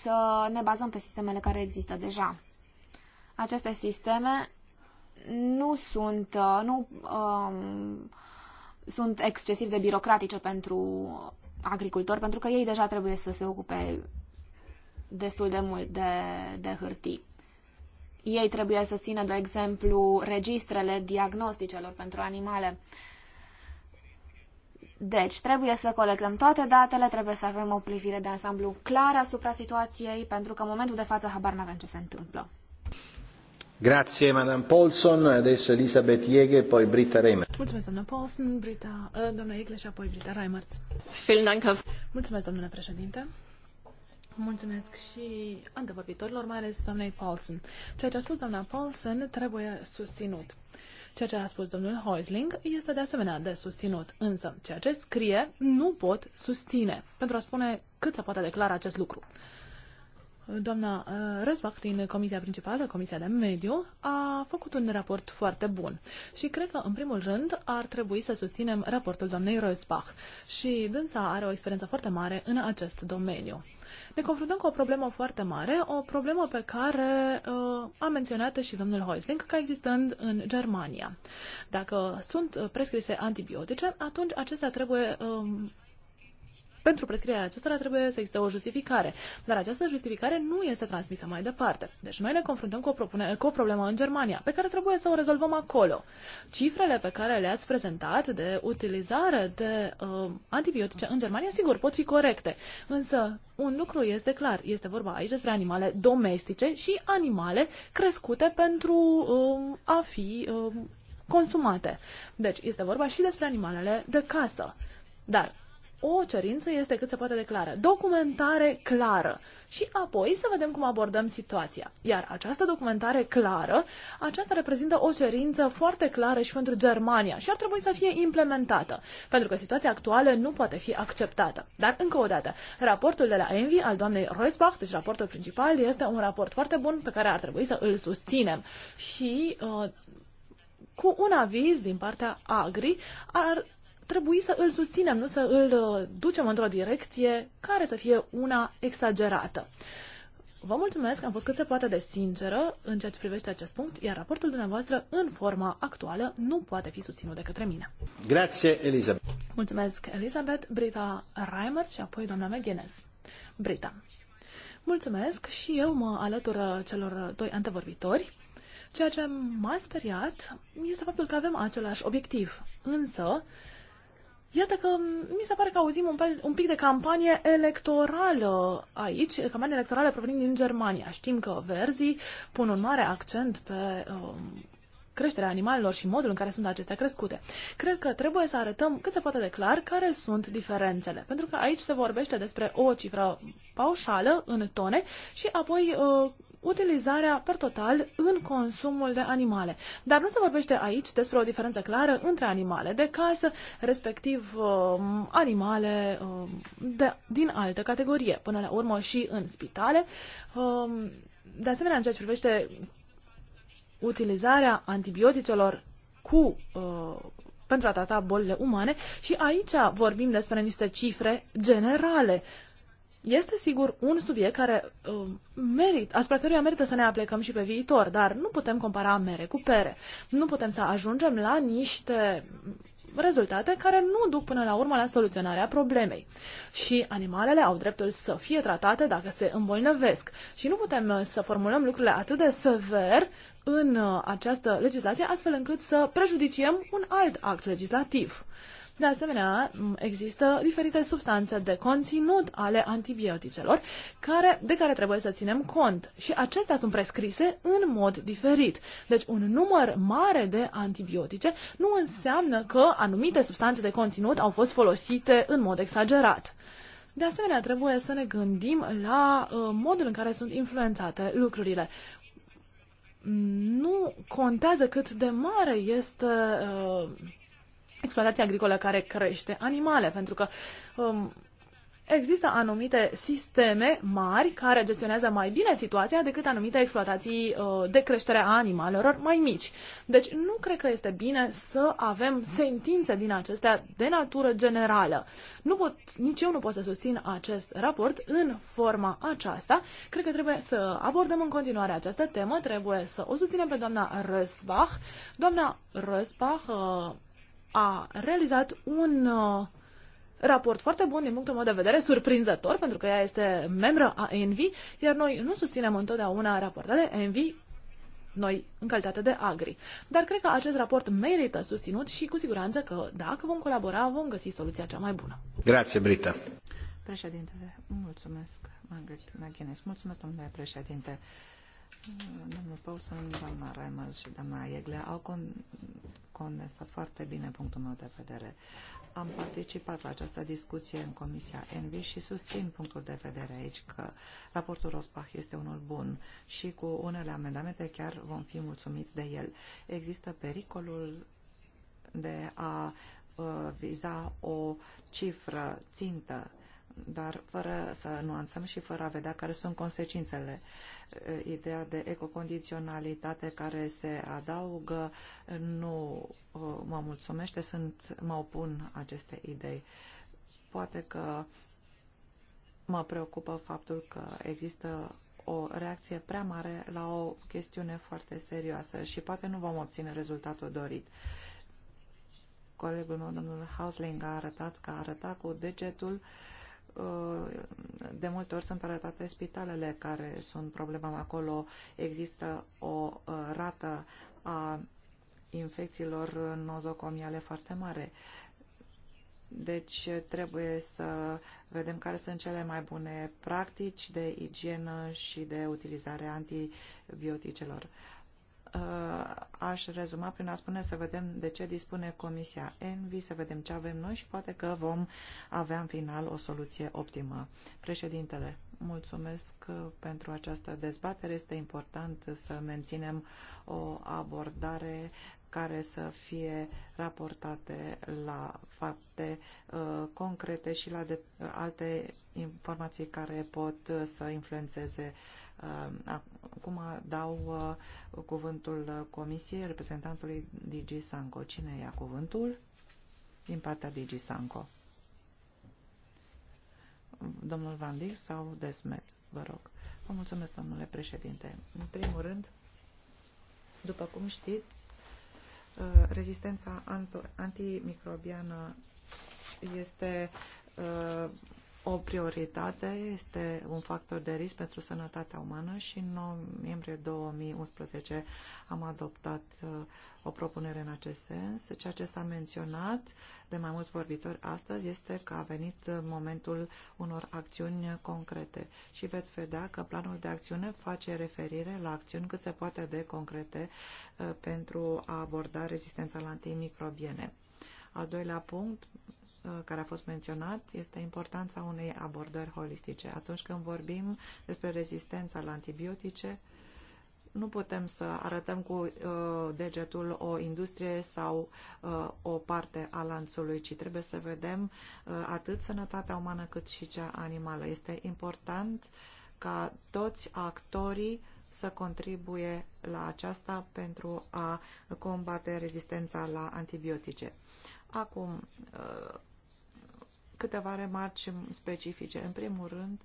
să ne bazăm pe sistemele care există deja. Aceste sisteme nu sunt, uh, nu, um, sunt excesiv de birocratice pentru agricultori, pentru că ei deja trebuie să se ocupe destul de mult de, de hârtii. Ei trebuie să țină, de exemplu, registrele diagnosticelor pentru animale. Uh, deci, trebuie să colectăm toate datele, trebuie să avem o privire de ansamblu clară asupra situației, pentru că în momentul de față habar n-avem ce se întâmplă. Grazie, Madame Paulson. Adesso Elisabeth Jäger, poi Britta Reimers. Mulțumesc, doamna Paulson, Britta, eh, doamna Jäger și apoi Britta Reimers. Mulțumesc, domnule președinte. Mulțumesc și antevorbitorilor, mai ales doamnei Paulson. Ceea ce a spus doamna Paulson trebuie susținut. Ceea ce a spus domnul Heusling este de asemenea de susținut, însă ceea ce scrie nu pot susține, pentru a spune cât se poate declara acest lucru doamna uh, Răzbach din Comisia Principală, Comisia de Mediu, a făcut un raport foarte bun. Și cred că, în primul rând, ar trebui să susținem raportul doamnei Răzbach. Și dânsa are o experiență foarte mare în acest domeniu. Ne confruntăm cu o problemă foarte mare, o problemă pe care uh, a menționat și domnul Heusling ca existând în Germania. Dacă sunt uh, prescrise antibiotice, atunci acestea trebuie Uh, pentru prescrierea acestora trebuie să existe o justificare, dar această justificare nu este transmisă mai departe. Deci noi ne confruntăm cu o, propune, cu o problemă în Germania, pe care trebuie să o rezolvăm acolo. Cifrele pe care le-ați prezentat de utilizare de uh, antibiotice în Germania, sigur, pot fi corecte, însă un lucru este clar, este vorba aici despre animale domestice și animale crescute pentru uh, a fi uh, consumate. Deci este vorba și despre animalele de casă. Dar o cerință este cât se poate de clară. Documentare clară. Și apoi să vedem cum abordăm situația. Iar această documentare clară, aceasta reprezintă o cerință foarte clară și pentru Germania și ar trebui să fie implementată, pentru că situația actuală nu poate fi acceptată. Dar, încă o dată, raportul de la Envi al doamnei Reusbach, deci raportul principal, este un raport foarte bun pe care ar trebui să îl susținem. Și uh, cu un aviz din partea Agri ar trebui să îl susținem, nu să îl uh, ducem într-o direcție care să fie una exagerată. Vă mulțumesc, am fost cât se poate de sinceră în ceea ce privește acest punct, iar raportul dumneavoastră în forma actuală nu poate fi susținut de către mine. Grație, Elizabeth. Mulțumesc, Elizabeth, Brita Reimer și apoi doamna McGuinness. Brita. Mulțumesc și eu mă alătur celor doi antevorbitori. Ceea ce m-a speriat este faptul că avem același obiectiv. Însă, Iată că mi se pare că auzim un, pel, un pic de campanie electorală aici, campanie electorală provenind din Germania. Știm că verzii pun un mare accent pe um, creșterea animalelor și modul în care sunt acestea crescute. Cred că trebuie să arătăm cât se poate de clar care sunt diferențele, pentru că aici se vorbește despre o cifră paușală în tone și apoi uh, utilizarea per total în consumul de animale. Dar nu se vorbește aici despre o diferență clară între animale de casă, respectiv um, animale um, de, din altă categorie, până la urmă și în spitale. Um, de asemenea, în ceea ce privește utilizarea antibioticelor cu uh, pentru a trata bolile umane și aici vorbim despre niște cifre generale. Este sigur un subiect care uh, merit, asupra căruia merită să ne aplecăm și pe viitor, dar nu putem compara mere cu pere. Nu putem să ajungem la niște rezultate care nu duc până la urmă la soluționarea problemei. Și animalele au dreptul să fie tratate dacă se îmbolnăvesc. Și nu putem uh, să formulăm lucrurile atât de sever în uh, această legislație, astfel încât să prejudiciem un alt act legislativ. De asemenea, există diferite substanțe de conținut ale antibioticelor care, de care trebuie să ținem cont și acestea sunt prescrise în mod diferit. Deci un număr mare de antibiotice nu înseamnă că anumite substanțe de conținut au fost folosite în mod exagerat. De asemenea, trebuie să ne gândim la uh, modul în care sunt influențate lucrurile. Nu contează cât de mare este uh, exploatația agricolă care crește animale, pentru că um, există anumite sisteme mari care gestionează mai bine situația decât anumite exploatații uh, de creștere a animalelor mai mici. Deci nu cred că este bine să avem sentințe din acestea de natură generală. Nu pot, nici eu nu pot să susțin acest raport în forma aceasta. Cred că trebuie să abordăm în continuare această temă, trebuie să o susținem pe doamna Răsbach. Doamna Răsbach uh, a realizat un uh, raport foarte bun din punctul meu de vedere, surprinzător, pentru că ea este membră a Envi, iar noi nu susținem întotdeauna rapoartele Envi, noi în calitate de agri. Dar cred că acest raport merită susținut și cu siguranță că dacă vom colabora, vom găsi soluția cea mai bună. Grație, Brita. Președintele, mulțumesc, Margaret McGuinness. Mulțumesc, domnule președinte. Domnul Paulson, doamna Reimers și doamna Iegle au con- condensat foarte bine punctul meu de vedere. Am participat la această discuție în Comisia Envi și susțin punctul de vedere aici că raportul Rospach este unul bun și cu unele amendamente chiar vom fi mulțumiți de el. Există pericolul de a uh, viza o cifră țintă dar fără să nuanțăm și fără a vedea care sunt consecințele. Ideea de ecocondiționalitate care se adaugă nu mă mulțumește, sunt, mă opun aceste idei. Poate că mă preocupă faptul că există o reacție prea mare la o chestiune foarte serioasă și poate nu vom obține rezultatul dorit colegul meu, domnul Hausling, a arătat că arăta cu degetul de multe ori sunt arătate spitalele care sunt problema acolo. Există o uh, rată a infecțiilor nozocomiale foarte mare. Deci trebuie să vedem care sunt cele mai bune practici de igienă și de utilizare antibioticelor. Uh, aș rezuma prin a spune să vedem de ce dispune Comisia Envi, să vedem ce avem noi și poate că vom avea în final o soluție optimă. Președintele, mulțumesc uh, pentru această dezbatere. Este important să menținem o abordare care să fie raportate la fapte uh, concrete și la de, alte informații care pot uh, să influențeze uh, Uh, acum dau uh, cuvântul Comisiei reprezentantului DG Sanco. Cine ia cuvântul? Din partea DG Sanco. Domnul Van Dijk sau Desmet, vă rog. Vă mulțumesc, domnule președinte. În primul rând, după cum știți, uh, rezistența antimicrobiană este o prioritate, este un factor de risc pentru sănătatea umană și în noiembrie 2011 am adoptat uh, o propunere în acest sens. Ceea ce s-a menționat de mai mulți vorbitori astăzi este că a venit uh, momentul unor acțiuni concrete și veți vedea că planul de acțiune face referire la acțiuni cât se poate de concrete uh, pentru a aborda rezistența la antimicrobiene. Al doilea punct, Uh, care a fost menționat este importanța unei abordări holistice. Atunci când vorbim despre rezistența la antibiotice, nu putem să arătăm cu uh, degetul o industrie sau uh, o parte a lanțului, ci trebuie să vedem uh, atât sănătatea umană cât și cea animală. Este important ca toți actorii să contribuie la aceasta pentru a combate rezistența la antibiotice. Acum, uh, câteva remarci specifice. În primul rând,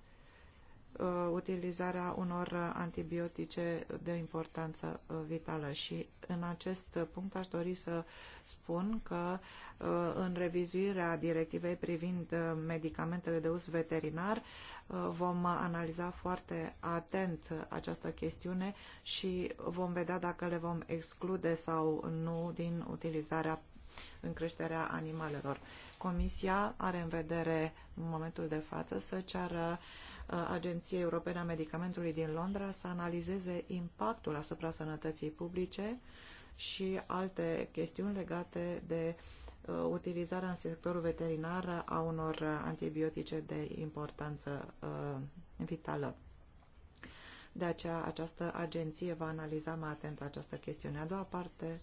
uh, utilizarea unor antibiotice de importanță uh, vitală și în acest punct aș dori să spun că uh, în revizuirea directivei privind medicamentele de uz veterinar vom analiza foarte atent această chestiune și vom vedea dacă le vom exclude sau nu din utilizarea în creșterea animalelor. Comisia are în vedere în momentul de față să ceară uh, Agenției Europene a Medicamentului din Londra să analizeze impactul asupra sănătății publice și alte chestiuni legate de uh, utilizarea în sectorul veterinar a unor antibiotice de importanță uh, vitală. De aceea, această agenție va analiza mai atent această chestiune. A doua parte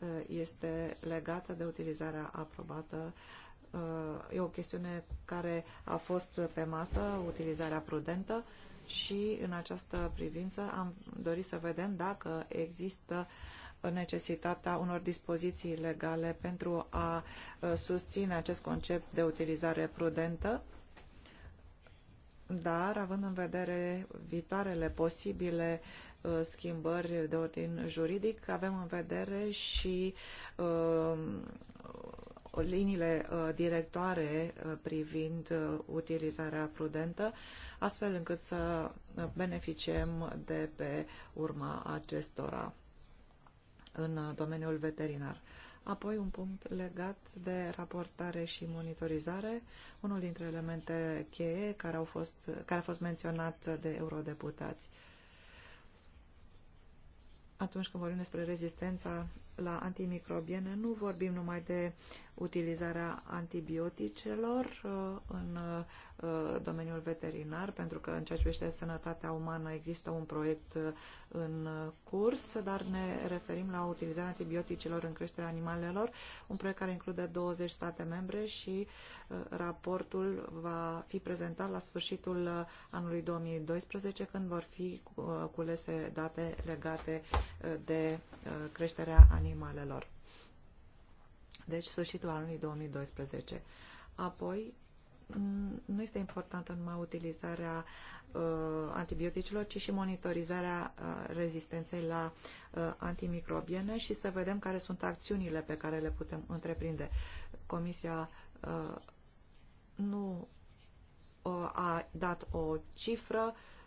Uh, este legată de utilizarea aprobată. Uh, e o chestiune care a fost pe masă, utilizarea prudentă și în această privință am dorit să vedem dacă există necesitatea unor dispoziții legale pentru a uh, susține acest concept de utilizare prudentă, dar având în vedere viitoarele posibile uh, Uh, schimbări de ordin juridic. Avem în vedere și uh, liniile uh, directoare privind utilizarea prudentă, astfel încât să beneficiem de pe urma acestora în domeniul veterinar. Apoi un punct legat de raportare și monitorizare, unul dintre elemente cheie care, au fost, care a fost menționat de eurodeputați. Uh, atunci când vorbim despre rezistența la antimicrobiene, nu vorbim numai de utilizarea antibioticelor uh, în uh, domeniul veterinar, pentru că în ceea ce privește sănătatea umană există un proiect uh, în curs, dar ne referim la utilizarea antibioticelor în creșterea animalelor, un proiect care include 20 state membre și raportul va fi prezentat la sfârșitul anului 2012, când vor fi culese date legate de creșterea animalelor deci sfârșitul anului 2012. Apoi, nu este importantă numai utilizarea uh, antibioticilor, ci și monitorizarea uh, rezistenței la uh, antimicrobiene și să vedem care sunt acțiunile pe care le putem întreprinde. Comisia uh, nu uh, a dat o cifră uh,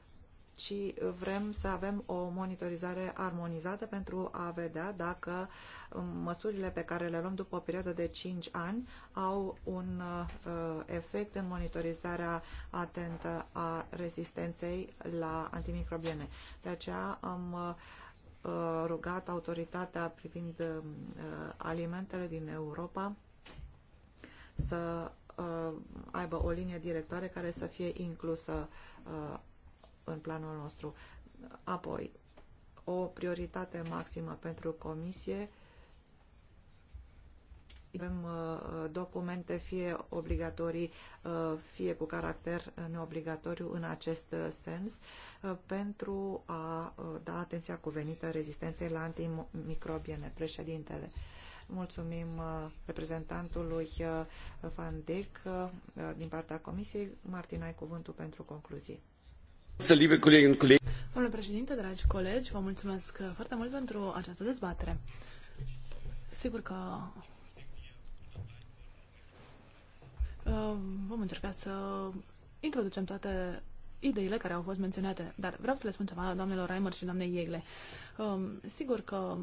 ci vrem să avem o monitorizare armonizată pentru a vedea dacă um, măsurile pe care le luăm după o perioadă de 5 ani au un uh, efect în monitorizarea atentă a rezistenței la antimicrobiene. De aceea am uh, rugat autoritatea privind um, uh, alimentele din Europa să aibă o linie directoare care să fie inclusă în planul nostru. Apoi, o prioritate maximă pentru comisie avem uh, documente fie obligatorii, uh, fie cu caracter neobligatoriu în acest uh, sens pentru a da atenția cuvenită rezistenței la antimicrobiene. Președintele, mulțumim reprezentantului Van Dijk din partea Comisiei. Martin, ai cuvântul pentru concluzie. Domnule președinte, dragi colegi, vă mulțumesc foarte mult pentru această dezbatere. Sigur că uh, vom încerca să introducem toate ideile care au fost menționate, dar vreau să le spun ceva doamnelor Reimer și doamnei Iegle. Uh, sigur că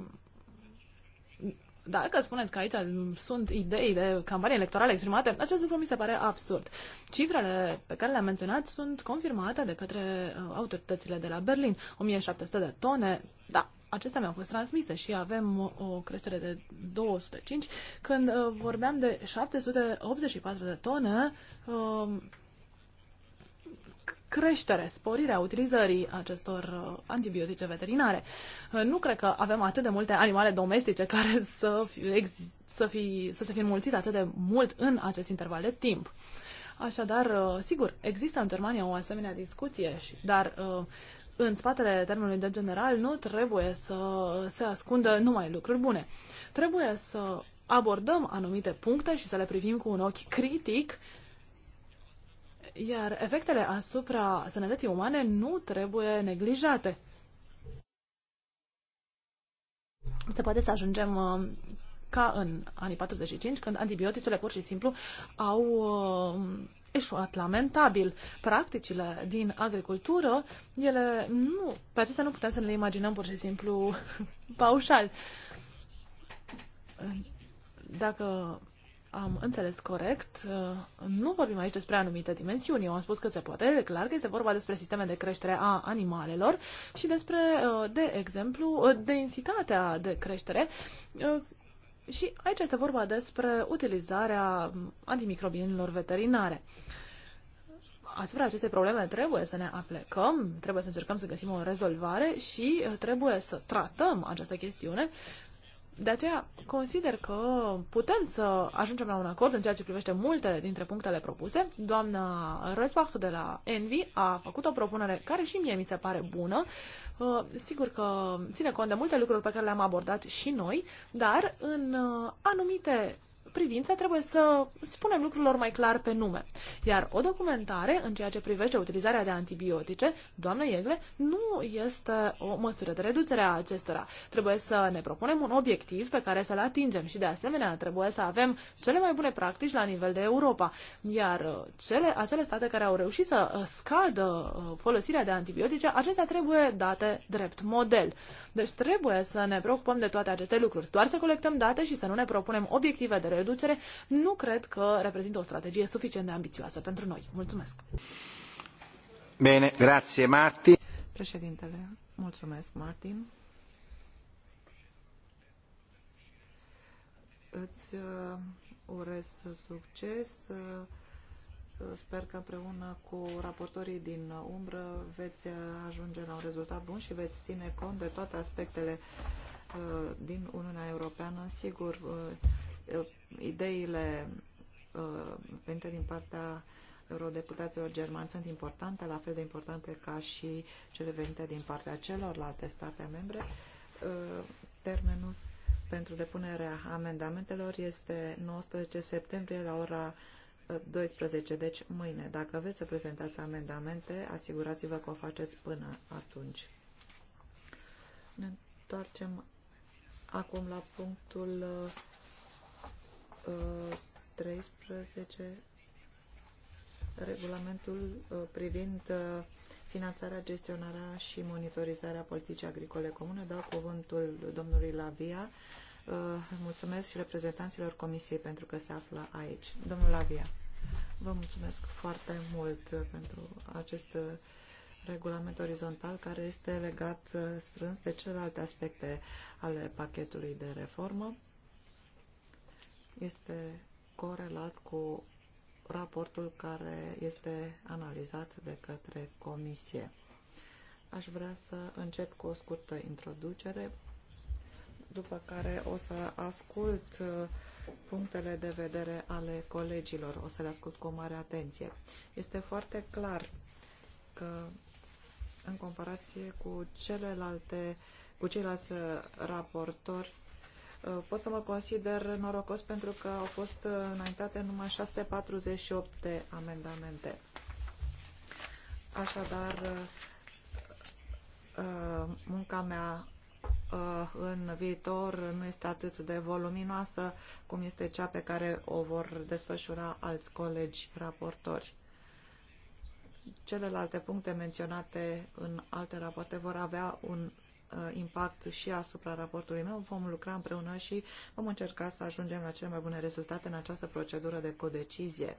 dacă spuneți că aici sunt idei de campanie electorale exprimate, acest lucru mi se pare absurd. Cifrele pe care le-am menționat sunt confirmate de către uh, autoritățile de la Berlin. 1700 de tone, da, acestea mi-au fost transmise și avem o creștere de 205, când uh, vorbeam de 784 de tone uh, creștere, sporirea utilizării acestor uh, antibiotice veterinare. Uh, nu cred că avem atât de multe animale domestice care să, fie să, fi, să se fi înmulțit atât de mult în acest interval de timp. Așadar, uh, sigur, există în Germania o asemenea discuție, dar în spatele termenului de general nu trebuie să se ascundă numai lucruri bune. Trebuie să abordăm anumite puncte și să le privim cu un ochi critic iar efectele asupra sănătății umane nu trebuie neglijate. Se poate să ajungem uh, ca în anii 45, când antibioticele pur și simplu au uh, eșuat lamentabil. Practicile din agricultură, ele nu, pe acestea nu putem să le imaginăm pur și simplu paușal. Dacă am înțeles corect, nu vorbim aici despre anumite dimensiuni. Eu am spus că se poate, clar că este vorba despre sisteme de creștere a animalelor și despre, uh, de exemplu, uh, densitatea de creștere. Uh, și aici este vorba despre utilizarea um, antimicrobienilor veterinare. Asupra acestei probleme trebuie să ne aplecăm, trebuie să încercăm să găsim o rezolvare și trebuie să tratăm această chestiune de aceea consider că putem să ajungem la un acord în ceea ce privește multe dintre punctele propuse. Doamna Răzbach de la Envi a făcut o propunere care și mie mi se pare bună. Uh, sigur că ține cont de multe lucruri pe care le-am abordat și noi, dar în uh, anumite privință trebuie să spunem lucrurilor mai clar pe nume. Iar o documentare în ceea ce privește utilizarea de antibiotice, doamnă Iegle, nu este o măsură de reducere a acestora. Trebuie să ne propunem un obiectiv pe care să-l atingem și de asemenea trebuie să avem cele mai bune practici la nivel de Europa. Iar uh, cele, acele state care au reușit să uh, scadă uh, folosirea de antibiotice, acestea trebuie date drept model. Deci trebuie să ne preocupăm de toate aceste lucruri. Doar să colectăm date și să nu ne propunem obiective de reducere reducere, nu cred că reprezintă o strategie suficient de ambițioasă pentru noi. Mulțumesc! Bine, grazie Martin. Președintele, mulțumesc Martin. Îți uh, urez succes. Uh, sper că împreună cu raportorii din umbră veți ajunge la un rezultat bun și veți ține cont de toate aspectele uh, din Uniunea Europeană. Sigur, ideile uh, venite din partea eurodeputaților germani sunt importante, la fel de importante ca și cele venite din partea celorlalte state membre. Uh, termenul pentru depunerea amendamentelor este 19 septembrie la ora 12, uh, deci mâine. Dacă veți să prezentați amendamente, asigurați-vă că o faceți până atunci. Ne întoarcem acum la punctul 13 regulamentul uh, privind uh, finanțarea, gestionarea și monitorizarea politicii agricole comune. Dau cuvântul domnului Lavia. Uh, mulțumesc și reprezentanților Comisiei pentru că se află aici. Domnul Lavia, vă mulțumesc foarte mult pentru acest regulament orizontal care este legat strâns de celelalte aspecte ale pachetului de reformă este corelat cu raportul care este analizat de către comisie. Aș vrea să încep cu o scurtă introducere, după care o să ascult uh, punctele de vedere ale colegilor. O să le ascult cu mare atenție. Este foarte clar că în comparație cu celelalte cu ceilalți raportori Uh, pot să mă consider norocos pentru că au fost uh, înaintate numai 648 de amendamente. Așadar, uh, munca mea în viitor nu este atât de voluminoasă cum este cea pe care o vor desfășura alți colegi raportori. Celelalte puncte menționate în alte rapoarte vor avea un Uh, impact și asupra raportului meu. Vom lucra împreună și vom încerca să ajungem la cele mai bune rezultate în această procedură de codecizie,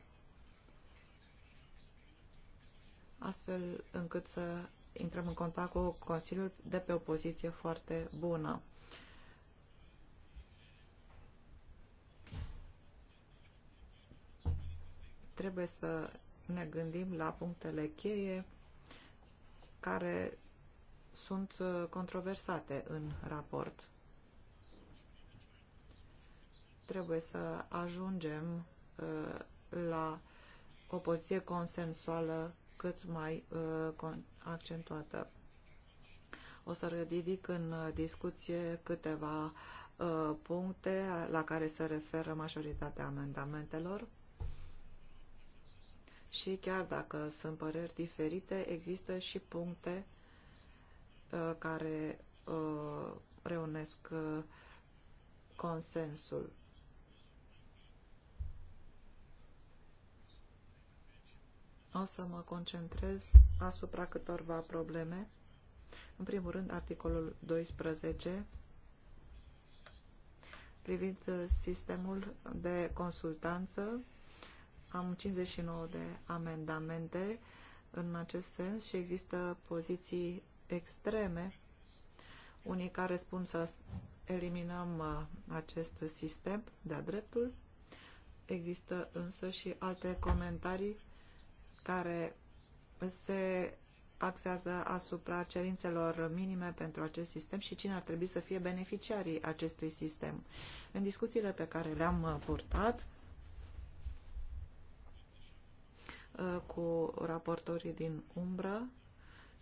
astfel încât să intrăm în contact cu Consiliul de pe o poziție foarte bună. Trebuie să ne gândim la punctele cheie care sunt uh, controversate în raport. Trebuie să ajungem uh, la o poziție consensuală cât mai uh, accentuată. O să ridic în discuție câteva puncte la care se referă majoritatea amendamentelor și chiar dacă sunt păreri diferite, există și puncte Uh, care uh, reunesc uh, consensul. O să mă concentrez asupra câtorva probleme. În primul rând, articolul 12 privind sistemul de consultanță. Am 59 de amendamente în acest sens și există poziții extreme, unii care spun să eliminăm uh, acest sistem de-a dreptul. Există însă și alte comentarii care se axează asupra cerințelor minime pentru acest sistem și cine ar trebui să fie beneficiarii acestui sistem. În discuțiile pe care le-am uh, purtat uh, cu raportorii din umbră,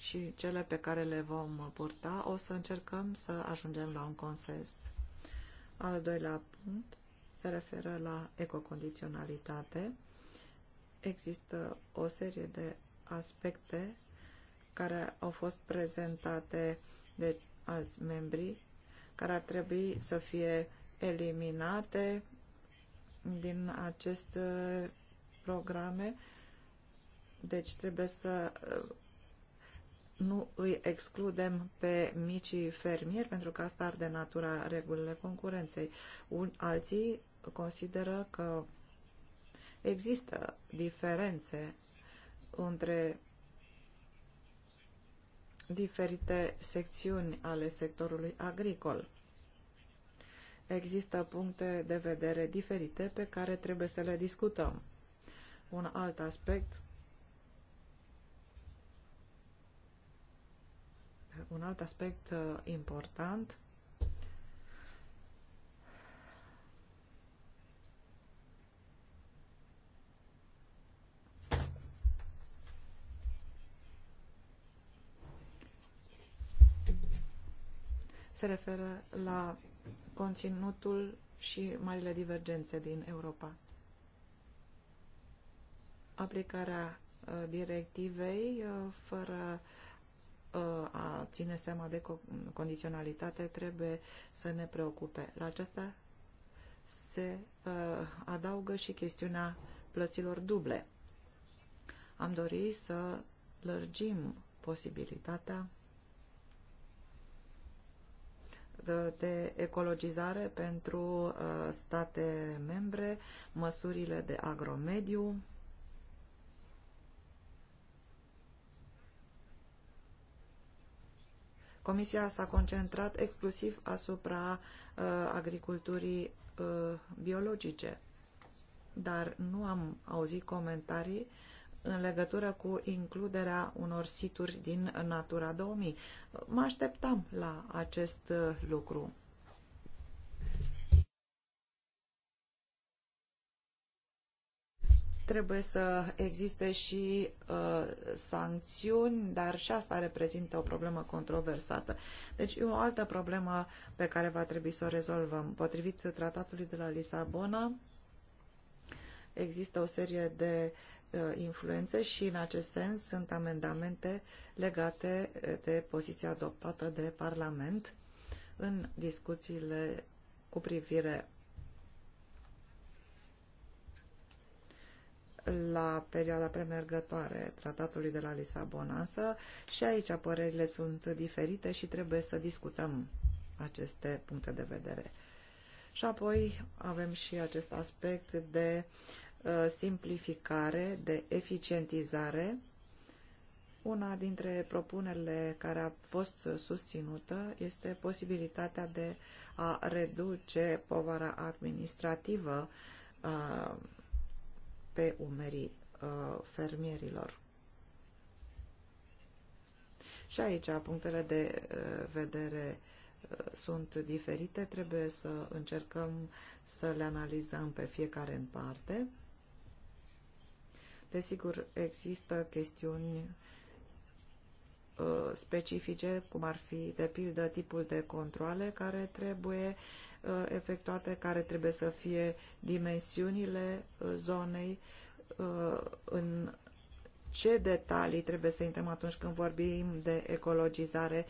și cele pe care le vom purta, o să încercăm să ajungem la un consens. Al doilea punct se referă la ecocondiționalitate. Există o serie de aspecte care au fost prezentate de alți membri, care ar trebui să fie eliminate din aceste programe. Deci trebuie să nu îi excludem pe micii fermieri, pentru că asta ar de natura regulile concurenței. Un, alții consideră că există diferențe între diferite secțiuni ale sectorului agricol. Există puncte de vedere diferite pe care trebuie să le discutăm. Un alt aspect un alt aspect uh, important se referă la conținutul și marile divergențe din Europa. Aplicarea uh, directivei uh, fără Uh, a ține seama de condiționalitate trebuie să ne preocupe. La aceasta se uh, adaugă și chestiunea plăților duble. Am dorit să lărgim posibilitatea de ecologizare pentru uh, state membre, măsurile de agromediu, Comisia s-a concentrat exclusiv asupra uh, agriculturii uh, biologice, dar nu am auzit comentarii în legătură cu includerea unor situri din Natura 2000. Mă așteptam la acest uh, lucru. Trebuie să existe și uh, sancțiuni, dar și asta reprezintă o problemă controversată. Deci e o altă problemă pe care va trebui să o rezolvăm. Potrivit tratatului de la Lisabona, există o serie de uh, influențe și în acest sens sunt amendamente legate uh, de poziția adoptată de Parlament în discuțiile cu privire la perioada premergătoare tratatului de la Lisabona, însă și aici părerile sunt diferite și trebuie să discutăm aceste puncte de vedere. Și apoi avem și acest aspect de uh, simplificare, de eficientizare. Una dintre propunerile care a fost susținută este posibilitatea de a reduce povara administrativă uh, pe umerii uh, fermierilor. Și aici punctele de uh, vedere uh, sunt diferite, trebuie să încercăm să le analizăm pe fiecare în parte. Desigur, există chestiuni uh, specifice, cum ar fi, de pildă, tipul de controle care trebuie Uh, efectuate, care trebuie să fie dimensiunile uh, zonei, uh, în ce detalii trebuie să intrăm atunci când vorbim de ecologizare,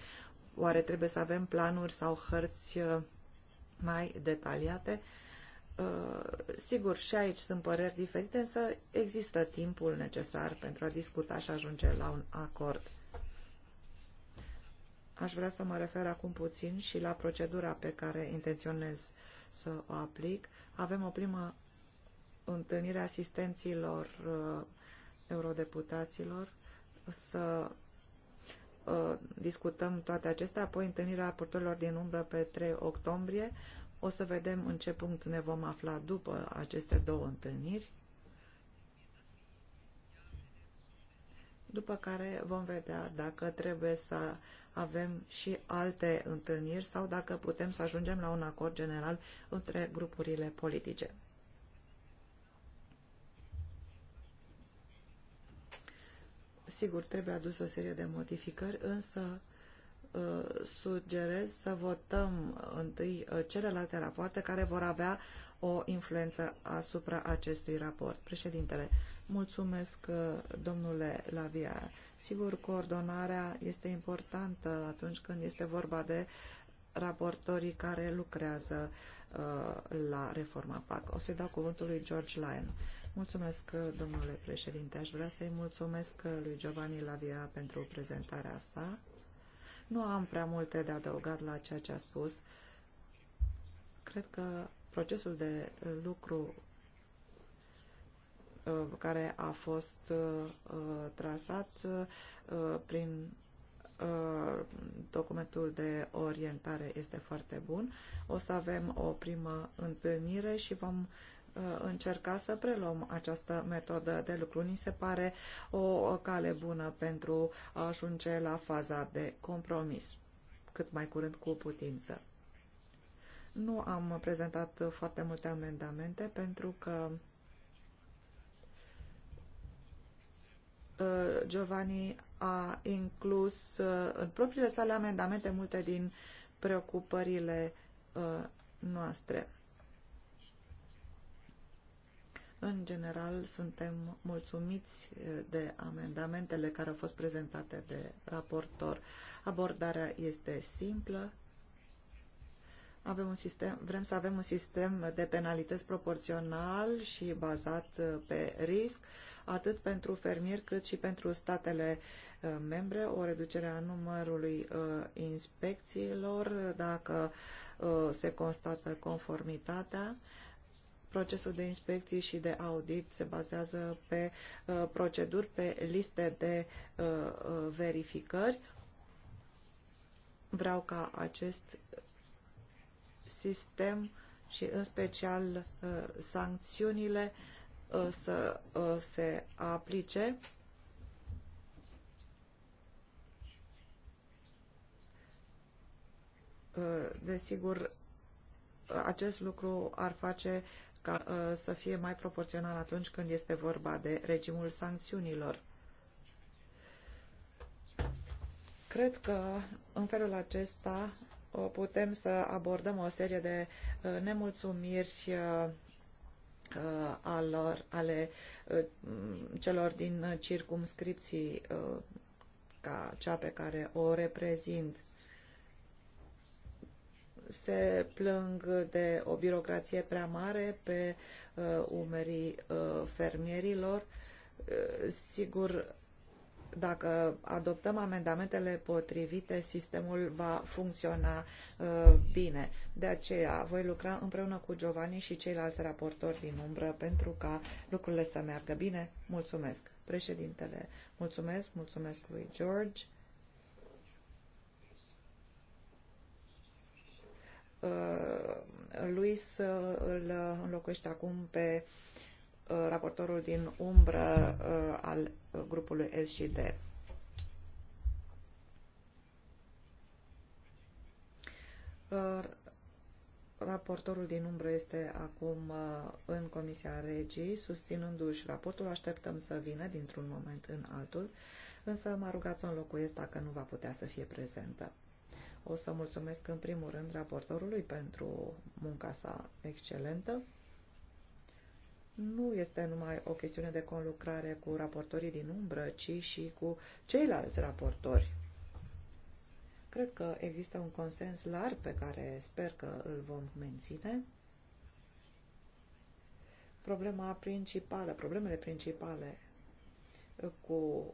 oare trebuie să avem planuri sau hărți mai detaliate. Sigur, și aici sunt păreri diferite, însă există timpul necesar pentru a discuta și ajunge la un acord. Aș vrea să mă refer acum puțin și la procedura pe care intenționez să o aplic. Avem o primă întâlnire a asistenților uh, eurodeputaților să uh, discutăm toate acestea, apoi întâlnirea raportorilor din umbră pe 3 octombrie. O să vedem în ce punct ne vom afla după aceste două întâlniri. După care vom vedea dacă trebuie să avem și alte întâlniri sau dacă putem să ajungem la un acord general între grupurile politice. Sigur, trebuie adus o serie de modificări, însă uh, sugerez să votăm întâi uh, celelalte rapoarte care vor avea o influență asupra acestui raport. Președintele, mulțumesc, uh, domnule Lavia. Sigur, coordonarea este importantă atunci când este vorba de raportorii care lucrează uh, la reforma PAC. O să-i dau cuvântul lui George Lyon. Mulțumesc, domnule președinte. Aș vrea să-i mulțumesc lui Giovanni Lavia pentru prezentarea sa. Nu am prea multe de adăugat la ceea ce a spus. Cred că procesul de lucru Uh, care a fost uh, uh, trasat prin documentul de orientare este foarte bun. O să avem o primă întâlnire și vom încerca să preluăm această metodă de lucru. Ni se pare o cale bună pentru a ajunge la faza de compromis cât mai curând cu putință. Nu am prezentat foarte multe amendamente pentru că Uh, Giovanni a inclus uh, în propriile sale amendamente multe din preocupările uh, noastre. În general, suntem mulțumiți de amendamentele care au fost prezentate de raportor. Abordarea este simplă avem un sistem, vrem să avem un sistem de penalități proporțional și bazat uh, pe risc, atât pentru fermieri cât și pentru statele uh, membre, o reducere a numărului uh, inspecțiilor dacă se constată conformitatea procesul de inspecții și de audit se bazează pe proceduri, pe liste de verificări. Vreau ca acest sistem și în special uh, sancțiunile uh, să uh, se aplice desigur, acest lucru ar face ca să fie mai proporțional atunci când este vorba de regimul sancțiunilor. Cred că în felul acesta Uh, putem să abordăm o serie de uh, nemulțumiri uh, alor, ale celor din circumscripții ca cea pe care o reprezint se plâng de o birocrație prea mare pe uh, umerii uh, fermierilor. Uh, sigur, dacă adoptăm amendamentele potrivite, sistemul va funcționa uh, bine. De aceea voi lucra împreună cu Giovanni și ceilalți raportori din umbră pentru ca lucrurile să meargă bine. Mulțumesc, președintele. Mulțumesc, mulțumesc lui George. Uh, Luis uh, îl înlocuiește acum pe uh, Uh, raportorul din umbră uh, al uh, grupului S și D. Raportorul din umbră este acum în Comisia Regii, susținându-și raportul. Așteptăm să vină dintr-un moment în altul, însă m-a rugat să înlocuiesc dacă nu va putea să fie prezentă. O să mulțumesc în primul rând raportorului pentru munca sa excelentă nu este numai o chestiune de conlucrare cu raportorii din umbră, ci și cu ceilalți raportori. Cred că există un consens larg pe care sper că îl vom menține. Problema principală, problemele principale cu,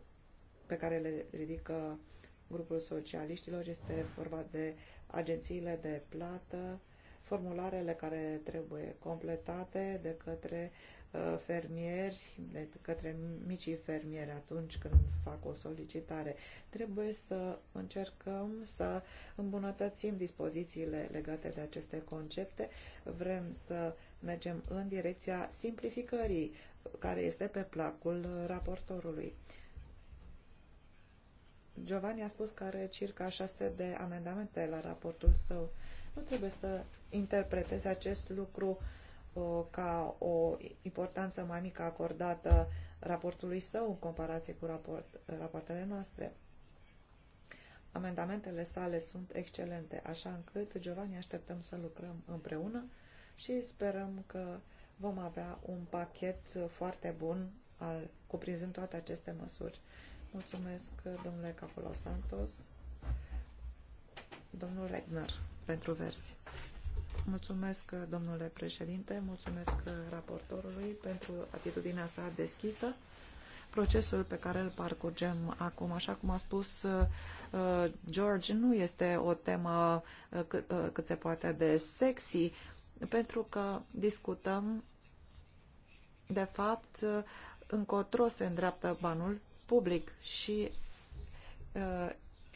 pe care le ridică grupul socialiștilor este vorba de agențiile de plată, formularele care trebuie completate de către uh, fermieri, de către micii fermieri atunci când fac o solicitare. Trebuie să încercăm să îmbunătățim dispozițiile legate de aceste concepte. Vrem să mergem în direcția simplificării care este pe placul raportorului. Giovanni a spus că are circa 600 de amendamente la raportul său nu trebuie să interpreteze acest lucru uh, ca o importanță mai mică acordată raportului său în comparație cu raport, rapoartele noastre. Amendamentele sale sunt excelente, așa încât, Giovanni, așteptăm să lucrăm împreună și sperăm că vom avea un pachet foarte bun al, cuprinzând toate aceste măsuri. Mulțumesc, domnule Capolo Santos. Domnul Regner, pentru versi. Mulțumesc, domnule președinte, mulțumesc raportorului pentru atitudinea sa deschisă. Procesul pe care îl parcurgem acum, așa cum a spus uh, George, nu este o temă uh, uh, cât se poate de sexy, pentru că discutăm, de fapt, încotro se îndreaptă banul public și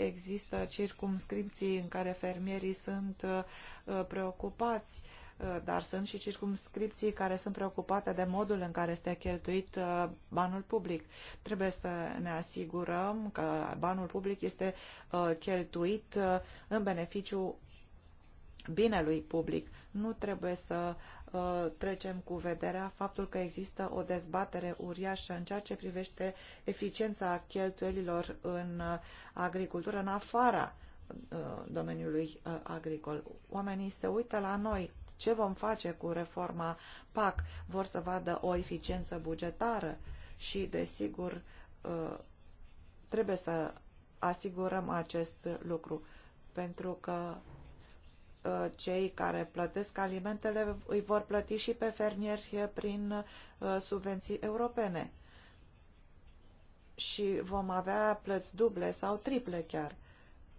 există circumscripții în care fermierii sunt uh, preocupați, uh, dar sunt și circumscripții care sunt preocupate de modul în care este cheltuit uh, banul public. Trebuie să ne asigurăm că banul public este cheltuit în beneficiu binelui public. Nu trebuie să trecem cu vederea faptul că există o dezbatere uriașă în ceea ce privește eficiența cheltuielilor în uh, agricultură, în afara uh, domeniului uh, agricol. Oamenii se uită la noi. Ce vom face cu reforma PAC? Vor să vadă o eficiență bugetară și, desigur, trebuie să asigurăm acest lucru pentru că Uh, cei care plătesc alimentele îi vor plăti și pe fermieri prin uh, subvenții europene. Și vom avea plăți duble sau triple chiar.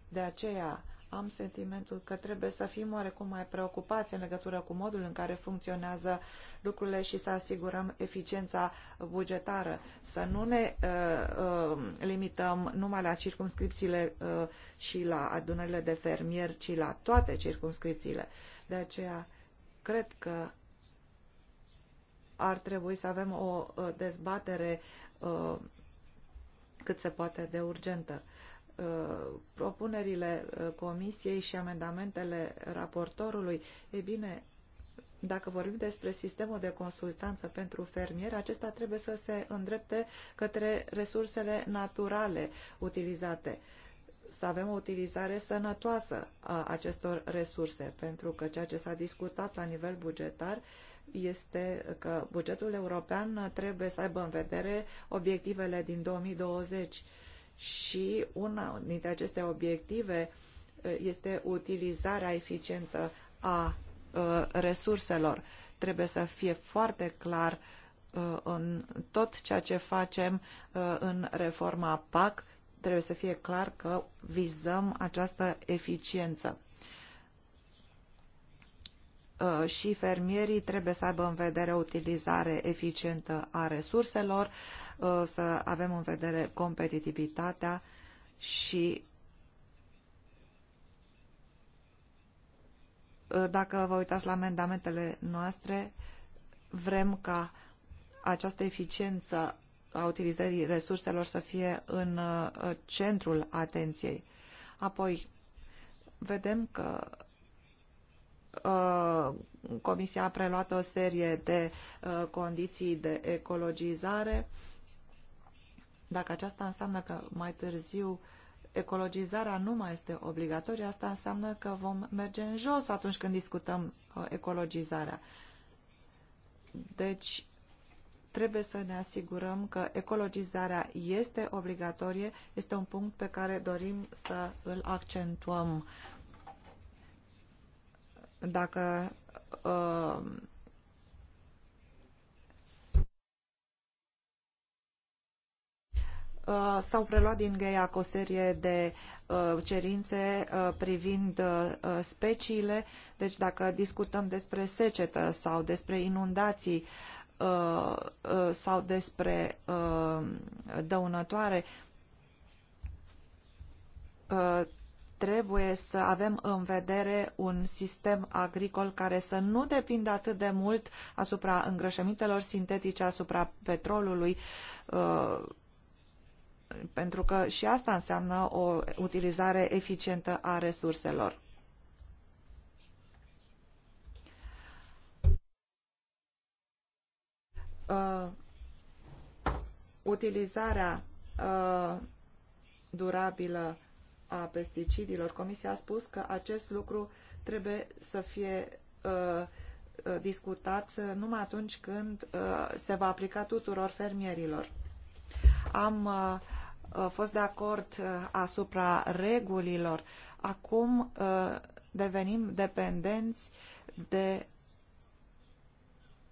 De aceea, am sentimentul că trebuie să fim oarecum mai preocupați în legătură cu modul în care funcționează lucrurile și să asigurăm eficiența bugetară, să nu ne uh, uh, limităm numai la circumscripțiile uh, și la adunările de fermieri, ci la toate circumscripțiile. De aceea, cred că ar trebui să avem o uh, dezbatere uh, cât se poate de urgentă Uh, propunerile uh, comisiei și amendamentele raportorului, e bine, dacă vorbim despre sistemul de consultanță pentru fermieri, acesta trebuie să se îndrepte către resursele naturale utilizate. Să avem o utilizare sănătoasă a acestor resurse, pentru că ceea ce s-a discutat la nivel bugetar este că bugetul european trebuie să aibă în vedere obiectivele din 2020 și una dintre aceste obiective este utilizarea eficientă a resurselor. Trebuie să fie foarte clar în tot ceea ce facem în reforma PAC, trebuie să fie clar că vizăm această eficiență. Și fermierii trebuie să aibă în vedere utilizare eficientă a resurselor, Uh, să avem în vedere competitivitatea și uh, dacă vă uitați la amendamentele noastre, vrem ca această eficiență a utilizării resurselor să fie în uh, centrul atenției. Apoi, vedem că Comisia a preluat o serie de condiții de ecologizare dacă aceasta înseamnă că mai târziu ecologizarea nu mai este obligatorie, asta înseamnă că vom merge în jos atunci când discutăm uh, ecologizarea. Deci, trebuie să ne asigurăm că ecologizarea este obligatorie, este un punct pe care dorim să îl accentuăm. Dacă uh, Uh, s-au preluat din GEAC o serie de uh, cerințe uh, privind speciile, deci dacă discutăm despre secetă sau despre inundații sau despre dăunătoare, trebuie să avem în vedere un sistem agricol care să nu depindă atât de mult asupra îngrășămintelor sintetice, asupra petrolului, pentru că și asta înseamnă o utilizare eficientă a resurselor. Uh, utilizarea uh, durabilă a pesticidilor. Comisia a spus că acest lucru trebuie să fie uh, uh discutat uh, numai atunci când uh, se va aplica tuturor fermierilor. Am uh, Uh, fost de acord uh, asupra regulilor. Acum uh, devenim dependenți de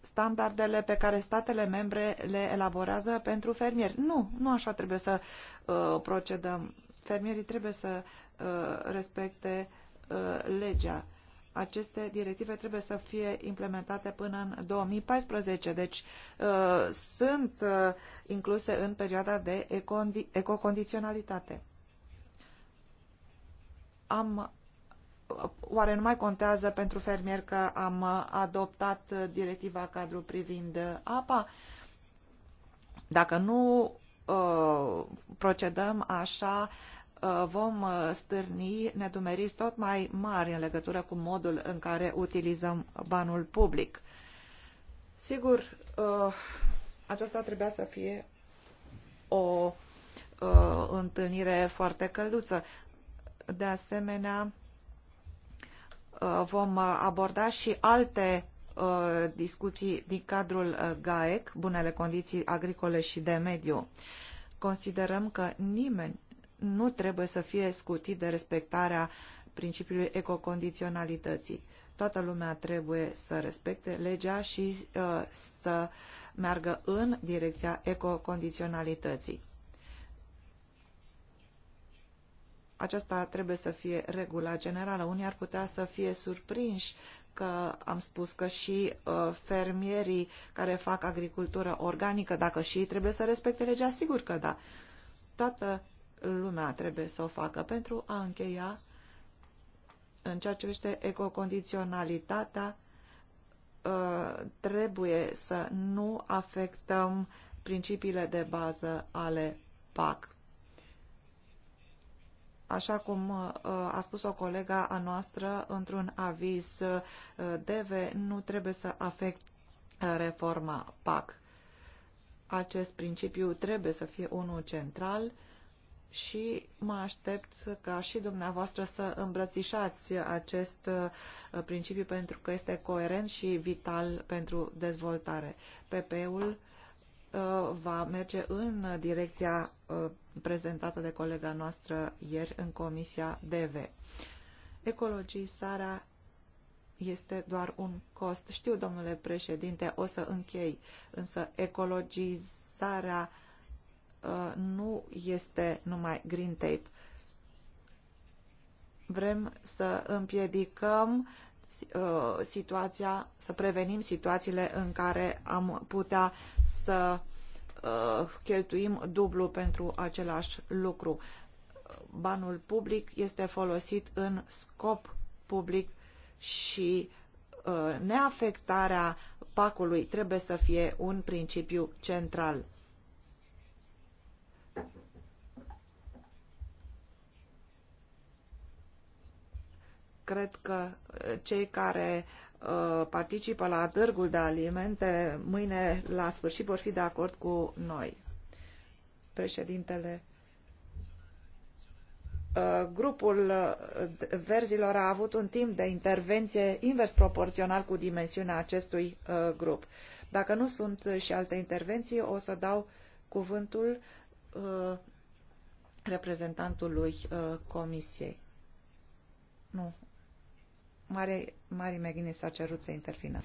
standardele pe care statele membre le elaborează pentru fermieri. Nu, nu așa trebuie să uh, procedăm. Fermierii trebuie să uh, respecte uh, legea aceste directive trebuie să fie implementate până în 2014, deci uh, sunt uh, incluse în perioada de ecocondiționalitate. Am, oare nu mai contează pentru fermier că am uh, adoptat uh, directiva cadru privind uh, apa? Dacă nu uh, procedăm așa, Uh, vom uh, stârni nedumeriri tot mai mari în legătură cu modul în care utilizăm banul public. Sigur, uh, aceasta trebuia să fie o întâlnire foarte călduță. De asemenea, vom aborda și alte discuții din cadrul GAEC, bunele condiții agricole și de mediu. Considerăm că nimeni nu trebuie să fie scutit de respectarea principiului ecocondiționalității. Toată lumea trebuie să respecte legea și uh, să meargă în direcția ecocondiționalității. Aceasta trebuie să fie regula generală. Unii ar putea să fie surprinși că am spus că și uh, fermierii care fac agricultură organică, dacă și ei trebuie să respecte legea, sigur că da. Toată lumea trebuie să o facă pentru a încheia în ceea ce privește ecocondiționalitatea ă, trebuie să nu afectăm principiile de bază ale PAC. Așa cum ă, a spus o colega a noastră într-un aviz ă, DV, nu trebuie să afect reforma PAC. Acest principiu trebuie să fie unul central și mă aștept ca și dumneavoastră să îmbrățișați acest uh, principiu pentru că este coerent și vital pentru dezvoltare. PP-ul uh, va merge în direcția uh, prezentată de colega noastră ieri în Comisia DV. Ecologizarea este doar un cost. Știu, domnule președinte, o să închei, însă ecologizarea Uh, nu este numai green tape. Vrem să împiedicăm uh, situația, să prevenim situațiile în care am putea să uh, cheltuim dublu pentru același lucru. Banul public este folosit în scop public și neafectarea pacului trebuie să fie un principiu central. cred că uh, cei care uh, participă la târgul de alimente mâine la sfârșit vor fi de acord cu noi. Președintele uh, grupul verzilor a avut un timp de intervenție invers proporțional cu dimensiunea acestui grup. Dacă nu sunt și alte intervenții, o să dau cuvântul reprezentantului Comisiei. Nu, Mare, cerut să intervină.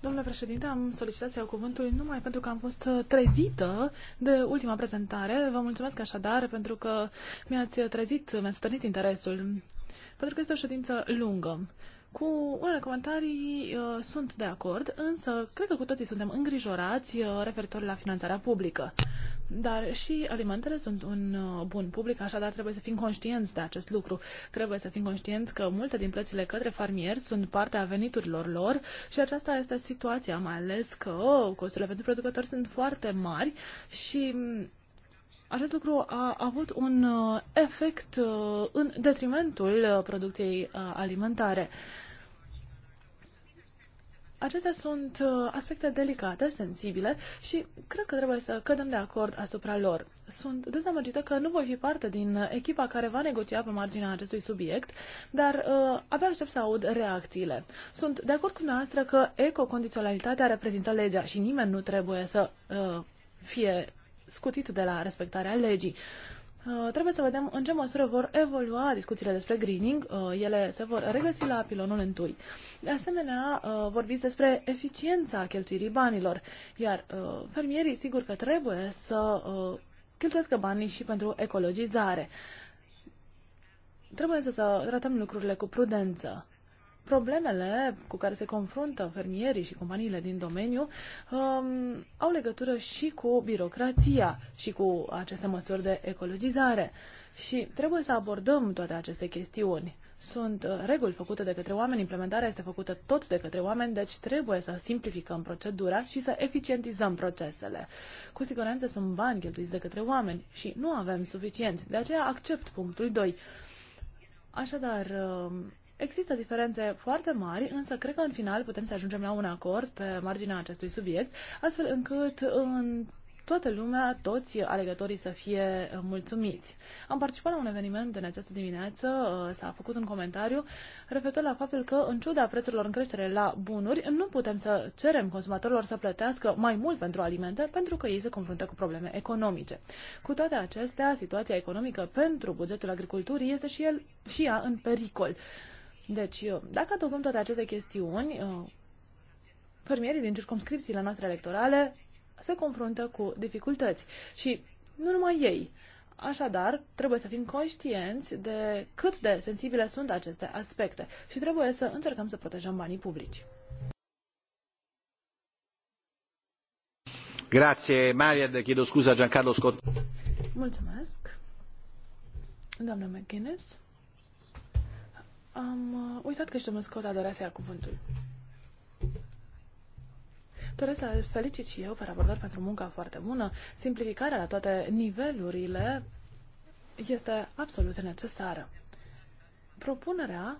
Domnule președinte, am solicitat să iau cuvântul numai pentru că am fost uh, trezită de ultima prezentare. Vă mulțumesc așadar pentru că mi-ați trezit, mi-ați stârnit interesul. Pentru că este o ședință lungă. Cu unele comentarii uh, sunt de acord, însă cred că cu toții suntem îngrijorați uh, referitor la finanțarea publică. Dar și alimentele sunt un uh, bun public, așadar trebuie să fim conștienți de acest lucru. Trebuie să fim conștienți că multe din plățile către farmieri sunt parte a veniturilor lor și aceasta este situația, mai ales că oh, costurile pentru producători sunt foarte mari și mm, acest lucru a avut un uh, efect uh, în detrimentul uh, producției alimentare. Acestea sunt aspecte delicate, sensibile și cred că trebuie să cădem de acord asupra lor. Sunt dezamăgită că nu voi fi parte din echipa care va negocia pe marginea acestui subiect, dar uh, abia aștept să aud reacțiile. Sunt de acord cu noastră că ecocondiționalitatea reprezintă legea și nimeni nu trebuie să uh, fie scutit de la respectarea legii. Uh, trebuie să vedem în ce măsură vor evolua discuțiile despre greening. Uh, ele se vor regăsi la pilonul întâi. De asemenea, uh, vorbiți despre eficiența cheltuirii banilor, iar uh, fermierii sigur că trebuie să uh, cheltuiască banii și pentru ecologizare. Trebuie să, să tratăm lucrurile cu prudență problemele cu care se confruntă fermierii și companiile din domeniu um, au legătură și cu birocrația și cu aceste măsuri de ecologizare. Și trebuie să abordăm toate aceste chestiuni. Sunt uh, reguli făcute de către oameni, implementarea este făcută tot de către oameni, deci trebuie să simplificăm procedura și să eficientizăm procesele. Cu siguranță sunt bani cheltuiți de către oameni și nu avem suficienți, de aceea accept punctul 2. Așadar, um, Există diferențe foarte mari, însă cred că în final putem să ajungem la un acord pe marginea acestui subiect, astfel încât în toată lumea, toți alegătorii să fie uh, mulțumiți. Am participat la un eveniment în această dimineață, uh, s-a făcut un comentariu referitor la faptul că, în ciuda prețurilor în creștere la bunuri, nu putem să cerem consumatorilor să plătească mai mult pentru alimente pentru că ei se confruntă cu probleme economice. Cu toate acestea, situația economică pentru bugetul agriculturii este și, el, și ea în pericol. Deci, dacă adăugăm toate aceste chestiuni, fermierii din circumscripțiile noastre electorale se confruntă cu dificultăți și nu numai ei. Așadar, trebuie să fim conștienți de cât de sensibile sunt aceste aspecte și trebuie să încercăm să protejăm banii publici. Grazie, de Chiedo scuza Giancarlo Scott. Mulțumesc. Doamna McGuinness. Am uh, uitat că și domnul Scott adorea să ia cuvântul. Doresc să felicit și eu pe raportor pentru munca foarte bună. Simplificarea la toate nivelurile este absolut necesară. Propunerea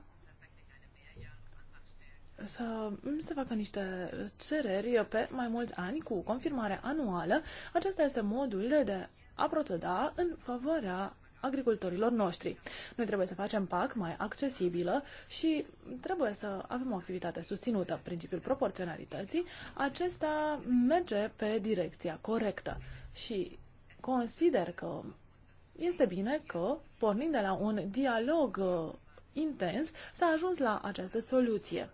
să se facă niște cereri pe mai mulți ani cu confirmare anuală. Acesta este modul de a proceda în favoarea agricultorilor noștri. Noi trebuie să facem PAC mai accesibilă și trebuie să avem o activitate susținută. Principiul proporționalității, acesta merge pe direcția corectă și consider că este bine că, pornind de la un dialog uh, intens, s-a ajuns la această soluție.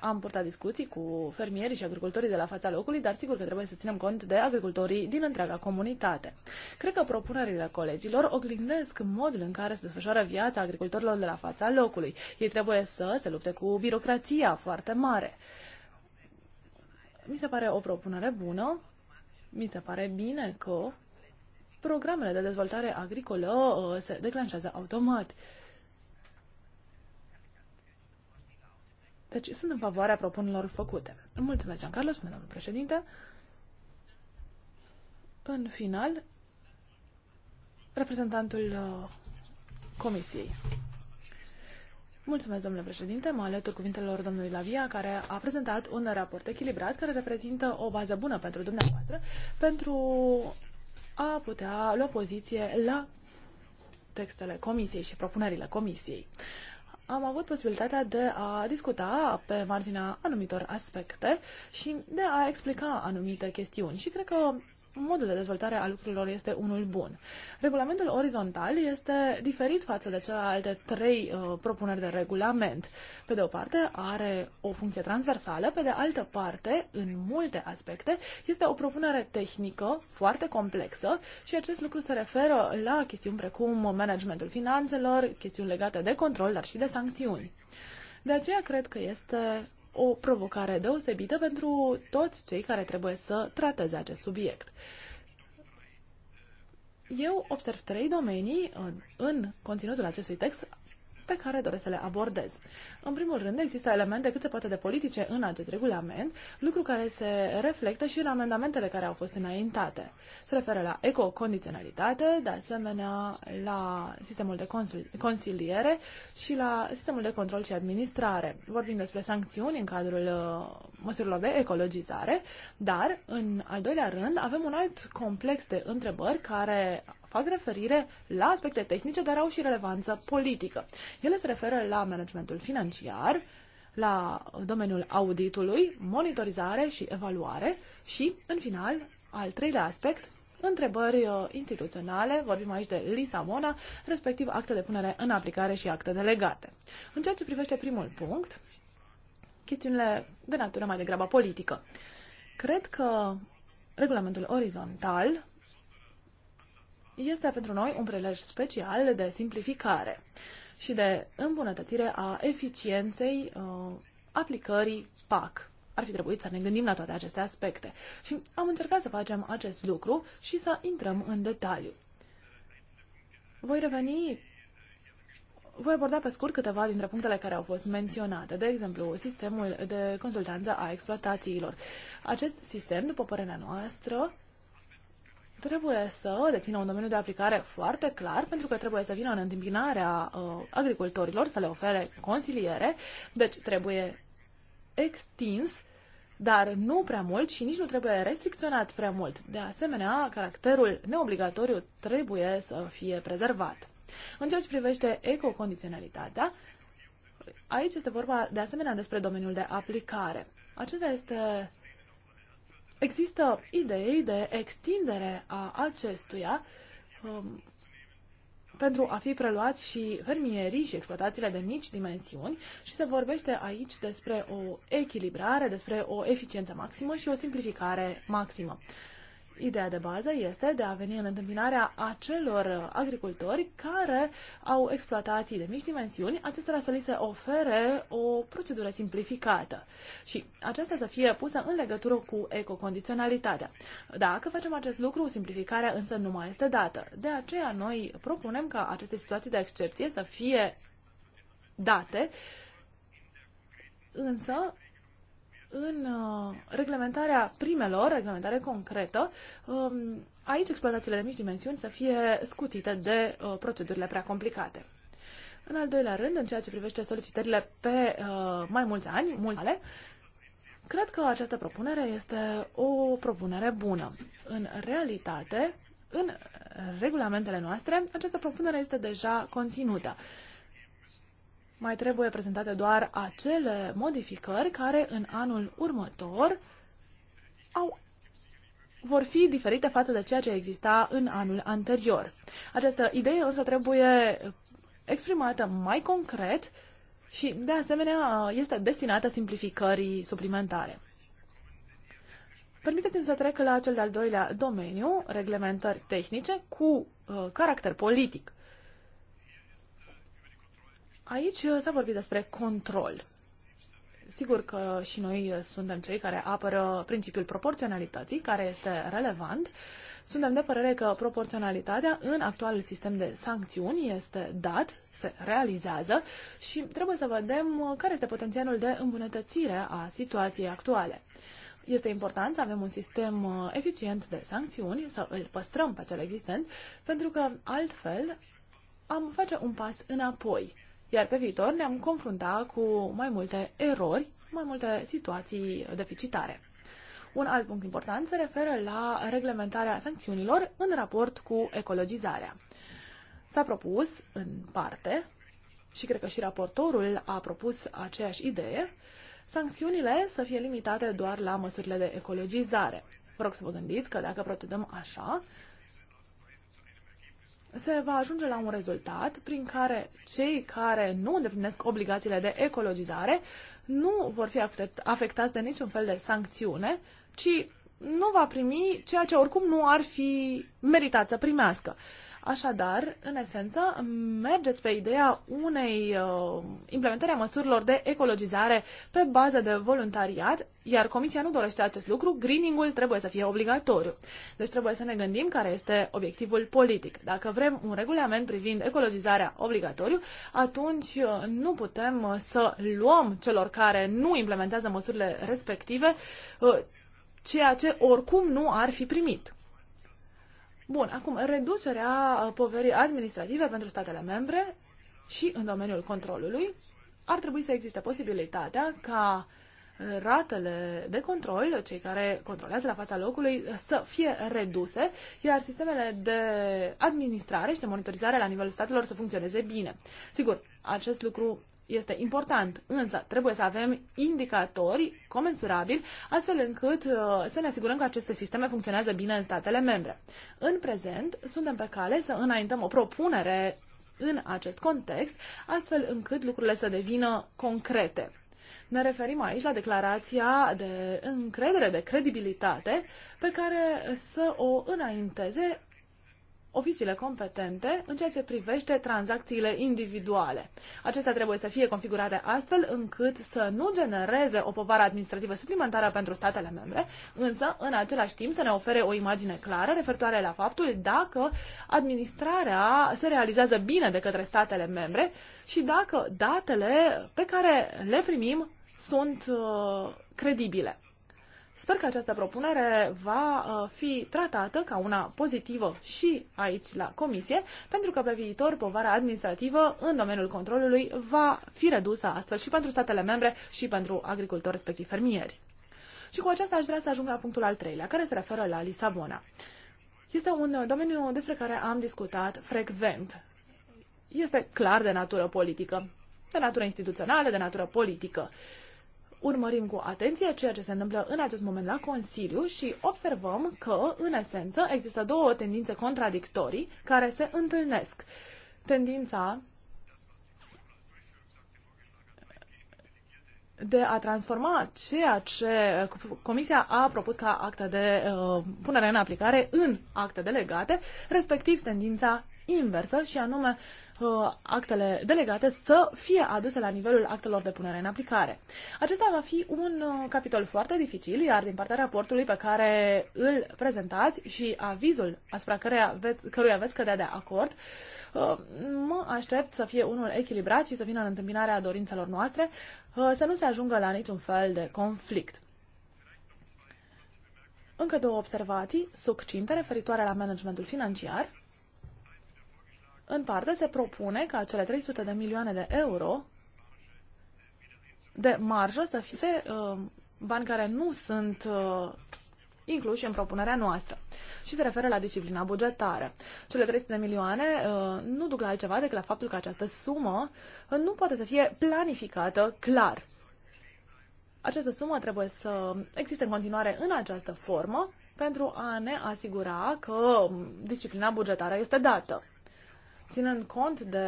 Am purtat discuții cu fermierii și agricultorii de la fața locului, dar sigur că trebuie să ținem cont de agricultorii din întreaga comunitate. Cred că propunerile colegilor oglindesc modul în care se desfășoară viața agricultorilor de la fața locului. Ei trebuie să se lupte cu birocrația foarte mare. Mi se pare o propunere bună. Mi se pare bine că programele de dezvoltare agricolă uh, se declanșează automat. Deci sunt în favoarea propunerilor făcute. Mulțumesc, Jean Carlos, domnul președinte. În final, reprezentantul uh, comisiei. Mulțumesc, domnule președinte. Mă alătur cuvintelor domnului Lavia, care a prezentat un raport echilibrat care reprezintă o bază bună pentru dumneavoastră pentru a putea lua poziție la textele comisiei și propunerile comisiei am avut posibilitatea de a discuta pe marginea anumitor aspecte și de a explica anumite chestiuni. Și cred că modul de dezvoltare a lucrurilor este unul bun. Regulamentul orizontal este diferit față de celelalte trei uh, propuneri de regulament. Pe de o parte are o funcție transversală, pe de altă parte, în multe aspecte, este o propunere tehnică foarte complexă și acest lucru se referă la chestiuni precum managementul finanțelor, chestiuni legate de control, dar și de sancțiuni. De aceea cred că este o provocare deosebită pentru toți cei care trebuie să trateze acest subiect. Eu observ trei domenii în, în conținutul acestui text pe care doresc să le abordez. În primul rând, există elemente cât se poate de politice în acest regulament, lucru care se reflectă și în amendamentele care au fost înaintate. Se referă la ecocondiționalitate, de asemenea la sistemul de consiliere și la sistemul de control și administrare. Vorbim despre sancțiuni în cadrul uh, măsurilor de ecologizare, dar, în al doilea rând, avem un alt complex de întrebări care fac referire la aspecte tehnice, dar au și relevanță politică. Ele se referă la managementul financiar, la domeniul auditului, monitorizare și evaluare și, în final, al treilea aspect, întrebări uh, instituționale, vorbim aici de Lisabona, respectiv acte de punere în aplicare și acte delegate. În ceea ce privește primul punct, chestiunile de natură mai degrabă politică. Cred că regulamentul orizontal este pentru noi un prilej special de simplificare și de îmbunătățire a eficienței uh, aplicării PAC. Ar fi trebuit să ne gândim la toate aceste aspecte și am încercat să facem acest lucru și să intrăm în detaliu. Voi reveni voi aborda pe scurt câteva dintre punctele care au fost menționate, de exemplu, sistemul de consultanță a exploatațiilor. Acest sistem, după părerea noastră, trebuie să dețină un domeniu de aplicare foarte clar, pentru că trebuie să vină în întâmpinarea uh, agricultorilor, să le ofere consiliere, deci trebuie extins, dar nu prea mult și nici nu trebuie restricționat prea mult. De asemenea, caracterul neobligatoriu trebuie să fie prezervat. În ceea ce privește ecocondiționalitatea, aici este vorba de asemenea despre domeniul de aplicare. Acesta este Există idei de extindere a acestuia um, pentru a fi preluați și fermierii și exploatațiile de mici dimensiuni și se vorbește aici despre o echilibrare, despre o eficiență maximă și o simplificare maximă. Ideea de bază este de a veni în întâmpinarea acelor agricultori care au exploatații de mici dimensiuni, acestora să li se ofere o procedură simplificată și aceasta să fie pusă în legătură cu ecocondiționalitatea. Dacă facem acest lucru, simplificarea însă nu mai este dată. De aceea noi propunem ca aceste situații de excepție să fie date, însă în uh, reglementarea primelor, reglementare concretă, um, aici exploatațiile de mici dimensiuni să fie scutite de uh, procedurile prea complicate. În al doilea rând, în ceea ce privește solicitările pe uh, mai mulți ani, multe, cred că această propunere este o propunere bună. În realitate, în regulamentele noastre, această propunere este deja conținută. Mai trebuie prezentate doar acele modificări care în anul următor au vor fi diferite față de ceea ce exista în anul anterior. Această idee însă trebuie exprimată mai concret și, de asemenea, este destinată simplificării suplimentare. Permiteți-mi să trec la cel de-al doilea domeniu, reglementări tehnice cu uh, caracter politic. Aici uh, s-a vorbit despre control. Sigur că și noi uh, suntem cei care apără principiul proporționalității, care este relevant. Suntem de părere că proporționalitatea în actualul sistem de sancțiuni este dat, se realizează și trebuie să vedem uh, care este potențialul de îmbunătățire a situației actuale. Este important să avem un sistem eficient de sancțiuni, să îl păstrăm pe cel existent, pentru că altfel am face un pas înapoi iar pe viitor ne-am confrunta cu mai multe erori, mai multe situații deficitare. Un alt punct important se referă la reglementarea sancțiunilor în raport cu ecologizarea. S-a propus, în parte, și cred că și raportorul a propus aceeași idee, sancțiunile să fie limitate doar la măsurile de ecologizare. Vă rog să vă gândiți că dacă procedăm așa, se va ajunge la un rezultat prin care cei care nu îndeplinesc obligațiile de ecologizare nu vor fi afectați de niciun fel de sancțiune, ci nu va primi ceea ce oricum nu ar fi meritat să primească. Așadar, în esență, mergeți pe ideea unei uh, implementări a măsurilor de ecologizare pe bază de voluntariat, iar Comisia nu dorește acest lucru, greening-ul trebuie să fie obligatoriu. Deci trebuie să ne gândim care este obiectivul politic. Dacă vrem un regulament privind ecologizarea obligatoriu, atunci uh, nu putem uh, să luăm celor care nu implementează măsurile respective uh, ceea ce oricum nu ar fi primit. Bun, acum reducerea uh, poverii administrative pentru statele membre și în domeniul controlului ar trebui să existe posibilitatea ca uh, ratele de control, cei care controlează la fața locului, să fie reduse, iar sistemele de administrare și de monitorizare la nivelul statelor să funcționeze bine. Sigur, acest lucru este important, însă trebuie să avem indicatori comensurabili, astfel încât uh, să ne asigurăm că aceste sisteme funcționează bine în statele membre. În prezent, suntem pe cale să înaintăm o propunere în acest context, astfel încât lucrurile să devină concrete. Ne referim aici la declarația de încredere, de credibilitate, pe care să o înainteze oficiile competente în ceea ce privește tranzacțiile individuale. Acestea trebuie să fie configurate astfel încât să nu genereze o povară administrativă suplimentară pentru statele membre, însă în același timp să ne ofere o imagine clară referitoare la faptul dacă administrarea se realizează bine de către statele membre și dacă datele pe care le primim sunt uh, credibile. Sper că această propunere va uh, fi tratată ca una pozitivă și aici la Comisie, pentru că pe viitor povara administrativă în domeniul controlului va fi redusă astfel și pentru statele membre și pentru agricultori, respectiv fermieri. Și cu aceasta aș vrea să ajung la punctul al treilea, care se referă la Lisabona. Este un domeniu despre care am discutat frecvent. Este clar de natură politică, de natură instituțională, de natură politică urmărim cu atenție ceea ce se întâmplă în acest moment la Consiliu și observăm că, în esență, există două tendințe contradictorii care se întâlnesc. Tendința de a transforma ceea ce Comisia a propus ca acte de uh, punere în aplicare în acte delegate, respectiv tendința inversă și anume uh, actele delegate să fie aduse la nivelul actelor de punere în aplicare. Acesta va fi un uh, capitol foarte dificil, iar din partea raportului pe care îl prezentați și avizul asupra căruia veți, cădea de acord, uh, mă aștept să fie unul echilibrat și să vină în întâmpinarea dorințelor noastre, să nu se ajungă la niciun fel de conflict. Încă două observații succinte referitoare la managementul financiar în parte se propune ca cele 300 de milioane de euro de marjă să fie uh, bani care nu sunt uh, incluși în propunerea noastră. Și se referă la disciplina bugetară. Cele 300 de milioane uh, nu duc la altceva decât la faptul că această sumă nu poate să fie planificată clar. Această sumă trebuie să existe în continuare în această formă pentru a ne asigura că disciplina bugetară este dată ținând cont de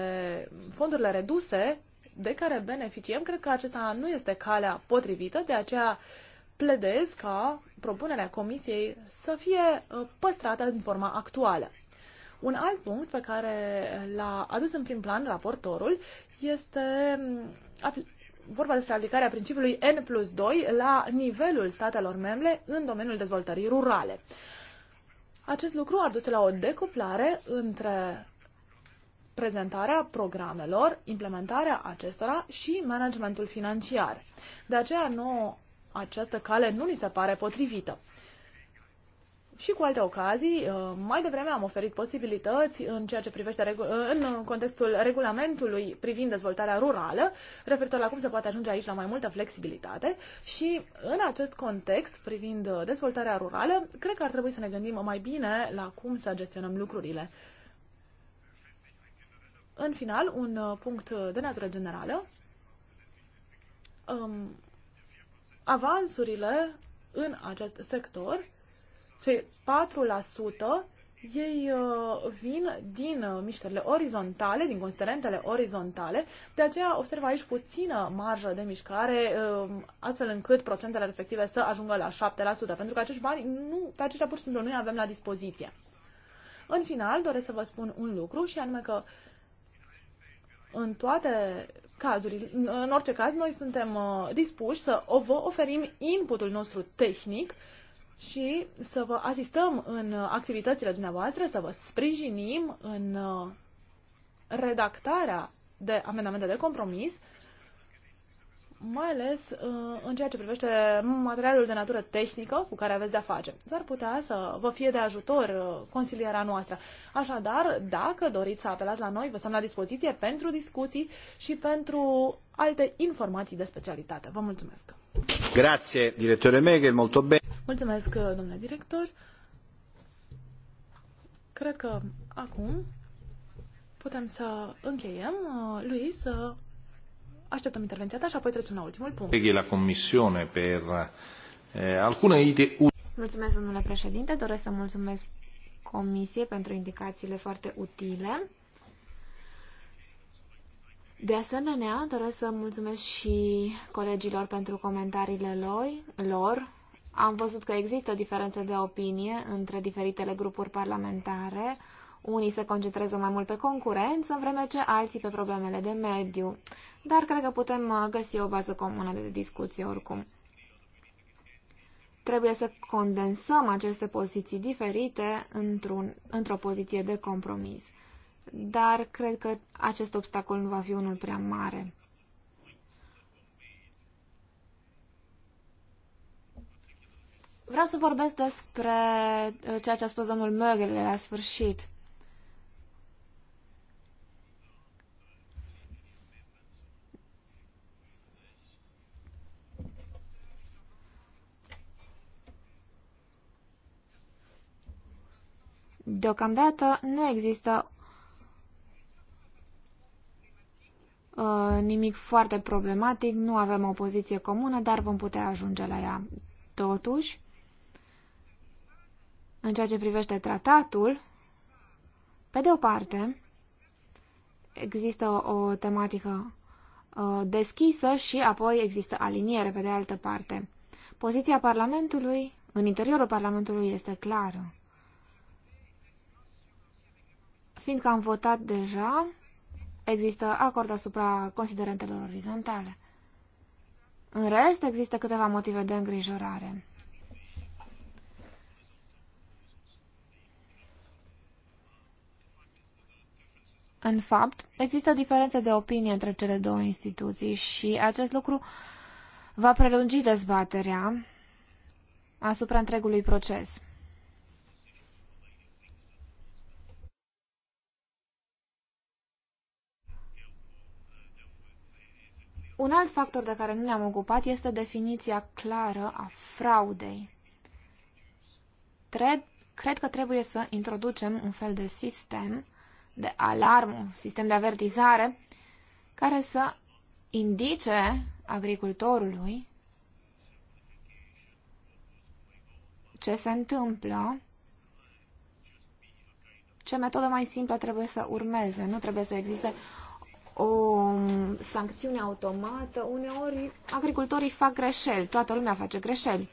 fondurile reduse de care beneficiem, cred că acesta nu este calea potrivită, de aceea pledez ca propunerea Comisiei să fie uh, păstrată în forma actuală. Un alt punct pe care l-a adus în prim plan raportorul este um, vorba despre aplicarea principiului N plus 2 la nivelul statelor membre în domeniul dezvoltării rurale. Acest lucru ar duce la o decuplare între prezentarea programelor, implementarea acestora și managementul financiar. De aceea nouă această cale nu ni se pare potrivită. Și cu alte ocazii, uh, mai devreme am oferit posibilități în ceea ce privește uh, în contextul regulamentului privind dezvoltarea rurală, referitor la cum se poate ajunge aici la mai multă flexibilitate și în acest context privind dezvoltarea rurală, cred că ar trebui să ne gândim mai bine la cum să gestionăm lucrurile. În final, un uh, punct de natură generală. Um, avansurile în acest sector, cei 4%, ei uh, vin din uh, mișcările orizontale, din considerentele orizontale, de aceea observă aici puțină marjă de mișcare, uh, astfel încât procentele respective să ajungă la 7%, pentru că acești bani, nu, pe aceștia pur și simplu nu avem la dispoziție. În final, doresc să vă spun un lucru și anume că uh, în toate cazurile, în orice caz, noi suntem uh, dispuși să vă oferim inputul nostru tehnic și să vă asistăm în uh, activitățile dumneavoastră, să vă sprijinim în uh, redactarea de amendamente de compromis mai ales uh, în ceea ce privește materialul de natură tehnică cu care aveți de-a face. S-ar putea să vă fie de ajutor uh, consilierea noastră. Așadar, dacă doriți să apelați la noi, vă stăm la dispoziție pentru discuții și pentru alte informații de specialitate. Vă mulțumesc! Grazie, directore Megel, molto bene. Mulțumesc, uh, domnule director. Cred că acum putem să încheiem. Luis, Așteptăm intervenția ta și apoi trecem la ultimul punct. la Comisiune per eh, alcune idei... Mulțumesc, domnule președinte. Doresc să mulțumesc Comisiei pentru indicațiile foarte utile. De asemenea, doresc să mulțumesc și colegilor pentru comentariile lor. Am văzut că există diferențe de opinie între diferitele grupuri parlamentare. Unii se concentrează mai mult pe concurență, în vreme ce alții pe problemele de mediu. Dar cred că putem uh, găsi o bază comună de discuție oricum. Trebuie să condensăm aceste poziții diferite într-un, într-o poziție de compromis. Dar cred că acest obstacol nu va fi unul prea mare. Vreau să vorbesc despre uh, ceea ce a spus domnul Mögele la sfârșit. Deocamdată nu există uh, nimic foarte problematic, nu avem o poziție comună, dar vom putea ajunge la ea. Totuși, în ceea ce privește tratatul, pe de o parte, există o tematică uh, deschisă și apoi există aliniere pe de altă parte. Poziția Parlamentului, în interiorul Parlamentului, este clară. Fiindcă am votat deja, există acord asupra considerentelor orizontale. În rest, există câteva motive de îngrijorare. În fapt, există diferențe de opinie între cele două instituții și acest lucru va prelungi dezbaterea asupra întregului proces. Un alt factor de care nu ne-am ocupat este definiția clară a fraudei. Cred, cred că trebuie să introducem un fel de sistem de alarmă, un sistem de avertizare care să indice agricultorului ce se întâmplă, ce metodă mai simplă trebuie să urmeze. Nu trebuie să existe o um, sancțiune automată, uneori agricultorii fac greșeli, toată lumea face greșeli.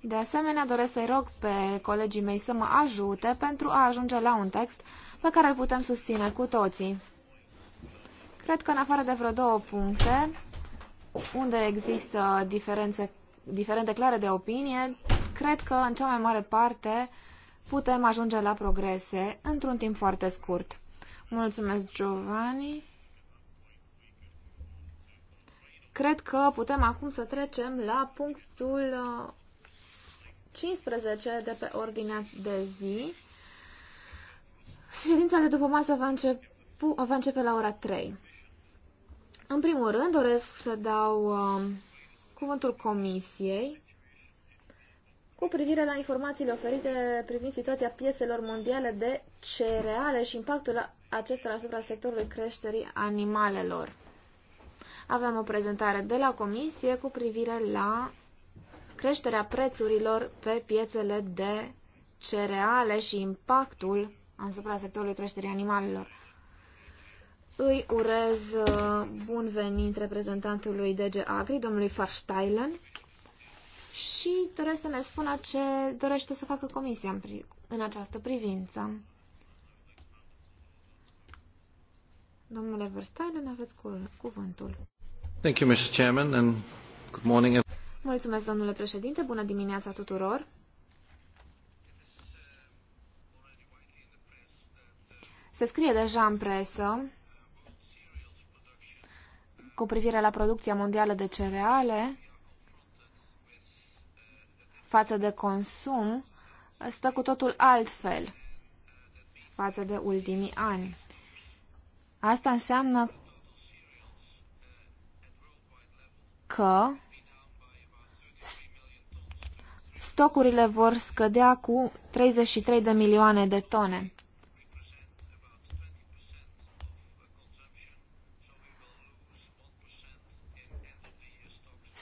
De asemenea, doresc să-i rog pe colegii mei să mă ajute pentru a ajunge la un text pe care îl putem susține cu toții. Cred că în afară de vreo două puncte, unde există diferențe, diferente clare de opinie, cred că în cea mai mare parte uh, putem ajunge la progrese într-un timp foarte scurt. Mulțumesc, Giovanni. Cred că putem acum să trecem la punctul 15 uh, de pe ordinea de zi. Ședința de după masă va începe, va începe la ora 3. În primul rând, doresc să dau uh, cuvântul comisiei cu privire la informațiile oferite privind situația piețelor mondiale de cereale și impactul acestora asupra sectorului creșterii animalelor. Avem o prezentare de la Comisie cu privire la creșterea prețurilor pe piețele de cereale și impactul asupra sectorului creșterii animalelor. Îi urez uh, bun venit reprezentantului DG Agri, domnului Farsteilen și doresc să ne spună ce dorește să facă Comisia în, pri- în această privință. Domnule Verstappen, aveți cu- cuvântul. Thank you, Mr. Chairman, and good morning. Mulțumesc, domnule președinte. Bună dimineața tuturor. Se scrie deja în presă cu privire la producția mondială de cereale față de consum stă cu totul altfel față de ultimii ani. Asta înseamnă că stocurile vor scădea cu 33 de milioane de tone.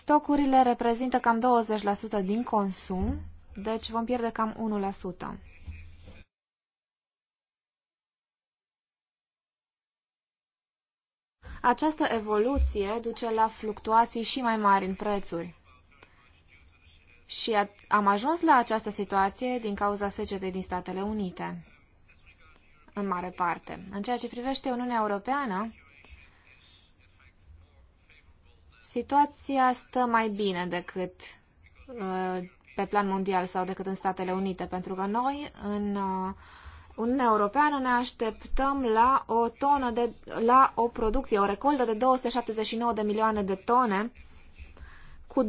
Stocurile reprezintă cam 20% din consum, deci vom pierde cam 1%. Această evoluție duce la fluctuații și mai mari în prețuri. Și am ajuns la această situație din cauza secetei din Statele Unite, în mare parte. În ceea ce privește Uniunea Europeană, situația stă mai bine decât uh, pe plan mondial sau decât în Statele Unite, pentru că noi în uh, Uniunea Europeană ne așteptăm la o tonă de, la o producție, o recoltă de 279 de milioane de tone cu 2%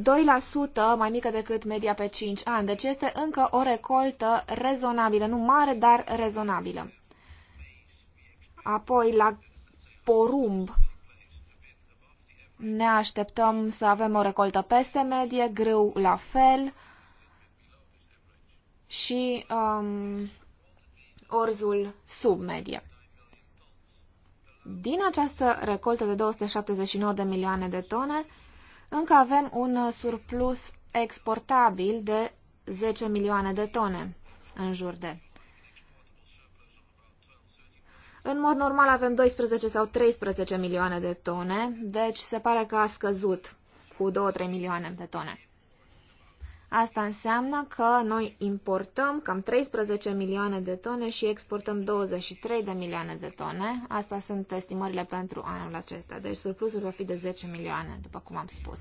mai mică decât media pe 5 ani. Deci este încă o recoltă rezonabilă, nu mare, dar rezonabilă. Apoi la porumb, ne așteptăm să avem o recoltă peste medie, grâu la fel și um, orzul sub medie. Din această recoltă de 279 de milioane de tone, încă avem un surplus exportabil de 10 milioane de tone în jur de în mod normal avem 12 sau 13 milioane de tone, deci se pare că a scăzut cu 2-3 milioane de tone. Asta înseamnă că noi importăm cam 13 milioane de tone și exportăm 23 de milioane de tone. Asta sunt estimările pentru anul acesta. Deci surplusul va fi de 10 milioane, după cum am spus.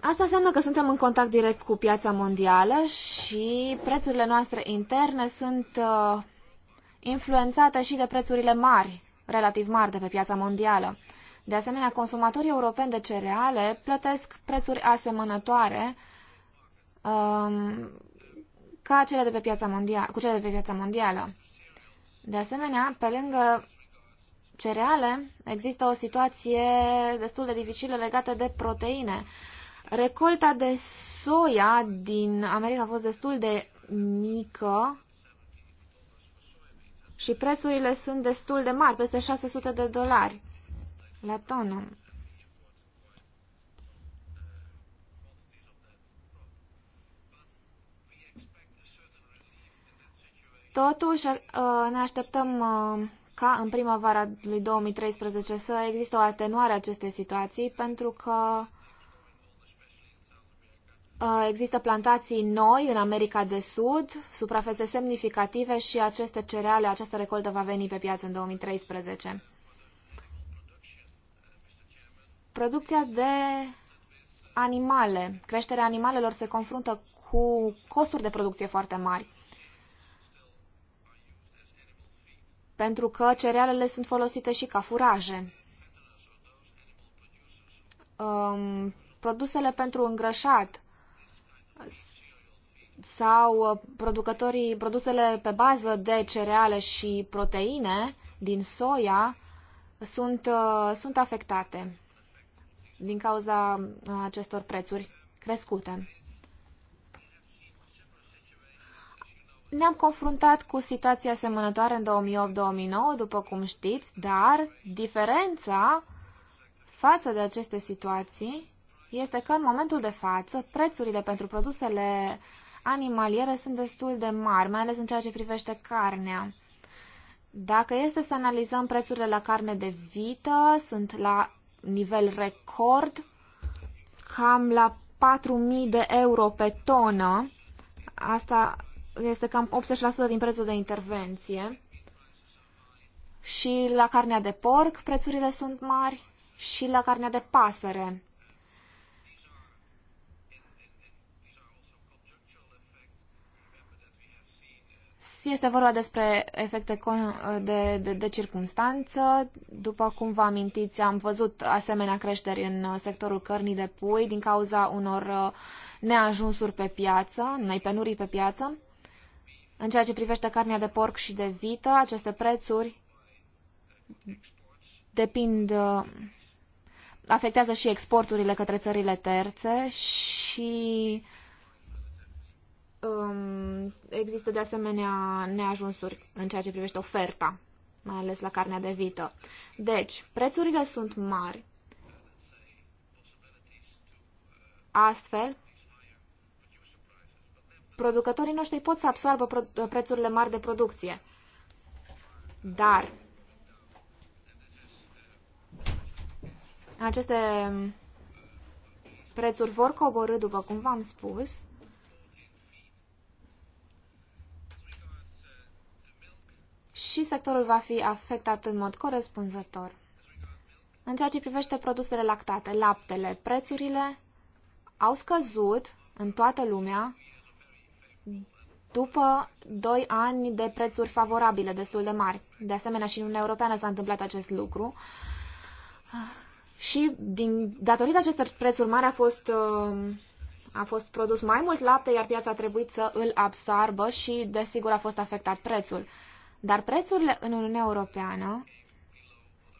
Asta înseamnă că suntem în contact direct cu piața mondială și prețurile noastre interne sunt uh, influențată și de prețurile mari, relativ mari de pe piața mondială. De asemenea, consumatorii europeni de cereale plătesc prețuri asemănătoare um, ca cele de pe piața mondială, cu cele de pe piața mondială. De asemenea, pe lângă cereale, există o situație destul de dificilă legată de proteine. Recolta de soia din America a fost destul de mică și prețurile sunt destul de mari, peste 600 de dolari la tonă. Totuși, uh, ne așteptăm uh, ca în primăvara lui 2013 să există o atenuare a acestei situații, pentru că Uh, există plantații noi în America de Sud, suprafețe semnificative și aceste cereale, această recoltă va veni pe piață în 2013. Producția de animale, creșterea animalelor se confruntă cu costuri de producție foarte mari. Pentru că cerealele sunt folosite și ca furaje. Um, produsele pentru îngrășat, sau uh, producătorii produsele pe bază de cereale și proteine din soia sunt, uh, sunt afectate din cauza uh, acestor prețuri crescute. Ne-am confruntat cu situația asemănătoare în 2008-2009, după cum știți, dar diferența față de aceste situații este că în momentul de față prețurile pentru produsele animaliere sunt destul de mari, mai ales în ceea ce privește carnea. Dacă este să analizăm prețurile la carne de vită, sunt la nivel record, cam la 4.000 de euro pe tonă. Asta este cam 80% din prețul de intervenție. Și la carnea de porc prețurile sunt mari și la carnea de pasăre. este vorba despre efecte de, de, de circunstanță. După cum vă amintiți, am văzut asemenea creșteri în uh, sectorul cărnii de pui din cauza unor uh, neajunsuri pe piață, unei penurii pe piață. În ceea ce privește carnea de porc și de vită, aceste prețuri depind, uh, afectează și exporturile către țările terțe și uh, Um, există de asemenea neajunsuri în ceea ce privește oferta, mai ales la carnea de vită. Deci, prețurile sunt mari. Astfel, producătorii noștri pot să absorbă prețurile mari de producție. Dar aceste prețuri vor coborâ, după cum v-am spus, și sectorul va fi afectat în mod corespunzător. În ceea ce privește produsele lactate, laptele, prețurile au scăzut în toată lumea după 2 ani de prețuri favorabile destul de mari. De asemenea, și în Uniunea Europeană s-a întâmplat acest lucru. Și din, datorită acestor prețuri mari a fost, uh, a fost produs mai mult lapte, iar piața a trebuit să îl absorbă și, desigur, a fost afectat prețul. Dar prețurile în Uniunea Europeană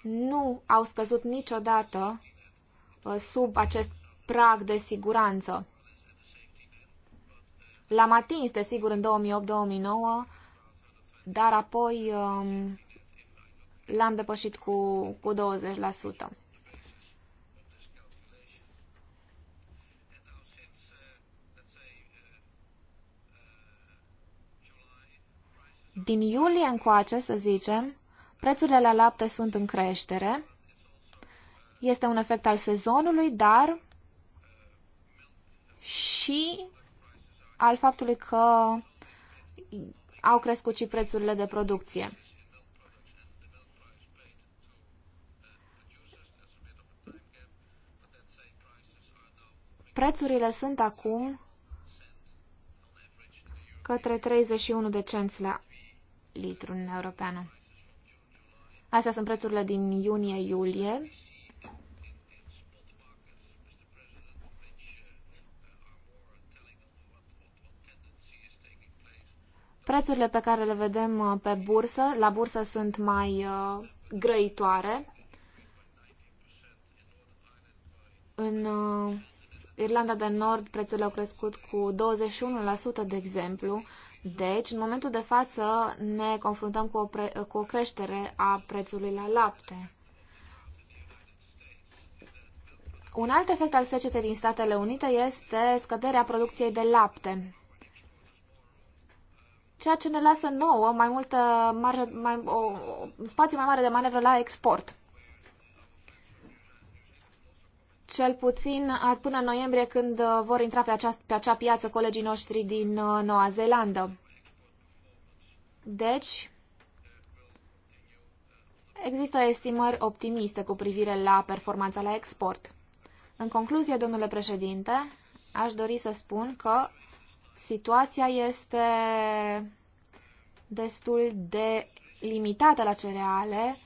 nu au scăzut niciodată uh, sub acest prag de siguranță. L-am atins, desigur, în 2008-2009, dar apoi um, l-am depășit cu, cu 20%. Din iulie încoace, să zicem, prețurile la lapte sunt în creștere. Este un efect al sezonului, dar și al faptului că au crescut și prețurile de producție. Prețurile sunt acum către 31 de cenți la litru în Europeană. Astea sunt prețurile din iunie-iulie. Prețurile pe care le vedem uh, pe bursă, la bursă sunt mai uh, grăitoare. În uh, Irlanda de Nord prețurile au crescut cu 21%, de exemplu, deci, în momentul de față, ne confruntăm cu o, pre- cu o creștere a prețului la lapte. Un alt efect al secetei din Statele Unite este scăderea producției de lapte, ceea ce ne lasă nouă mai multă marge, mai, o, o, spațiu mai mare de manevră la export. cel puțin până în noiembrie când uh, vor intra pe, aceast, pe acea piață colegii noștri din uh, Noua Zeelandă. Deci, există estimări optimiste cu privire la performanța la export. În concluzie, domnule președinte, aș dori să spun că situația este destul de limitată la cereale,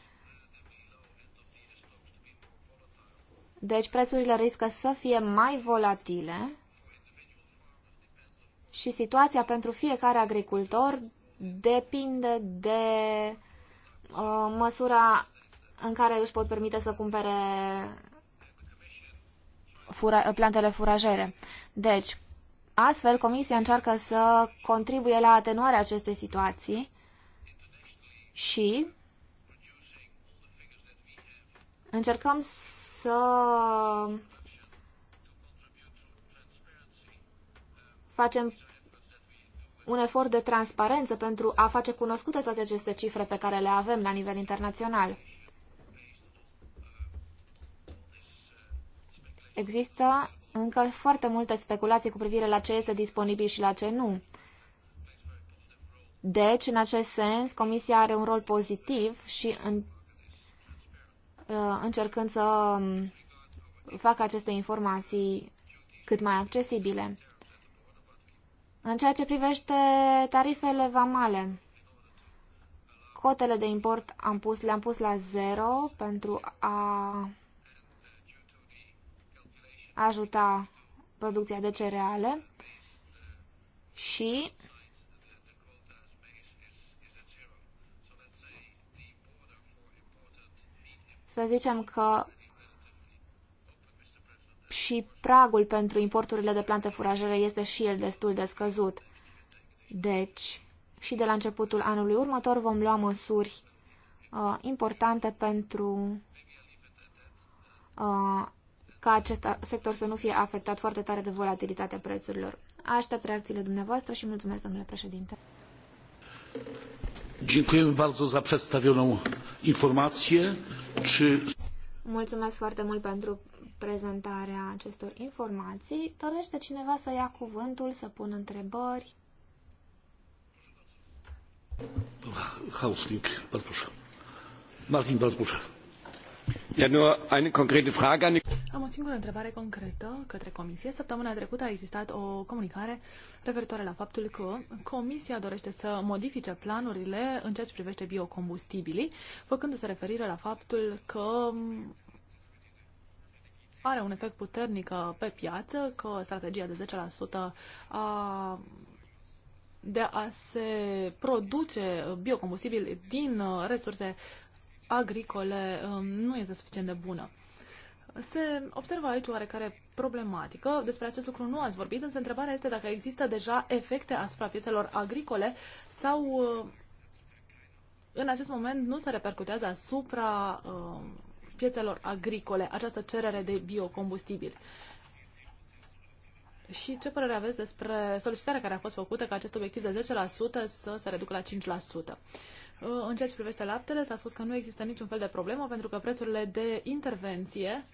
Deci prețurile riscă să fie mai volatile și situația pentru fiecare agricultor depinde de uh, măsura în care își pot permite să cumpere fura, plantele furajere. Deci, astfel, Comisia încearcă să contribuie la atenuarea acestei situații și încercăm să facem un efort de transparență pentru a face cunoscute toate aceste cifre pe care le avem la nivel internațional. Există încă foarte multe speculații cu privire la ce este disponibil și la ce nu. Deci, în acest sens, Comisia are un rol pozitiv și în Uh, încercând să um, fac aceste informații cât mai accesibile. În ceea ce privește tarifele vamale, cotele de import am pus, le-am pus la zero pentru a ajuta producția de cereale și Să zicem că și pragul pentru importurile de plante furajere este și el destul de scăzut. Deci, și de la începutul anului următor vom lua măsuri uh, importante pentru uh, ca acest sector să nu fie afectat foarte tare de volatilitatea prețurilor. Aștept reacțiile dumneavoastră și mulțumesc, domnule președinte. Dziękujemy bardzo za przedstawioną informację. Czy... Mulțumesc foarte mult pentru prezentarea acestor informații. Dorește cineva să ia cuvântul, să pună întrebări? Hausling, Bartușa. Martin Bartușa. Ja, nur eine konkrete Frage an die am o singură întrebare concretă către Comisie. Săptămâna trecută a existat o comunicare referitoare la faptul că Comisia dorește să modifice planurile în ceea ce privește biocombustibilii, făcându-se referire la faptul că are un efect puternic pe piață, că strategia de 10% a de a se produce biocombustibil din resurse agricole um, nu este suficient de bună se observă aici oarecare problematică. Despre acest lucru nu ați vorbit, însă întrebarea este dacă există deja efecte asupra piețelor agricole sau uh, în acest moment nu se repercutează asupra uh, piețelor agricole această cerere de biocombustibil. Și ce părere aveți despre solicitarea care a fost făcută ca acest obiectiv de 10% să se reducă la 5%? Uh, în ceea ce privește laptele, s-a spus că nu există niciun fel de problemă pentru că prețurile de intervenție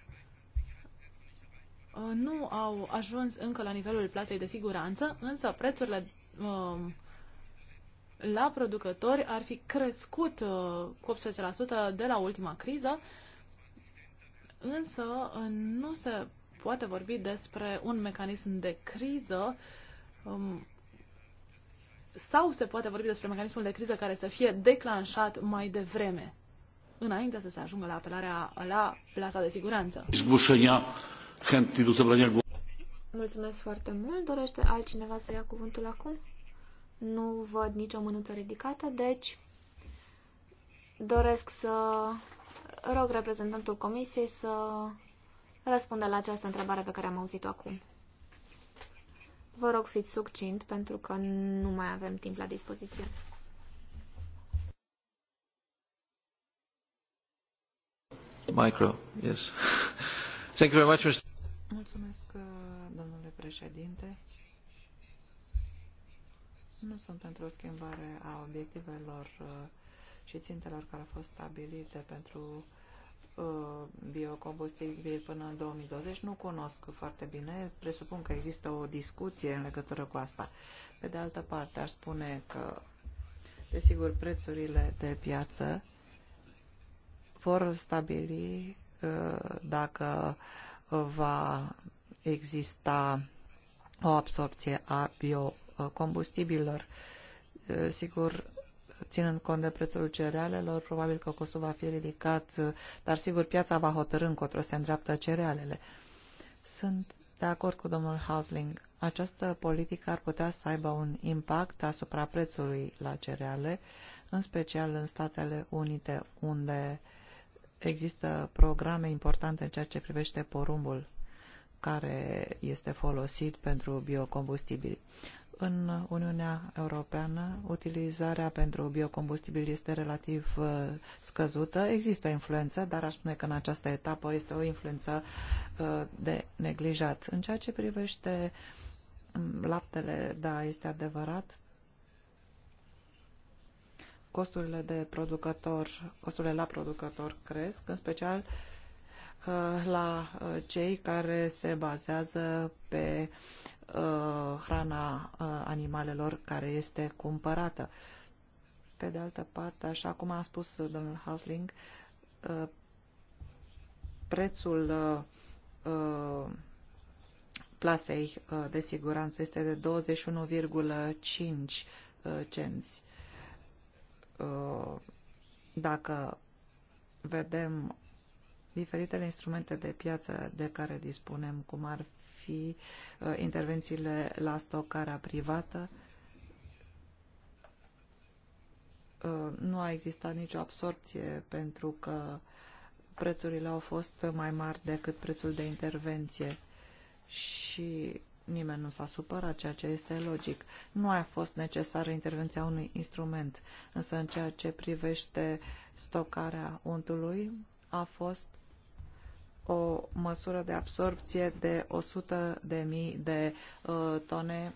Uh, nu au ajuns încă la nivelul plasei de siguranță, însă prețurile um, la producători ar fi crescut uh, cu 18% de la ultima criză, însă uh, nu se poate vorbi despre un mecanism de criză um, sau se poate vorbi despre mecanismul de criză care să fie declanșat mai devreme, înainte să se ajungă la apelarea la plasa de siguranță chętni do zabrania głosu. Mulțumesc foarte mult. Dorește altcineva să ia cuvântul acum? Nu văd nicio mânuță ridicată, deci doresc să rog reprezentantul comisiei să răspundă la această întrebare pe care am auzit-o acum. Vă rog, fiți succint, pentru că nu mai avem timp la dispoziție. Micro, yes. Thank you very much, Mr. Mulțumesc, uh, domnule președinte. Nu sunt pentru o schimbare a obiectivelor uh, și țintelor care au fost stabilite pentru uh, biocombustibil până în 2020. Nu cunosc foarte bine, presupun că există o discuție în legătură cu asta. Pe de altă parte, aș spune că, desigur, prețurile de piață vor stabili dacă uh, va exista o absorpție a biocombustibililor. Sigur, ținând cont de prețul cerealelor, probabil că costul va fi ridicat, dar sigur piața va hotărâ încotro se îndreaptă cerealele. Sunt de acord cu domnul Hausling. Această politică ar putea să aibă un impact asupra prețului la cereale, în special în Statele Unite, unde uh, Există programe importante în ceea ce privește porumbul care este folosit pentru biocombustibili. În Uniunea Europeană, utilizarea pentru biocombustibili este relativ uh, scăzută. Există o influență, dar aș spune că în această etapă este o influență uh, de neglijat. În ceea ce privește mm, laptele, da, este adevărat, costurile de producător, costurile la producător cresc, în special uh, la uh, cei care se bazează pe uh, hrana animalelor care este cumpărată. Pe de altă parte, așa cum a spus domnul Hausling, prețul plasei de siguranță este de 21,5 cenți Uh, dacă vedem diferitele instrumente de piață de care dispunem, cum ar fi uh, intervențiile la stocarea privată, uh, nu a existat nicio absorpție pentru că prețurile au fost mai mari decât prețul de intervenție și nimeni nu s-a supărat, ceea ce este logic. Nu a fost necesară intervenția unui instrument, însă în ceea ce privește stocarea untului, a fost o măsură de absorpție de 100.000 de, mii de uh, tone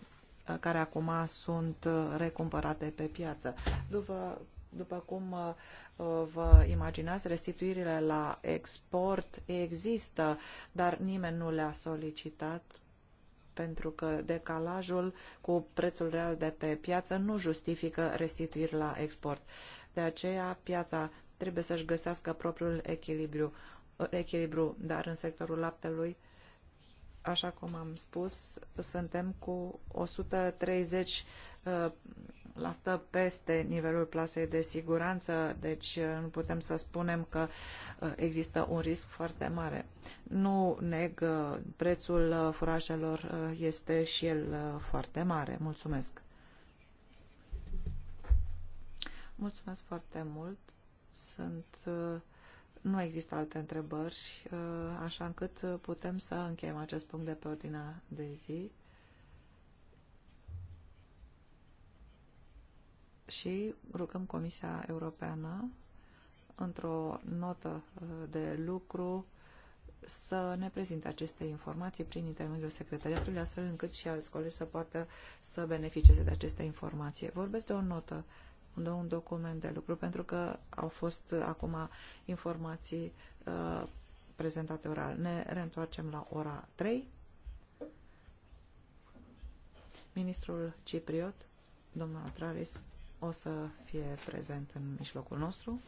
uh, care acum sunt uh, recumpărate pe piață. După, după cum uh, uh, vă imaginați, restituirile la export există, dar nimeni nu le-a solicitat pentru că decalajul cu prețul real de pe piață nu justifică restituiri la export. De aceea, piața trebuie să-și găsească propriul echilibru, echilibru, dar în sectorul laptelui, așa cum am spus, suntem cu 130 peste nivelul plasei de siguranță, deci uh, nu putem să spunem că uh, există un risc foarte mare. Nu neg, uh, prețul furajelor este și el foarte mare. Mulțumesc! Mulțumesc foarte mult! Sunt... Nu există alte întrebări, așa încât putem să încheiem acest punct de pe ordinea de zi. și rugăm Comisia Europeană într-o notă uh, de lucru să ne prezinte aceste informații prin intermediul secretariatului, astfel încât și alți colegi să poată să beneficieze de aceste informații. Vorbesc de o notă, de un document de lucru, pentru că au fost uh, acum informații uh, prezentate oral. Ne reîntoarcem la ora 3. Ministrul Cipriot, domnul Atralis, o să fie prezent în mijlocul nostru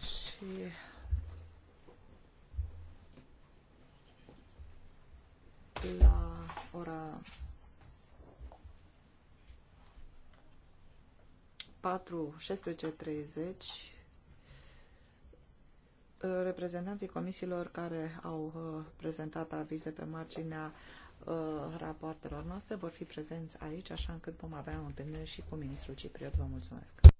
și la ora 4.16.30 reprezentanții comisiilor care au uh, prezentat avize pe marginea Uh, rapoartelor noastre vor fi prezenți aici, așa încât vom avea o întâlnire și cu ministrul Cipriot. Vă mulțumesc!